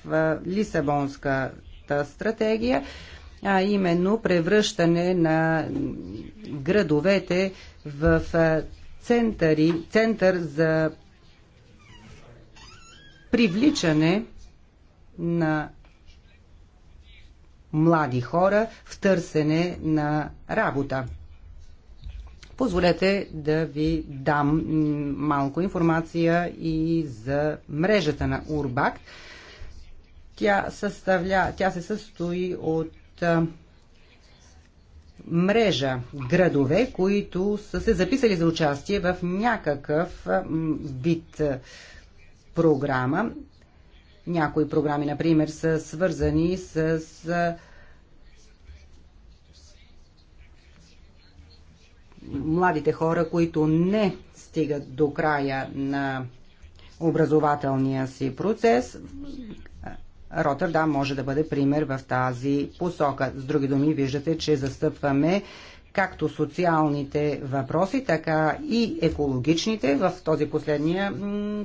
Лисабонската стратегия, а именно превръщане на градовете в центъри, център за привличане на млади хора в търсене на работа. Позволете да ви дам малко информация и за мрежата на Урбак. Тя, съставля, тя се състои от мрежа градове, които са се записали за участие в някакъв вид програма. Някои програми, например, са свързани с младите хора, които не стигат до края на образователния си процес. Ротърдам може да бъде пример в тази посока. С други думи, виждате, че застъпваме както социалните въпроси, така и екологичните. В този последния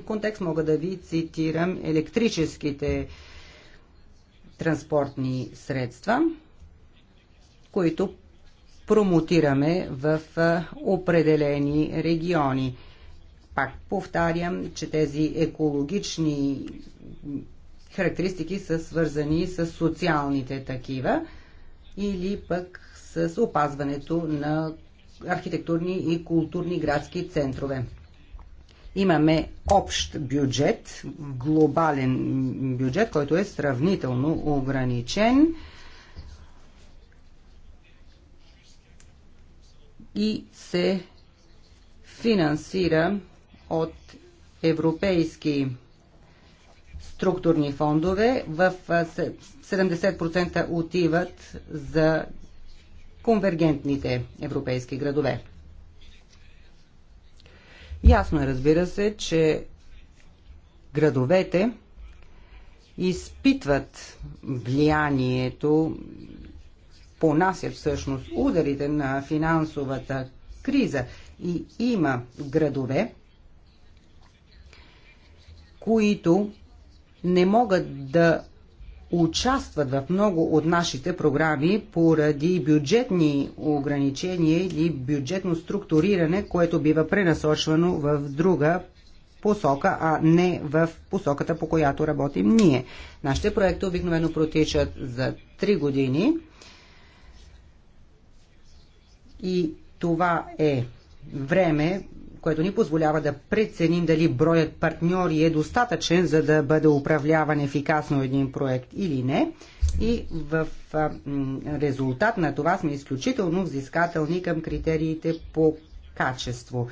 контекст мога да ви цитирам електрическите транспортни средства, които промотираме в определени региони. Пак повтарям, че тези екологични характеристики са свързани с социалните такива или пък с опазването на архитектурни и културни градски центрове. Имаме общ бюджет, глобален бюджет, който е сравнително ограничен. и се финансира от европейски структурни фондове. В 70% отиват за конвергентните европейски градове. Ясно е, разбира се, че градовете изпитват влиянието, понасят всъщност ударите на финансовата криза и има градове, които не могат да участват в много от нашите програми поради бюджетни ограничения или бюджетно структуриране, което бива пренасочвано в друга посока, а не в посоката, по която работим ние. Нашите проекти обикновено протичат за 3 години и това е време, което ни позволява да преценим дали броят партньори е достатъчен, за да бъде управляван ефикасно един проект или не. И в резултат на това сме изключително взискателни към критериите по качество,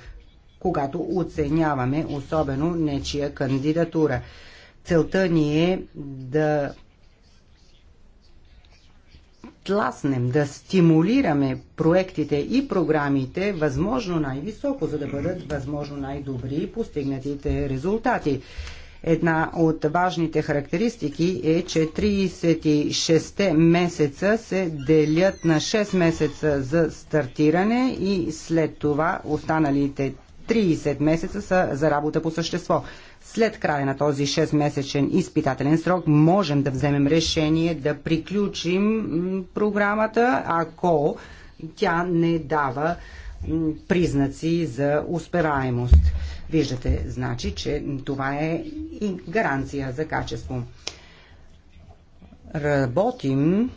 когато оценяваме особено нечия кандидатура. Целта ни е да тласнем, да стимулираме проектите и програмите възможно най-високо, за да бъдат възможно най-добри постигнатите резултати. Една от важните характеристики е, че 36 месеца се делят на 6 месеца за стартиране и след това останалите 30 месеца са за работа по същество. След края на този 6-месечен изпитателен срок можем да вземем решение да приключим програмата, ако тя не дава признаци за успеваемост. Виждате, значи, че това е и гаранция за качество. Работим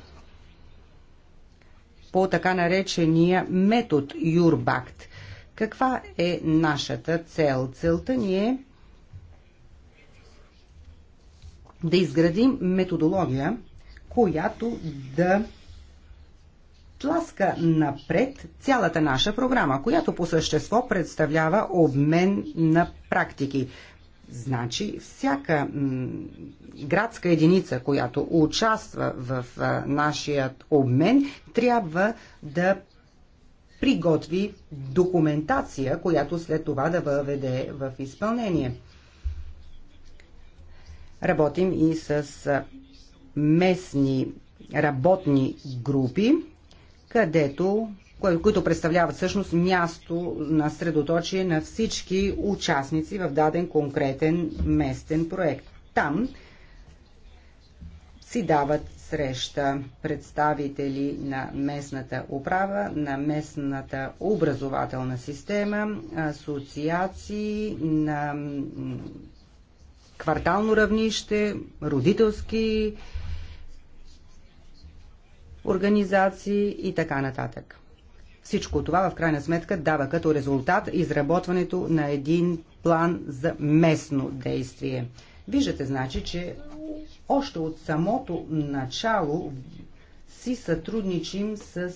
по така наречения метод Юрбакт. Каква е нашата цел? Целта ни е да изградим методология, която да тласка напред цялата наша програма, която по същество представлява обмен на практики. Значи всяка градска единица, която участва в нашият обмен, трябва да приготви документация, която след това да въведе в изпълнение. Работим и с местни работни групи, където които представляват всъщност място на средоточие на всички участници в даден конкретен местен проект. Там си дават среща представители на местната управа, на местната образователна система, асоциации, на квартално равнище, родителски организации и така нататък. Всичко това в крайна сметка дава като резултат изработването на един план за местно действие. Виждате, значи, че още от самото начало си сътрудничим с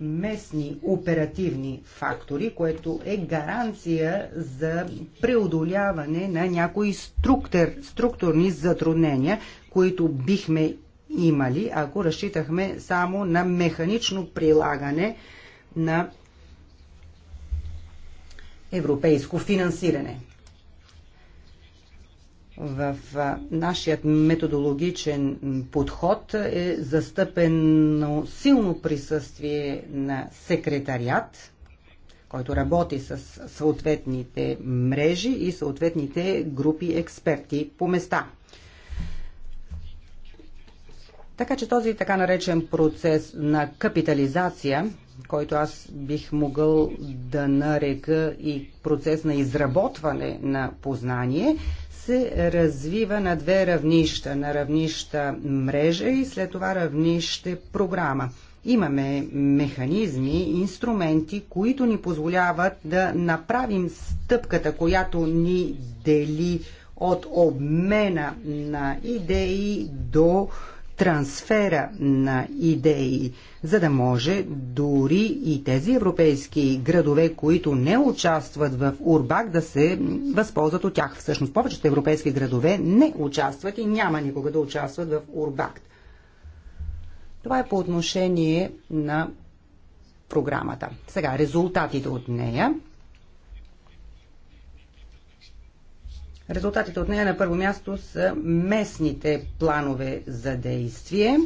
местни оперативни фактори, което е гаранция за преодоляване на някои структур, структурни затруднения, които бихме имали, ако разчитахме само на механично прилагане на европейско финансиране в нашият методологичен подход е застъпено силно присъствие на секретариат, който работи с съответните мрежи и съответните групи експерти по места. Така че този така наречен процес на капитализация, който аз бих могъл да нарека и процес на изработване на познание – се развива на две равнища. На равнища мрежа и след това равнище програма. Имаме механизми, инструменти, които ни позволяват да направим стъпката, която ни дели от обмена на идеи до трансфера на идеи, за да може дори и тези европейски градове, които не участват в Урбак, да се възползват от тях. Всъщност повечето европейски градове не участват и няма никога да участват в Урбак. Това е по отношение на програмата. Сега резултатите от нея Резултатите от нея на първо място са местните планове за действие.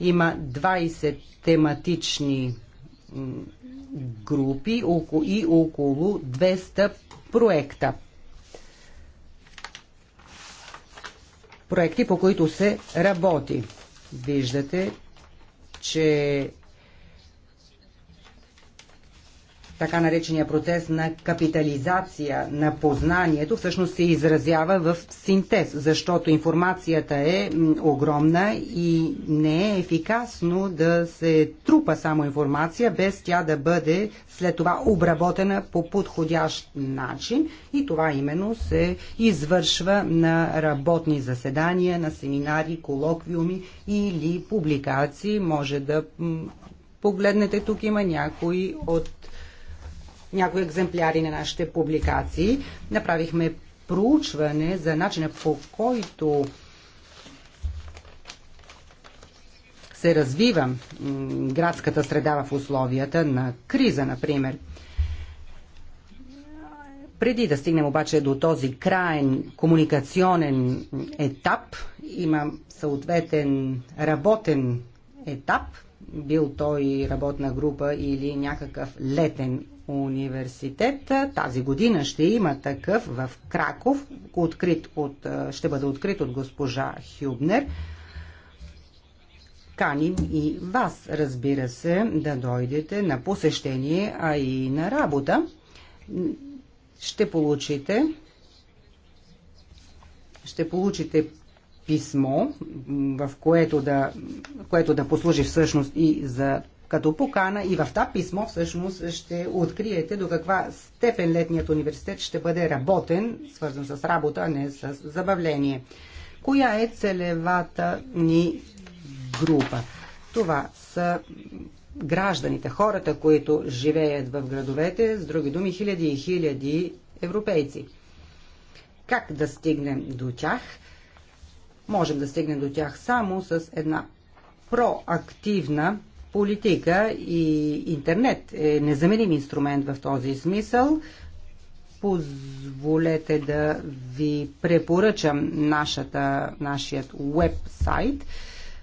Има 20 тематични групи и около 200 проекта. Проекти, по които се работи. Виждате, че така наречения процес на капитализация на познанието всъщност се изразява в синтез, защото информацията е огромна и не е ефикасно да се трупа само информация, без тя да бъде след това обработена по подходящ начин и това именно се извършва на работни заседания, на семинари, колоквиуми или публикации. Може да погледнете, тук има някои от някои екземпляри на нашите публикации. Направихме проучване за начина по който се развива градската среда в условията на криза, например. Преди да стигнем обаче до този крайен комуникационен етап, има съответен работен етап, бил той работна група или някакъв летен университет. Тази година ще има такъв в Краков, открит от, ще бъде открит от госпожа Хюбнер. Каним и вас, разбира се, да дойдете на посещение, а и на работа. Ще получите ще получите писмо, в което да, което да послужи всъщност и за като покана и в това писмо всъщност ще откриете до каква степен летният университет ще бъде работен, свързан с работа, а не с забавление. Коя е целевата ни група? Това са гражданите, хората, които живеят в градовете, с други думи хиляди и хиляди европейци. Как да стигнем до тях? Можем да стигнем до тях само с една проактивна политика и интернет е незаменим инструмент в този смисъл. Позволете да ви препоръчам нашата, нашият веб-сайт,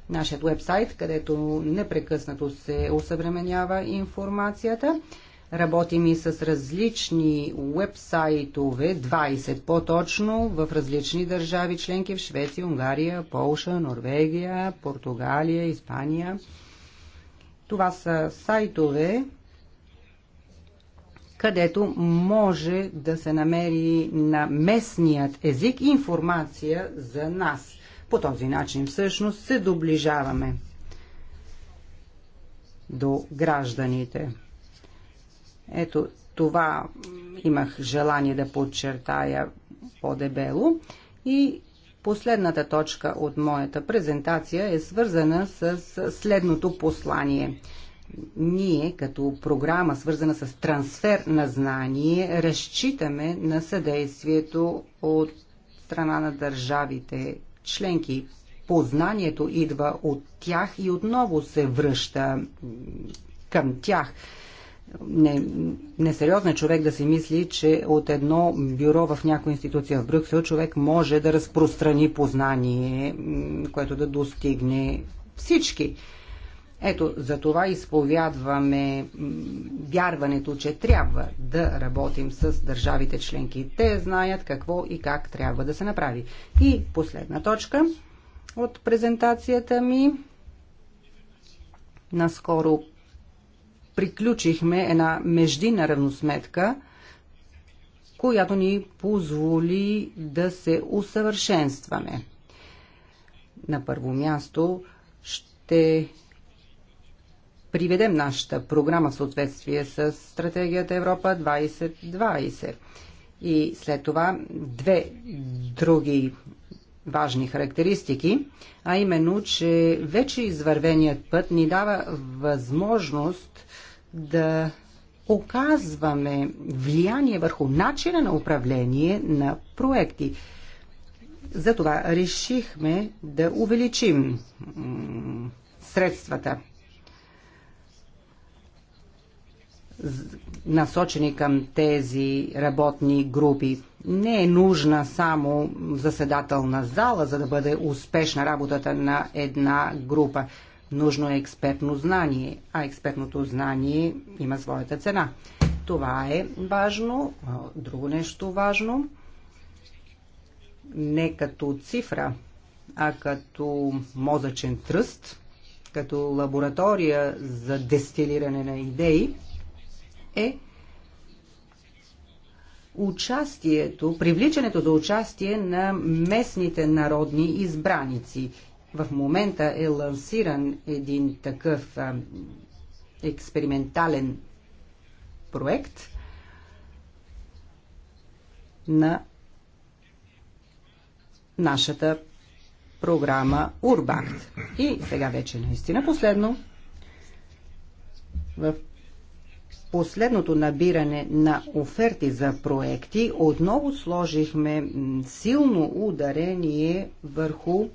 нашият веб-сайт, където непрекъснато се осъвременява информацията. Работим и с различни вебсайтове, 20 по-точно, в различни държави членки в Швеция, Унгария, Полша, Норвегия, Португалия, Испания – това са сайтове, където може да се намери на местният език информация за нас. По този начин всъщност се доближаваме до гражданите. Ето това имах желание да подчертая по-дебело и Последната точка от моята презентация е свързана с следното послание. Ние, като програма, свързана с трансфер на знание, разчитаме на съдействието от страна на държавите членки. Познанието идва от тях и отново се връща към тях несериозно не е човек да си мисли, че от едно бюро в някоя институция в Брюксел човек може да разпространи познание, което да достигне всички. Ето, за това изповядваме вярването, че трябва да работим с държавите членки. Те знаят какво и как трябва да се направи. И последна точка от презентацията ми. Наскоро приключихме една междинна равносметка, която ни позволи да се усъвършенстваме. На първо място ще приведем нашата програма в съответствие с стратегията Европа 2020. И след това две други важни характеристики, а именно, че вече извървеният път ни дава възможност да оказваме влияние върху начина на управление на проекти. Затова решихме да увеличим средствата, насочени към тези работни групи. Не е нужна само заседателна зала, за да бъде успешна работата на една група. Нужно е експертно знание, а експертното знание има своята цена. Това е важно. Друго нещо важно, не като цифра, а като мозъчен тръст, като лаборатория за дестилиране на идеи, е участието, привличането за участие на местните народни избраници. В момента е лансиран един такъв а, експериментален проект на нашата програма Урбакт. И сега вече наистина последно, в последното набиране на оферти за проекти отново сложихме силно ударение върху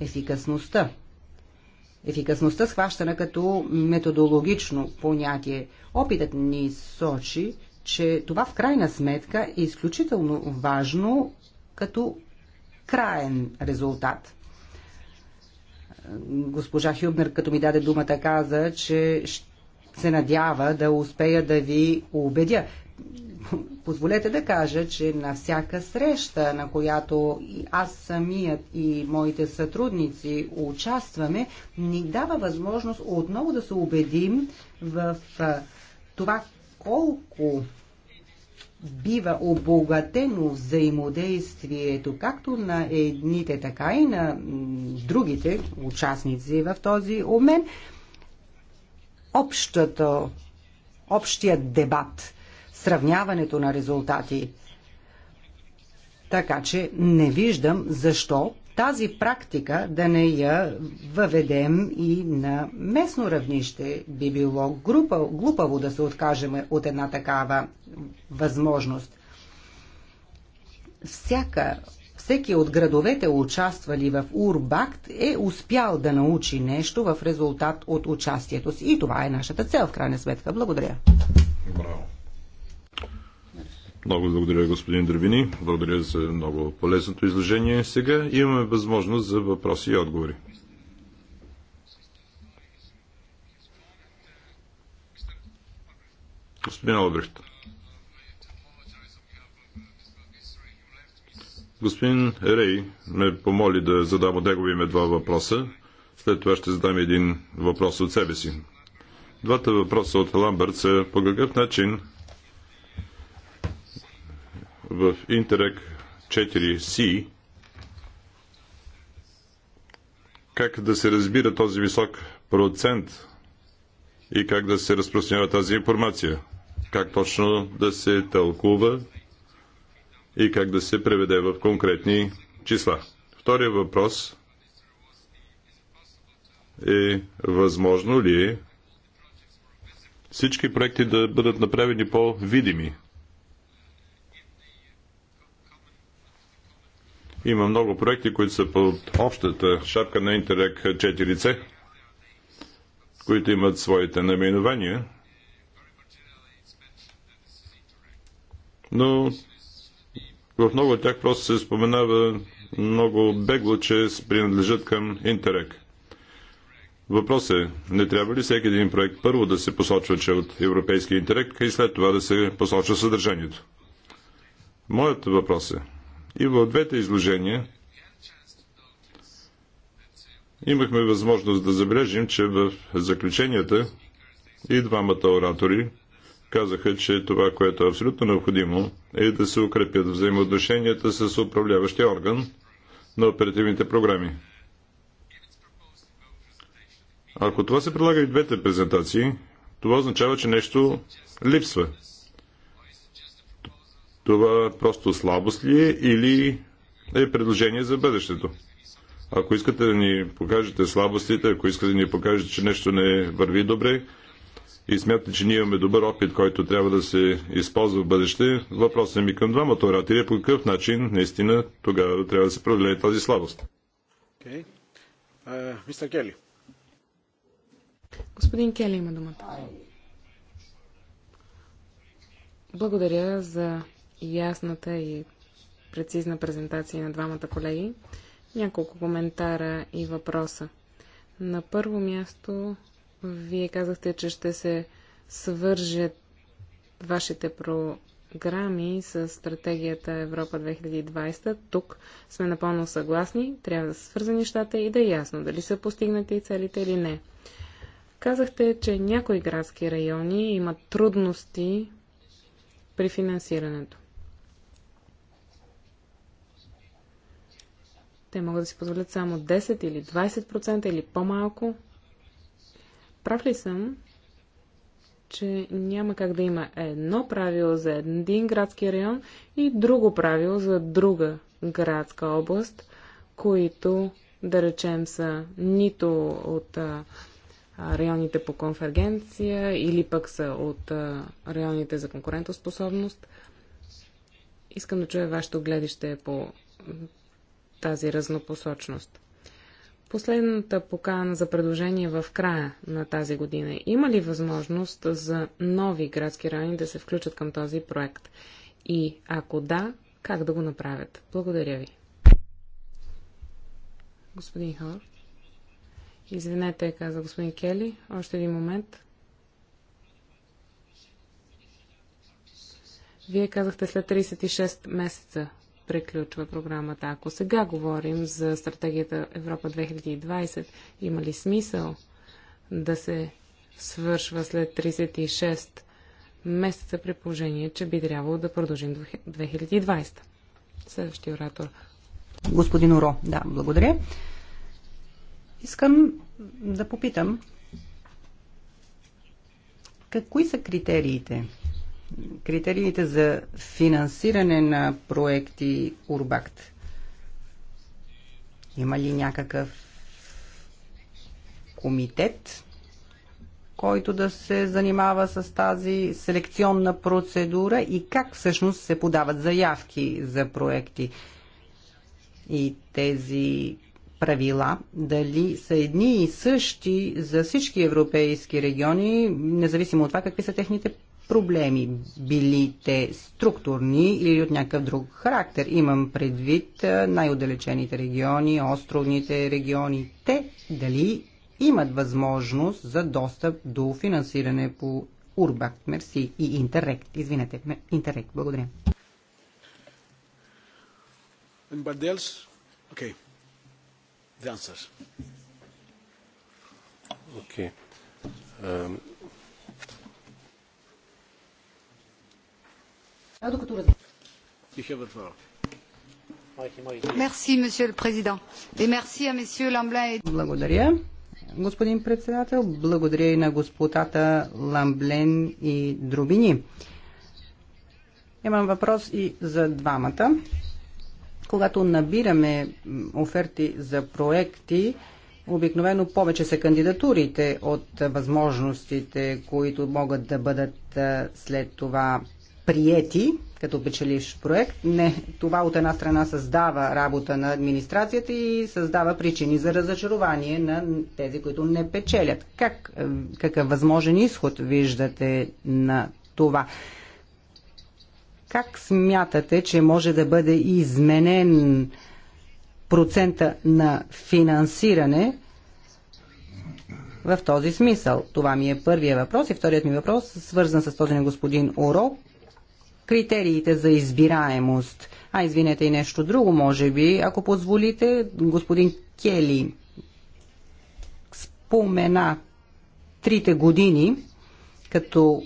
ефикасността. Ефикасността схващана като методологично понятие. Опитът ни сочи, че това в крайна сметка е изключително важно като краен резултат. Госпожа Хюбнер, като ми даде думата, каза, че се надява да успея да ви убедя. Позволете да кажа, че на всяка среща, на която и аз самият и моите сътрудници участваме, ни дава възможност отново да се убедим в това колко бива обогатено взаимодействието както на едните, така и на другите участници в този обмен. Общото, общият дебат сравняването на резултати. Така че не виждам защо тази практика да не я въведем и на местно равнище. Би било група, глупаво да се откажем от една такава възможност. Всяка, всеки от градовете, участвали в Урбакт, е успял да научи нещо в резултат от участието си. И това е нашата цел, в крайна сметка. Благодаря. Браво. Много благодаря, господин Дървини. Благодаря за много полезното изложение. Сега имаме възможност за въпроси и отговори. Господин Албрехт. Господин Рей ме помоли да задам от него име два въпроса. След това ще задам един въпрос от себе си. Двата въпроса от Ламбърт са по какъв начин в Интерек 4C, как да се разбира този висок процент и как да се разпространява тази информация, как точно да се тълкува и как да се преведе в конкретни числа. Втория въпрос е възможно ли е всички проекти да бъдат направени по-видими, Има много проекти, които са под общата шапка на Интерек 4C, които имат своите наименования. Но в много от тях просто се споменава много бегло, че принадлежат към Интерек. Въпрос е, не трябва ли всеки един проект първо да се посочва, че е от европейски интерект и след това да се посочва съдържанието? Моят въпрос е, и в двете изложения имахме възможност да забележим, че в заключенията и двамата оратори казаха, че това, което е абсолютно необходимо, е да се укрепят взаимоотношенията с управляващия орган на оперативните програми. Ако това се прилага и двете презентации, това означава, че нещо липсва. Това просто слабост ли е или е предложение за бъдещето? Ако искате да ни покажете слабостите, ако искате да ни покажете, че нещо не върви добре и смятате, че ние имаме добър опит, който трябва да се използва в бъдеще, въпросът е ми към двамата оратори е по какъв начин наистина тогава трябва да се проведе тази слабост. Okay. Uh, мистер Кели. Господин Кели има думата. Благодаря за ясната и прецизна презентация на двамата колеги. Няколко коментара и въпроса. На първо място, вие казахте, че ще се свържат вашите програми с стратегията Европа 2020. Тук сме напълно съгласни. Трябва да се свърза нещата и да е ясно дали са постигнати целите или не. Казахте, че някои градски райони имат трудности при финансирането. Те могат да си позволят само 10 или 20% или по-малко. Прав ли съм, че няма как да има едно правило за един градски район и друго правило за друга градска област, които, да речем, са нито от районите по конвергенция или пък са от районите за конкурентоспособност. Искам да чуя вашето гледище по тази разнопосочност. Последната покана за предложение в края на тази година. Има ли възможност за нови градски райони да се включат към този проект? И ако да, как да го направят? Благодаря ви. Господин Хор. Извинете, каза господин Кели. Още един момент. Вие казахте след 36 месеца приключва програмата. Ако сега говорим за стратегията Европа 2020, има ли смисъл да се свършва след 36 месеца при положение, че би трябвало да продължим до 2020? Следващия оратор. Господин Уро, да, благодаря. Искам да попитам, кои са критериите? критериите за финансиране на проекти Урбакт? Има ли някакъв комитет, който да се занимава с тази селекционна процедура и как всъщност се подават заявки за проекти и тези правила, дали са едни и същи за всички европейски региони, независимо от това какви са техните проблеми, били те структурни или от някакъв друг характер. Имам предвид най-отдалечените региони, островните региони. Те дали имат възможност за достъп до финансиране по Урбак, Мерси и Интеррект. Извинете, Интеррект. Благодаря. Anybody else? Okay. The answers. Okay. Um, Благодаря. Господин председател, благодаря и на господата Ламблен и Друбини. Имам въпрос и за двамата. Когато набираме оферти за проекти, обикновено повече са кандидатурите от възможностите, които могат да бъдат след това приети като печеливш проект. Не, това от една страна създава работа на администрацията и създава причини за разочарование на тези, които не печелят. Как, е, какъв възможен изход виждате на това? Как смятате, че може да бъде изменен процента на финансиране в този смисъл? Това ми е първия въпрос. И вторият ми въпрос, свързан с този на господин Урок, критериите за избираемост. А, извинете и нещо друго, може би, ако позволите, господин Кели спомена трите години като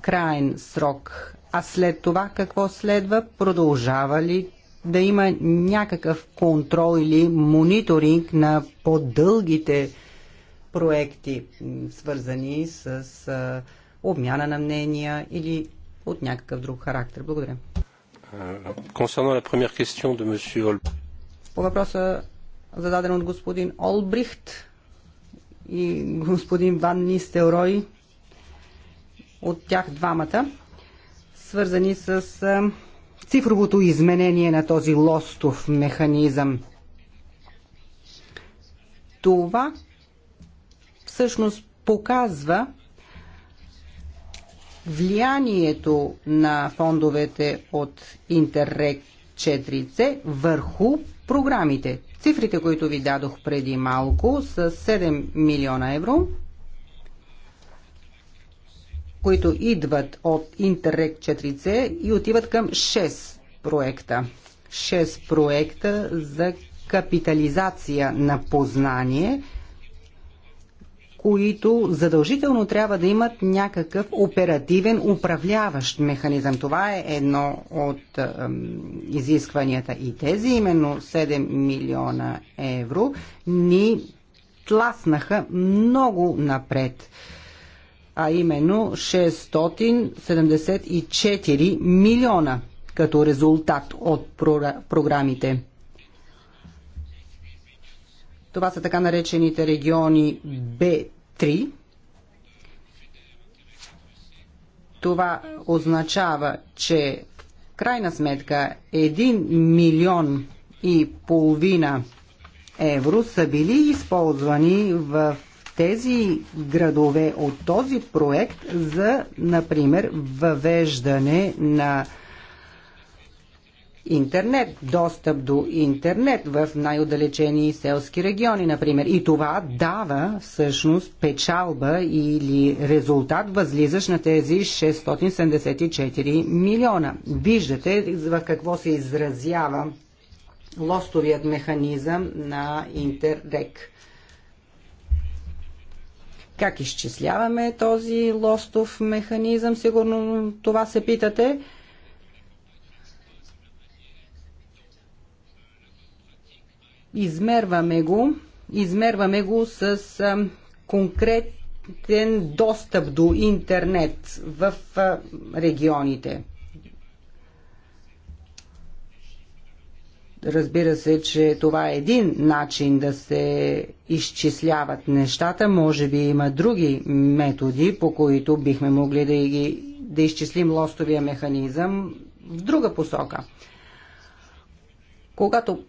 крайен срок. А след това какво следва? Продължава ли да има някакъв контрол или мониторинг на по-дългите проекти, свързани с обмяна на мнения или от някакъв друг характер. Благодаря. Е, По въпроса зададен от господин Олбрихт и господин Ван Нистелрой, от тях двамата, свързани с е, цифровото изменение на този лостов механизъм. Това всъщност показва влиянието на фондовете от Интеррек 4C върху програмите. Цифрите, които ви дадох преди малко, са 7 милиона евро, които идват от Интеррек 4C и отиват към 6 проекта. 6 проекта за капитализация на познание – които задължително трябва да имат някакъв оперативен управляващ механизъм. Това е едно от е, изискванията. И тези именно 7 милиона евро ни тласнаха много напред а именно 674 милиона като резултат от програмите. Това са така наречените региони Б3. Това означава, че в крайна сметка 1 милион и половина евро са били използвани в тези градове от този проект за, например, въвеждане на интернет, достъп до интернет в най-отдалечени селски региони, например. И това дава всъщност печалба или резултат, възлизаш на тези 674 милиона. Виждате в какво се изразява лостовият механизъм на Интердек. Как изчисляваме този лостов механизъм? Сигурно това се питате. Измерваме го, измерваме го с конкретен достъп до интернет в регионите. Разбира се, че това е един начин да се изчисляват нещата. Може би има други методи, по които бихме могли да, ги, да изчислим лостовия механизъм в друга посока. Когато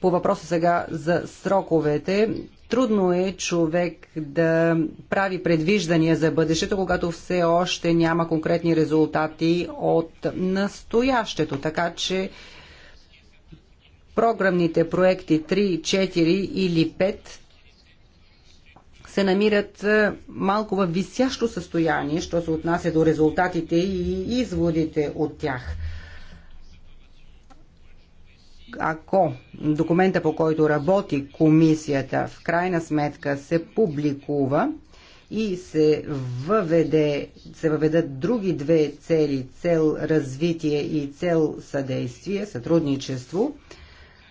по въпроса сега за сроковете. Трудно е човек да прави предвиждания за бъдещето, когато все още няма конкретни резултати от настоящето. Така че програмните проекти 3, 4 или 5 се намират малко в висящо състояние, що се отнася до резултатите и изводите от тях ако документа, по който работи комисията, в крайна сметка се публикува и се, въведе, се въведат други две цели, цел развитие и цел съдействие, сътрудничество –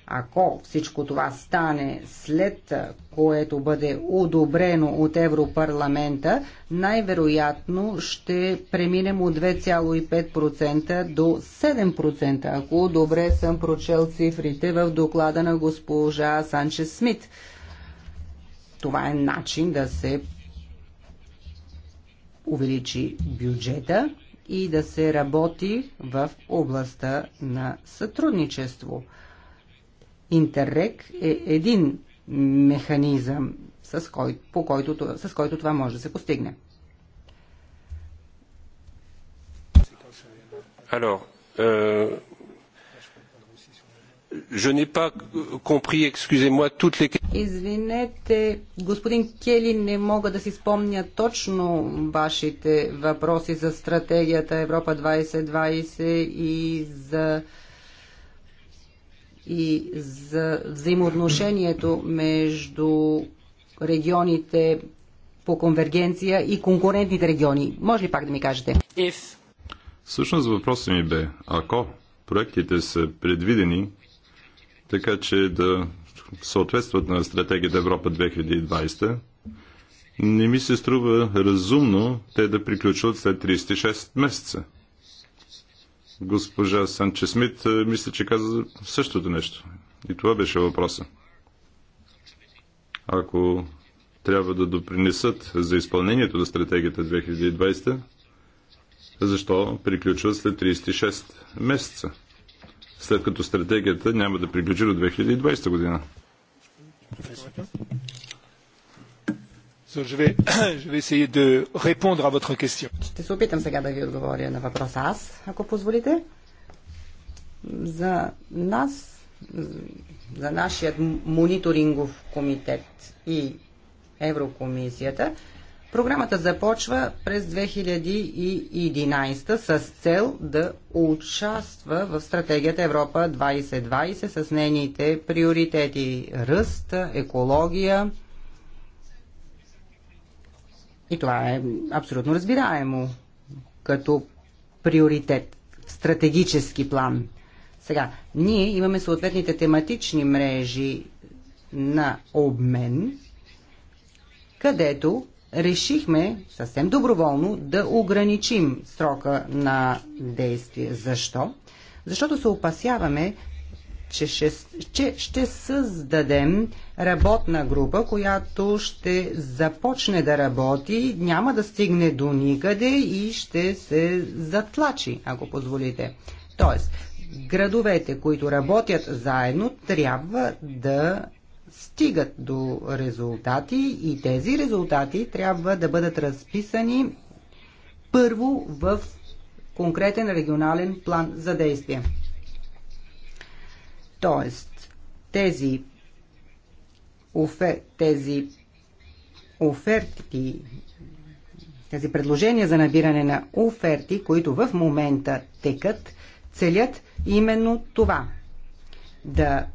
ако всичко това стане след което бъде одобрено от Европарламента, най-вероятно ще преминем от 2,5% до 7%, ако добре съм прочел цифрите в доклада на госпожа Санчес Смит. Това е начин да се увеличи бюджета и да се работи в областта на сътрудничество – Интеррек е един механизъм, с който, по който, с който това може да се постигне. Alors, euh, je n'ai pas compris, excusez-moi, toutes les Извинете, господин Кели, не мога да си спомня точно вашите въпроси за стратегията Европа 2020 и за и за взаимоотношението между регионите по конвергенция и конкурентните региони. Може ли пак да ми кажете? If... Всъщност въпросът ми бе, ако проектите са предвидени така, че да съответстват на стратегията Европа 2020, не ми се струва разумно те да приключват след 36 месеца. Госпожа Санче Смит, е, мисля, че каза същото нещо. И това беше въпроса. Ако трябва да допринесат за изпълнението на стратегията 2020, защо приключват след 36 месеца, след като стратегията няма да приключи до 2020 година? [COUGHS] Ще се опитам сега да ви отговоря на въпроса аз, ако позволите. За нас, за нашия мониторингов комитет и Еврокомисията, програмата започва през 2011 с цел да участва в стратегията Европа 2020 с нейните приоритети ръст, екология, и това е абсолютно разбираемо като приоритет в стратегически план. Сега, ние имаме съответните тематични мрежи на обмен, където решихме съвсем доброволно да ограничим срока на действие. Защо? Защото се опасяваме, че ще, че ще създадем работна група, която ще започне да работи, няма да стигне до никъде и ще се затлачи, ако позволите. Тоест, градовете, които работят заедно, трябва да стигат до резултати и тези резултати трябва да бъдат разписани първо в конкретен регионален план за действие. Тоест, тези, тези оферти, тези предложения за набиране на оферти, които в момента текат, целят именно това – да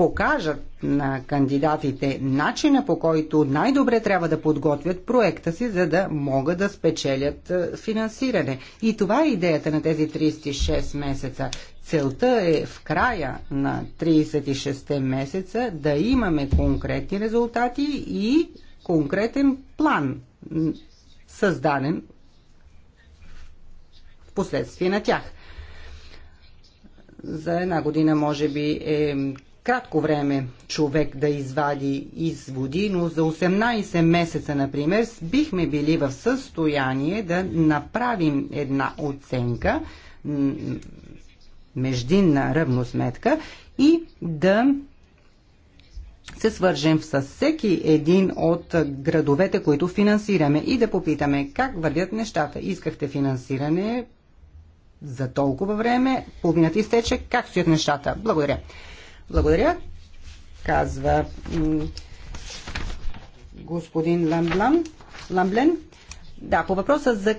покажат на кандидатите начина по който най-добре трябва да подготвят проекта си, за да могат да спечелят е, финансиране. И това е идеята на тези 36 месеца. Целта е в края на 36 месеца да имаме конкретни резултати и конкретен план, създаден в последствие на тях. За една година може би е кратко време човек да извади изводи, но за 18 месеца, например, бихме били в състояние да направим една оценка, междинна равносметка и да се свържем с всеки един от градовете, които финансираме и да попитаме как вървят нещата. Искахте финансиране за толкова време, половината изтече, как стоят нещата. Благодаря. Благодаря, казва господин Ламблан. Ламблен. Да, по въпроса за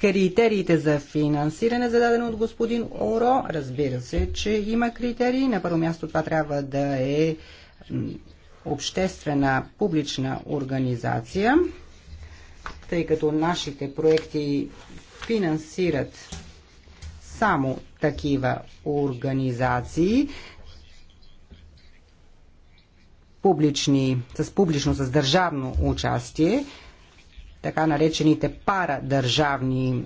критериите за финансиране, зададено от господин Оро, разбира се, че има критерии. На първо място това трябва да е обществена публична организация, тъй като нашите проекти финансират само такива организации публични, с публично, с държавно участие, така наречените парадържавни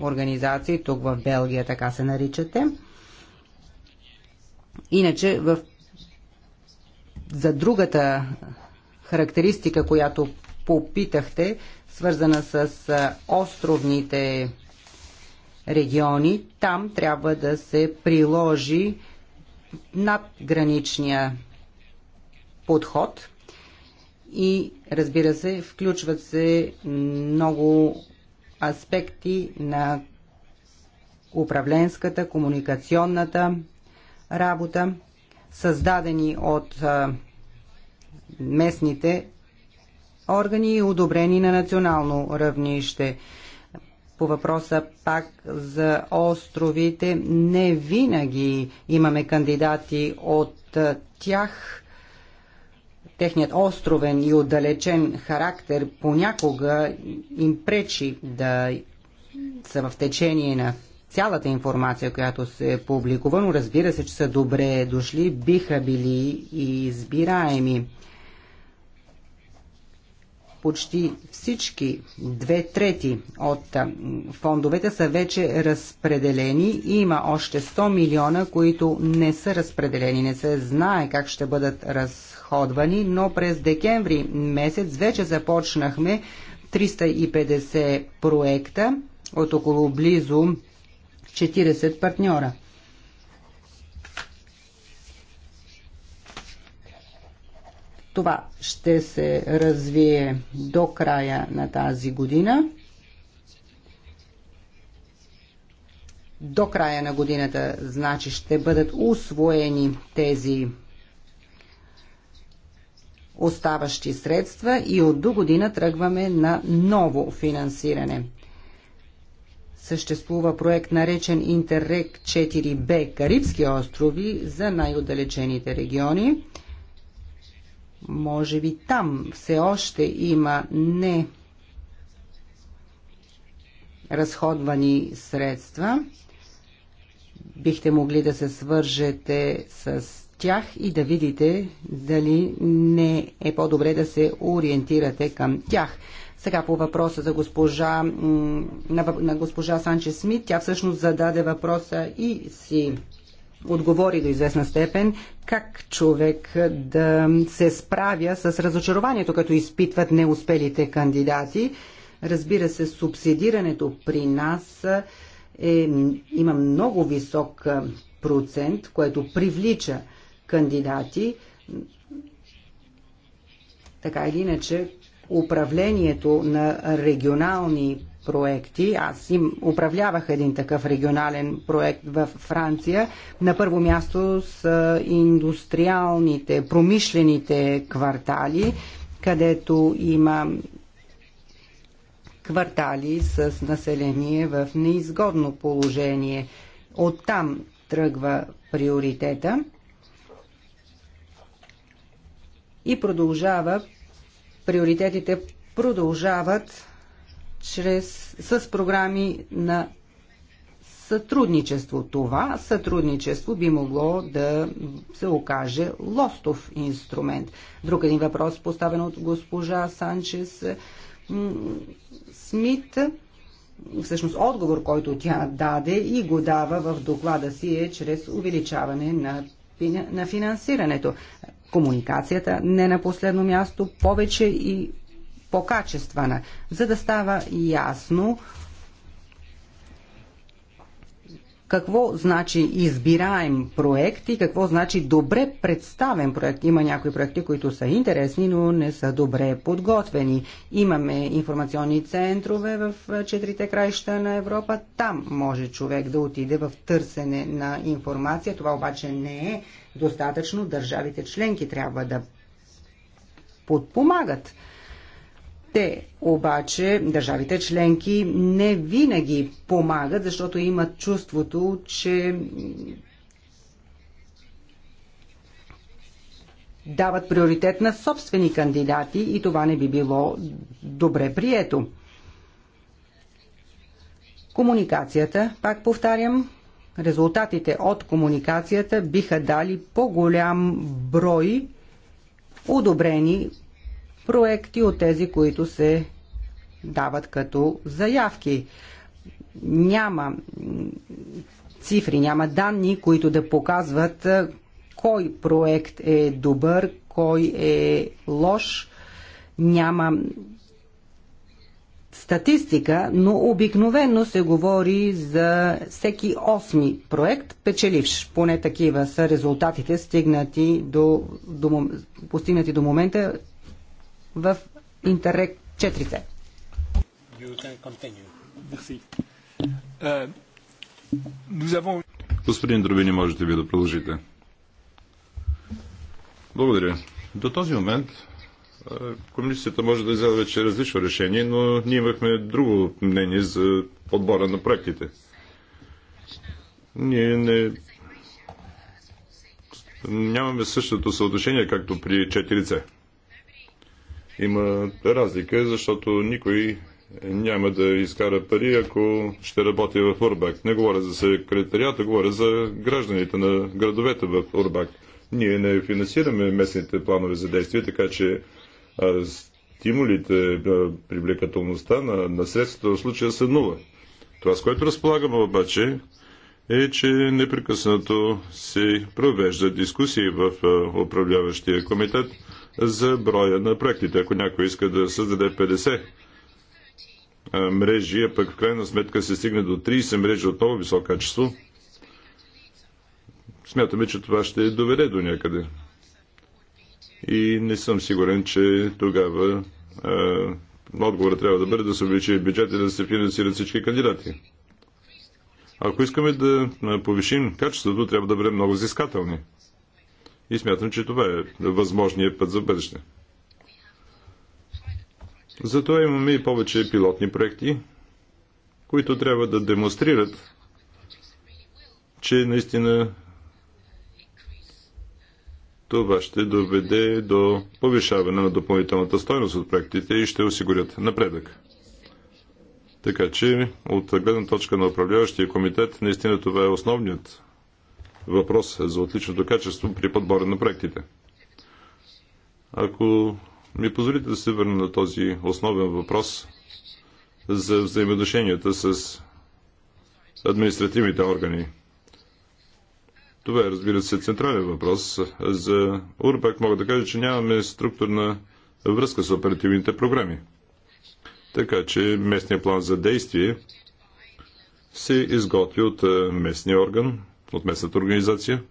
организации, тук в Белгия така се наричате. Иначе в... за другата характеристика, която попитахте, свързана с островните региони, там трябва да се приложи надграничния подход и разбира се, включват се много аспекти на управленската, комуникационната работа, създадени от местните органи и одобрени на национално равнище. По въпроса пак за островите, не винаги имаме кандидати от тях техният островен и отдалечен характер понякога им пречи да са в течение на цялата информация, която се е публикува, но разбира се, че са добре дошли, биха били и избираеми. Почти всички две трети от фондовете са вече разпределени и има още 100 милиона, които не са разпределени, не се знае как ще бъдат разпределени изразходвани, но през декември месец вече започнахме 350 проекта от около близо 40 партньора. Това ще се развие до края на тази година. До края на годината, значи, ще бъдат усвоени тези оставащи средства и от до година тръгваме на ново финансиране. Съществува проект наречен Интеррек 4Б Карибски острови за най-отдалечените региони. Може би там все още има не разходвани средства. Бихте могли да се свържете с тях и да видите дали не е по-добре да се ориентирате към тях. Сега по въпроса за госпожа, на, на госпожа Санче Смит, тя всъщност зададе въпроса и си отговори до известна степен как човек да се справя с разочарованието, като изпитват неуспелите кандидати. Разбира се, субсидирането при нас е, има много висок процент, което привлича кандидати. Така или иначе, управлението на регионални проекти. Аз им управлявах един такъв регионален проект в Франция. На първо място с индустриалните, промишлените квартали, където има квартали с население в неизгодно положение. Оттам тръгва приоритета. и продължава, приоритетите продължават чрез, с програми на сътрудничество. Това сътрудничество би могло да се окаже лостов инструмент. Друг един въпрос, поставен от госпожа Санчес Смит, всъщност отговор, който тя даде и го дава в доклада си е чрез увеличаване на, на финансирането комуникацията не на последно място, повече и по-качествена, за да става ясно какво значи избираем проект и какво значи добре представен проект. Има някои проекти, които са интересни, но не са добре подготвени. Имаме информационни центрове в четирите краища на Европа. Там може човек да отиде в търсене на информация. Това обаче не е достатъчно. Държавите членки трябва да подпомагат те обаче, държавите членки, не винаги помагат, защото имат чувството, че дават приоритет на собствени кандидати и това не би било добре прието. Комуникацията, пак повтарям, резултатите от комуникацията биха дали по-голям брой одобрени проекти от тези, които се дават като заявки. Няма цифри, няма данни, които да показват кой проект е добър, кой е лош. Няма статистика, но обикновено се говори за всеки осми проект печеливш. Поне такива са резултатите, стигнати до, до, постигнати до момента в Интеррек 4C. Euh, Господин Дробини, можете ви да продължите. Благодаря. До този момент комисията може да изяде вече различно решение, но ние имахме друго мнение за подбора на проектите. Ние не нямаме същото съотношение, както при 4C има разлика, защото никой няма да изкара пари, ако ще работи в Урбак. Не говоря за секретарията, говоря за гражданите на градовете в Урбак. Ние не финансираме местните планове за действие, така че а, стимулите, привлекателността на, на средствата в случая са нула. Това, с което разполагаме обаче, е, че непрекъснато се провеждат дискусии в управляващия комитет за броя на проектите. Ако някой иска да създаде 50 мрежи, а пък в крайна сметка се стигне до 30 мрежи отново високо качество, смятаме, че това ще доведе до някъде. И не съм сигурен, че тогава а, отговорът трябва да бъде да се увеличи бюджет и да се финансират всички кандидати. Ако искаме да повишим качеството, трябва да бъдем много взискателни. И смятам, че това е възможният път за бъдеще. Затова имаме и повече пилотни проекти, които трябва да демонстрират, че наистина това ще доведе до повишаване на допълнителната стойност от проектите и ще осигурят напредък. Така че от гледна точка на управляващия комитет, наистина това е основният въпрос за отличното качество при подбора на проектите. Ако ми позволите да се върна на този основен въпрос за взаимодушенията с административните органи. Това е, разбира се, централен въпрос. За УРБАК мога да кажа, че нямаме структурна връзка с оперативните програми. Така че местният план за действие се изготви от местния орган, от местната организация.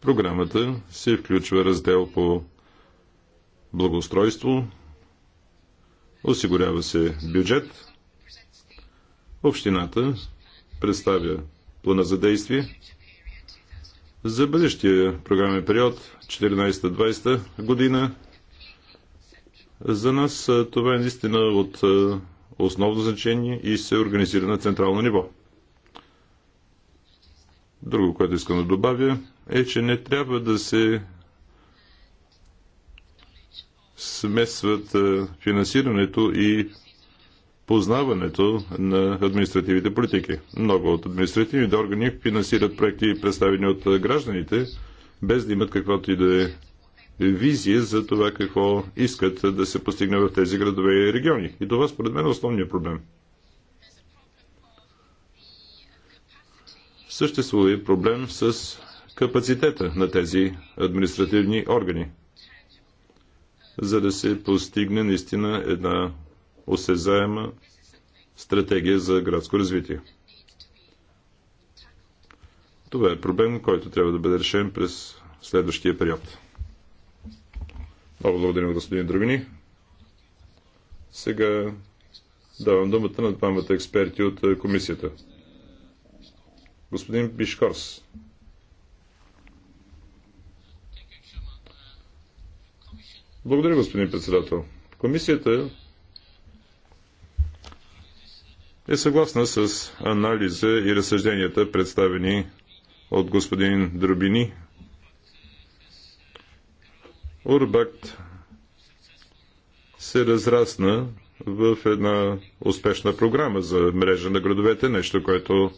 Програмата се включва раздел по благоустройство, осигурява се бюджет, общината представя плана за действие за бъдещия програмен период 14-20 година за нас това е наистина от основно значение и се организира на централно ниво. Друго, което искам да добавя, е, че не трябва да се смесват финансирането и познаването на административните политики. Много от административните органи финансират проекти, представени от гражданите, без да имат каквато и да е визия за това какво искат да се постигне в тези градове и региони. И това според мен е основният проблем. Съществува и проблем с капацитета на тези административни органи, за да се постигне наистина една осезаема стратегия за градско развитие. Това е проблем, който трябва да бъде решен през следващия период. Много благодарим, господин Другни. Сега давам думата на двамата експерти от е, комисията. Господин Бишкорс. Благодаря, господин председател. Комисията е съгласна с анализа и разсъжденията, представени от господин Дробини Урбакт се разрасна в една успешна програма за мрежа на градовете, нещо, което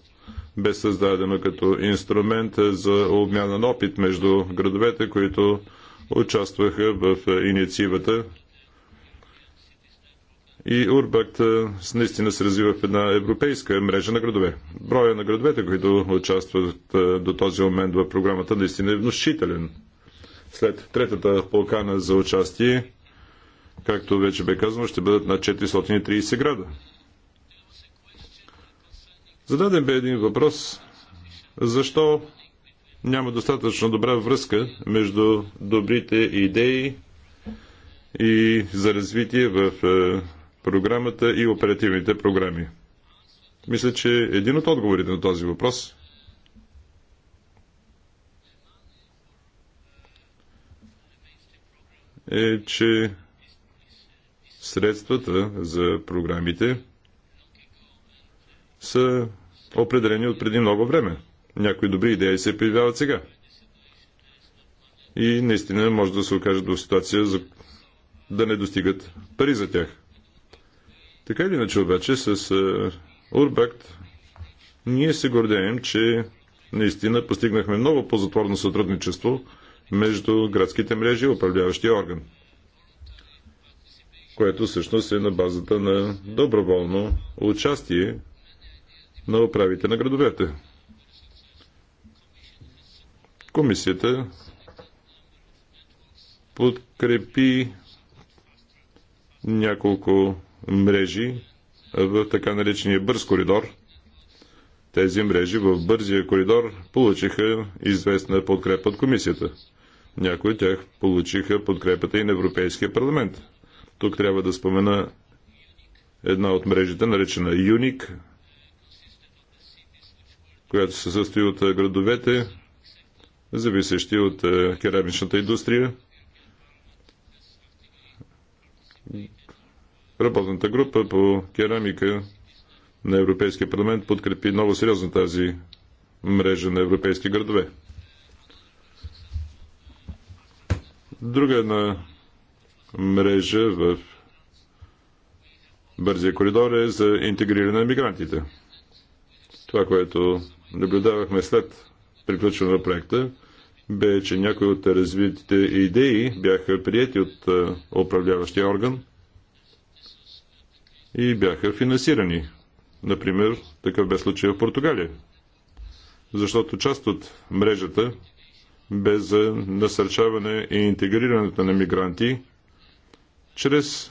бе създадено като инструмент за обмяна на опит между градовете, които участваха в инициативата. И Урбакт наистина се развива в една европейска мрежа на градове. Броя на градовете, които участват до този момент в програмата, наистина е внушителен. След третата полкана за участие, както вече бе казано, ще бъдат на 430 града. Зададен бе един въпрос. Защо няма достатъчно добра връзка между добрите идеи и за развитие в е, програмата и оперативните програми? Мисля, че един от отговорите на този въпрос е, че средствата за програмите са определени от преди много време. Някои добри идеи се появяват сега. И наистина може да се окаже до ситуация за да не достигат пари за тях. Така или иначе обаче с е, Урбакт ние се гордеем, че наистина постигнахме много по-затворно сътрудничество между градските мрежи и управляващия орган, което всъщност е на базата на доброволно участие на управите на градовете. Комисията подкрепи няколко мрежи в така наречения бърз коридор. Тези мрежи в бързия коридор получиха известна подкрепа от комисията. Някои от тях получиха подкрепата и на Европейския парламент. Тук трябва да спомена една от мрежите, наречена ЮНИК, която се състои от градовете, зависещи от керамичната индустрия. Работната група по керамика на Европейския парламент подкрепи много сериозно тази мрежа на европейски градове. Друга една мрежа в бързия коридор е за интегриране на мигрантите. Това, което наблюдавахме след приключване на проекта, бе, че някои от развитите идеи бяха прияти от управляващия орган и бяха финансирани. Например, такъв бе случай в Португалия. Защото част от мрежата бе за насърчаване и интегрирането на мигранти чрез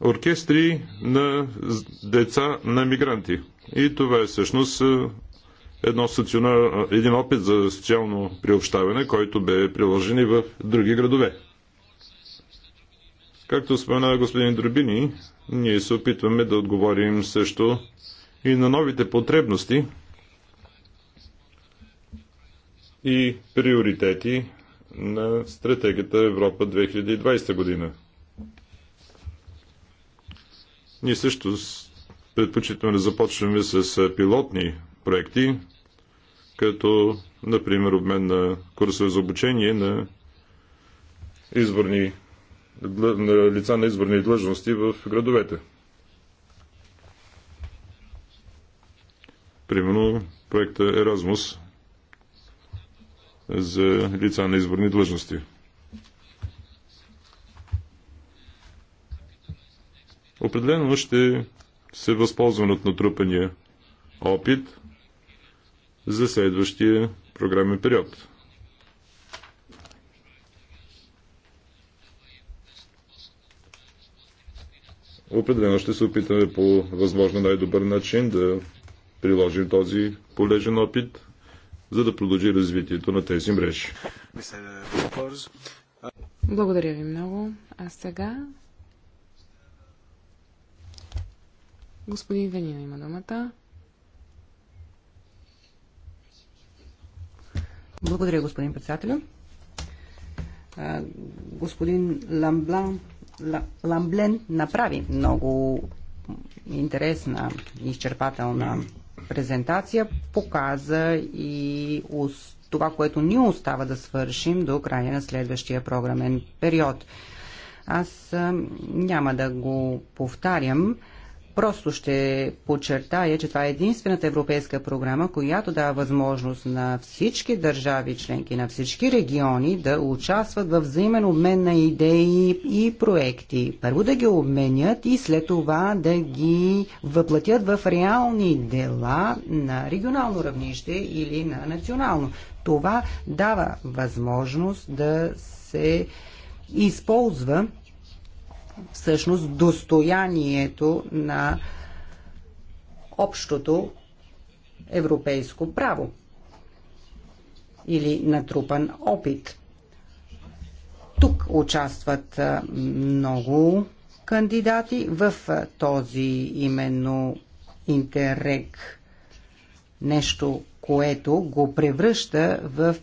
оркестри на деца на мигранти. И това е всъщност е, едно е, един опит за социално приобщаване, който бе приложен и в други градове. Както спомена господин Дробини, ние се опитваме да отговорим също и на новите потребности и приоритети на стратегията Европа 2020 година. Ние също предпочитаме да започваме с пилотни проекти, като, например, обмен на курсове за обучение на изборни, на лица на изборни длъжности в градовете. Примерно проекта Еразмус за лица на изборни длъжности. Определено ще се възползвам от натрупания опит за следващия програмен период. Определено ще се опитаме по възможно най-добър начин да приложим този полезен опит, за да продължи развитието на тези мрежи. Благодаря ви много. А сега господин Венина има думата. Благодаря, господин председател, Господин Ламблан, Ламблен направи много интересна и изчерпателна презентация показа и това, което ни остава да свършим до края на следващия програмен период. Аз няма да го повтарям. Просто ще подчертая, че това е единствената европейска програма, която дава възможност на всички държави членки, на всички региони да участват в взаимен обмен на идеи и проекти. Първо да ги обменят и след това да ги въплатят в реални дела на регионално равнище или на национално. Това дава възможност да се използва всъщност достоянието на общото европейско право или натрупан опит. Тук участват много кандидати в този именно интерек, Нещо, което го превръща в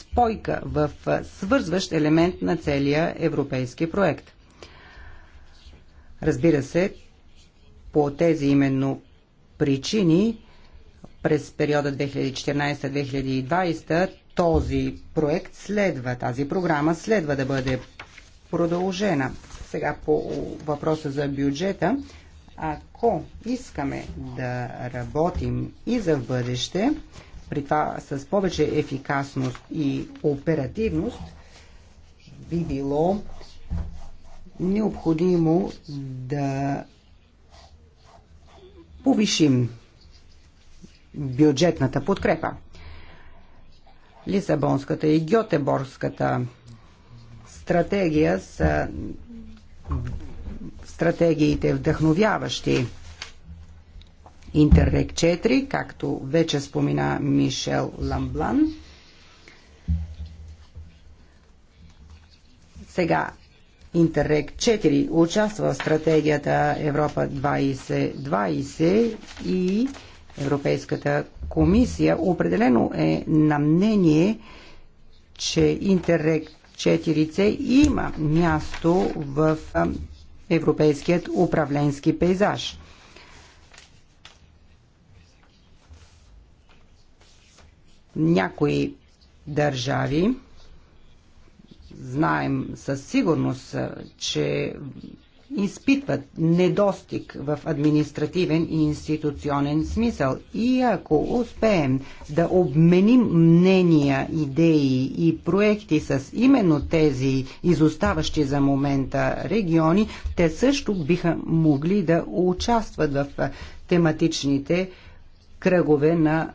спойка, в свързващ елемент на целия европейски проект. Разбира се, по тези именно причини през периода 2014-2020 този проект следва, тази програма следва да бъде продължена. Сега по въпроса за бюджета, ако искаме да работим и за в бъдеще, при това с повече ефикасност и оперативност, би било необходимо да повишим бюджетната подкрепа. Лисабонската и Гьотеборската стратегия са стратегиите вдъхновяващи Интеррек 4, както вече спомена Мишел Ламблан. Сега Интеррег 4 участва в стратегията Европа 2020 и Европейската комисия определено е на мнение, че Интеррег 4C има място в европейският управленски пейзаж. Някои държави знаем със сигурност, че изпитват недостиг в административен и институционен смисъл. И ако успеем да обменим мнения, идеи и проекти с именно тези изоставащи за момента региони, те също биха могли да участват в тематичните кръгове на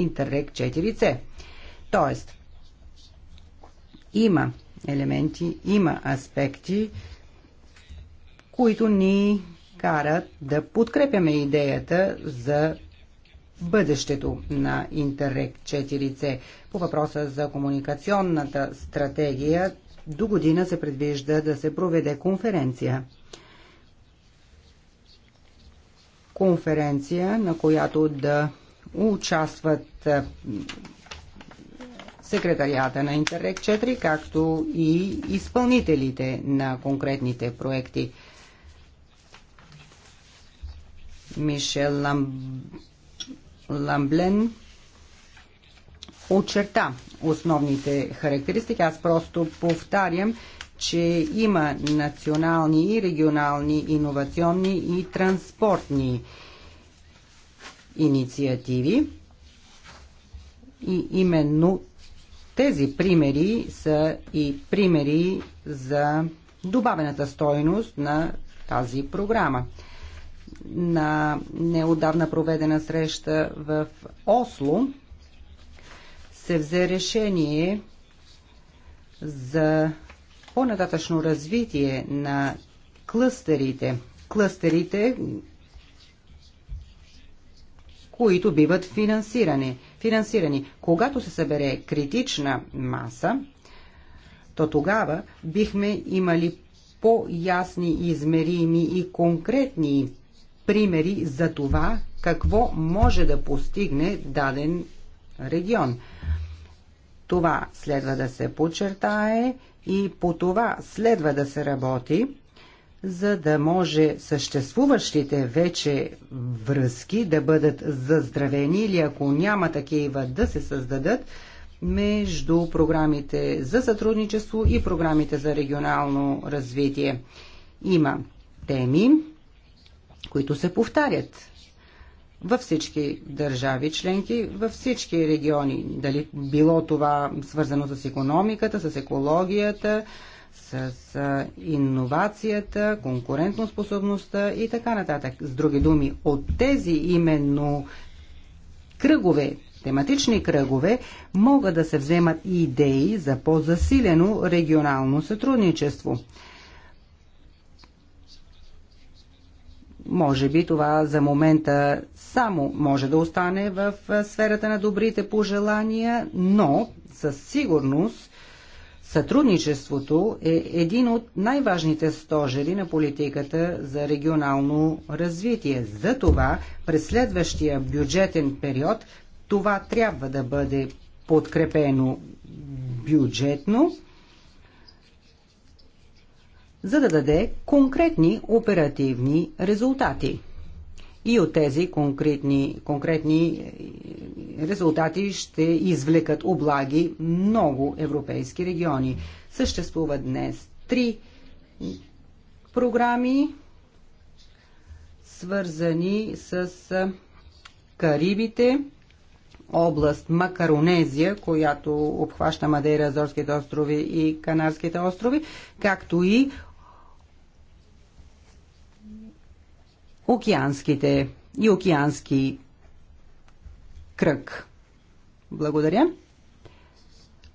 Интеррeg 4C. Тоест, има елементи, има аспекти, които ни карат да подкрепяме идеята за бъдещето на Интеррек 4C. По въпроса за комуникационната стратегия, до година се предвижда да се проведе конференция. Конференция, на която да участват секретарията на Интеррек 4, както и изпълнителите на конкретните проекти. Мишел Лам... Ламблен очерта основните характеристики. Аз просто повтарям, че има национални и регионални, иновационни и транспортни инициативи. И именно тези примери са и примери за добавената стойност на тази програма. На неодавна проведена среща в Осло се взе решение за по-нататъчно развитие на клъстерите. Клъстерите, които биват финансирани – финансирани. Когато се събере критична маса, то тогава бихме имали по-ясни, измерими и конкретни примери за това какво може да постигне даден регион. Това следва да се подчертае и по това следва да се работи за да може съществуващите вече връзки да бъдат заздравени или ако няма такива да се създадат между програмите за сътрудничество и програмите за регионално развитие. Има теми, които се повтарят във всички държави членки, във всички региони. Дали било това свързано с економиката, с екологията, с иновацията, конкурентоспособността и така нататък. С други думи, от тези именно кръгове, тематични кръгове, могат да се вземат и идеи за по-засилено регионално сътрудничество. Може би това за момента само може да остане в сферата на добрите пожелания, но със сигурност Сътрудничеството е един от най-важните стожери на политиката за регионално развитие. Затова през следващия бюджетен период това трябва да бъде подкрепено бюджетно, за да даде конкретни оперативни резултати и от тези конкретни, конкретни е, резултати ще извлекат облаги много европейски региони. Съществуват днес три програми, свързани с Карибите, област Макаронезия, която обхваща Мадейра, Азорските острови и Канарските острови, както и океанските и океански кръг. Благодаря.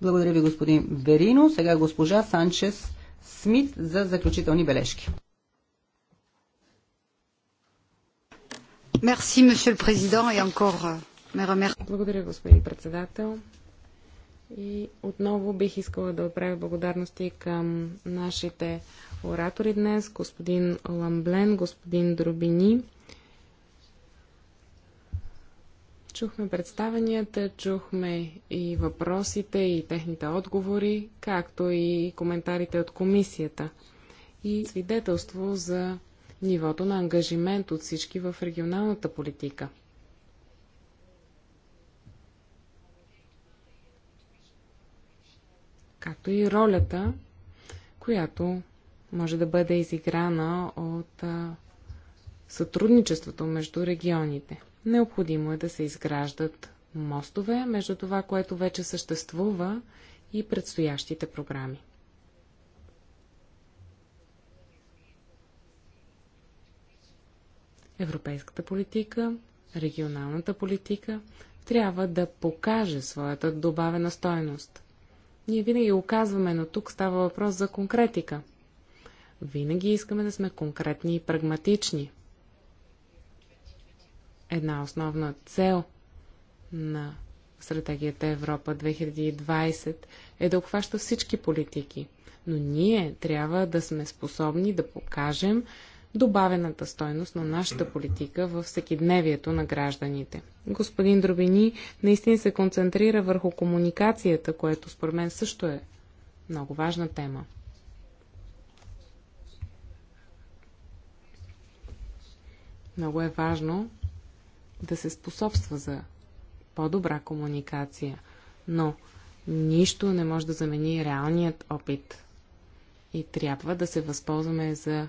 Благодаря ви, господин Верино. Сега госпожа Санчес Смит за заключителни бележки. Euh, Благодаря, господин председател. И отново бих искала да отправя благодарности към нашите оратори днес, господин Ламблен, господин Дробини. Чухме представенията, чухме и въпросите и техните отговори, както и коментарите от комисията. И свидетелство за нивото на ангажимент от всички в регионалната политика – както и ролята, която може да бъде изиграна от а, сътрудничеството между регионите. Необходимо е да се изграждат мостове между това, което вече съществува и предстоящите програми. Европейската политика, регионалната политика трябва да покаже своята добавена стойност – ние винаги го казваме, но тук става въпрос за конкретика. Винаги искаме да сме конкретни и прагматични. Една основна цел на стратегията Европа 2020 е да обхваща всички политики. Но ние трябва да сме способни да покажем, добавената стойност на нашата политика във всекидневието на гражданите. Господин Дробини наистина се концентрира върху комуникацията, което според мен също е много важна тема. Много е важно да се способства за по-добра комуникация, но нищо не може да замени реалният опит. И трябва да се възползваме за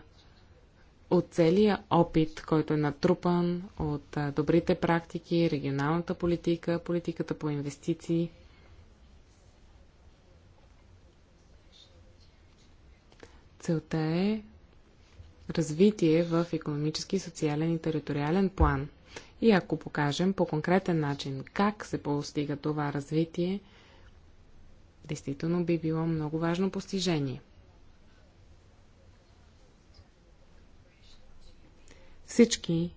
от целия опит, който е натрупан от добрите практики, регионалната политика, политиката по инвестиции. Целта е развитие в економически, социален и териториален план. И ако покажем по конкретен начин как се постига това развитие, действително би било много важно постижение. Всички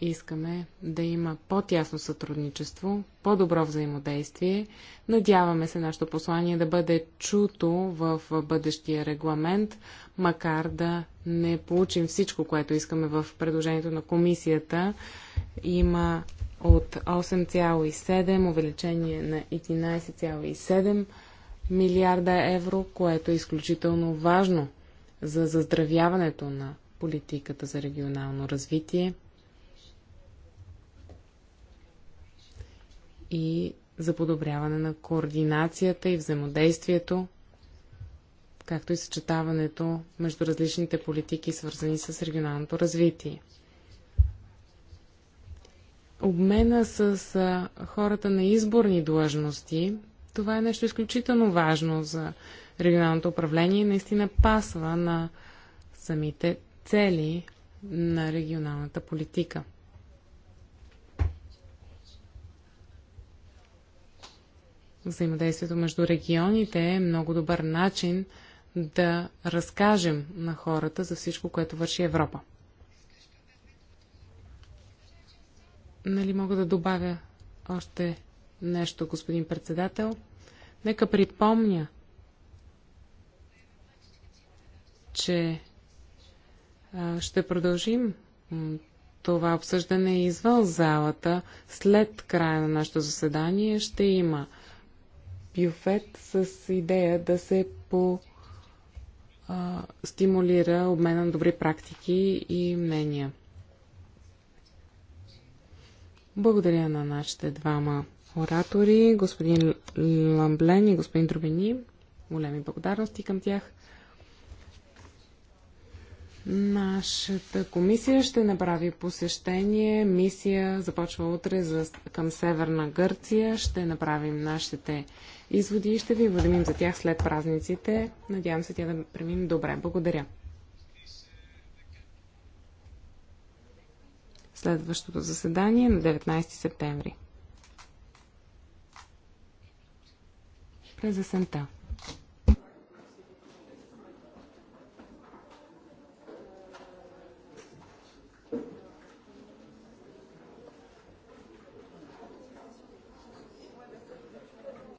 искаме да има по-тясно сътрудничество, по-добро взаимодействие. Надяваме се нашето послание да бъде чуто в бъдещия регламент, макар да не получим всичко, което искаме в предложението на комисията. Има от 8,7 увеличение на 11,7 милиарда евро, което е изключително важно за заздравяването на политиката за регионално развитие и за подобряване на координацията и взаимодействието, както и съчетаването между различните политики, свързани с регионалното развитие. Обмена с хората на изборни длъжности, това е нещо изключително важно за регионалното управление и наистина пасва на самите цели на регионалната политика. Взаимодействието между регионите е много добър начин да разкажем на хората за всичко, което върши Европа. Нали мога да добавя още нещо, господин председател? Нека припомня, че ще продължим това обсъждане извън залата. След края на нашето заседание ще има бюфет с идея да се по стимулира обмена на добри практики и мнения. Благодаря на нашите двама оратори, господин Ламблен и господин Дробени. Големи благодарности към тях. Нашата комисия ще направи посещение. Мисия започва утре за, към Северна Гърция. Ще направим нашите изводи и ще ви уведомим за тях след празниците. Надявам се тя да преминем добре. Благодаря. Следващото заседание на 19 септември. През есента.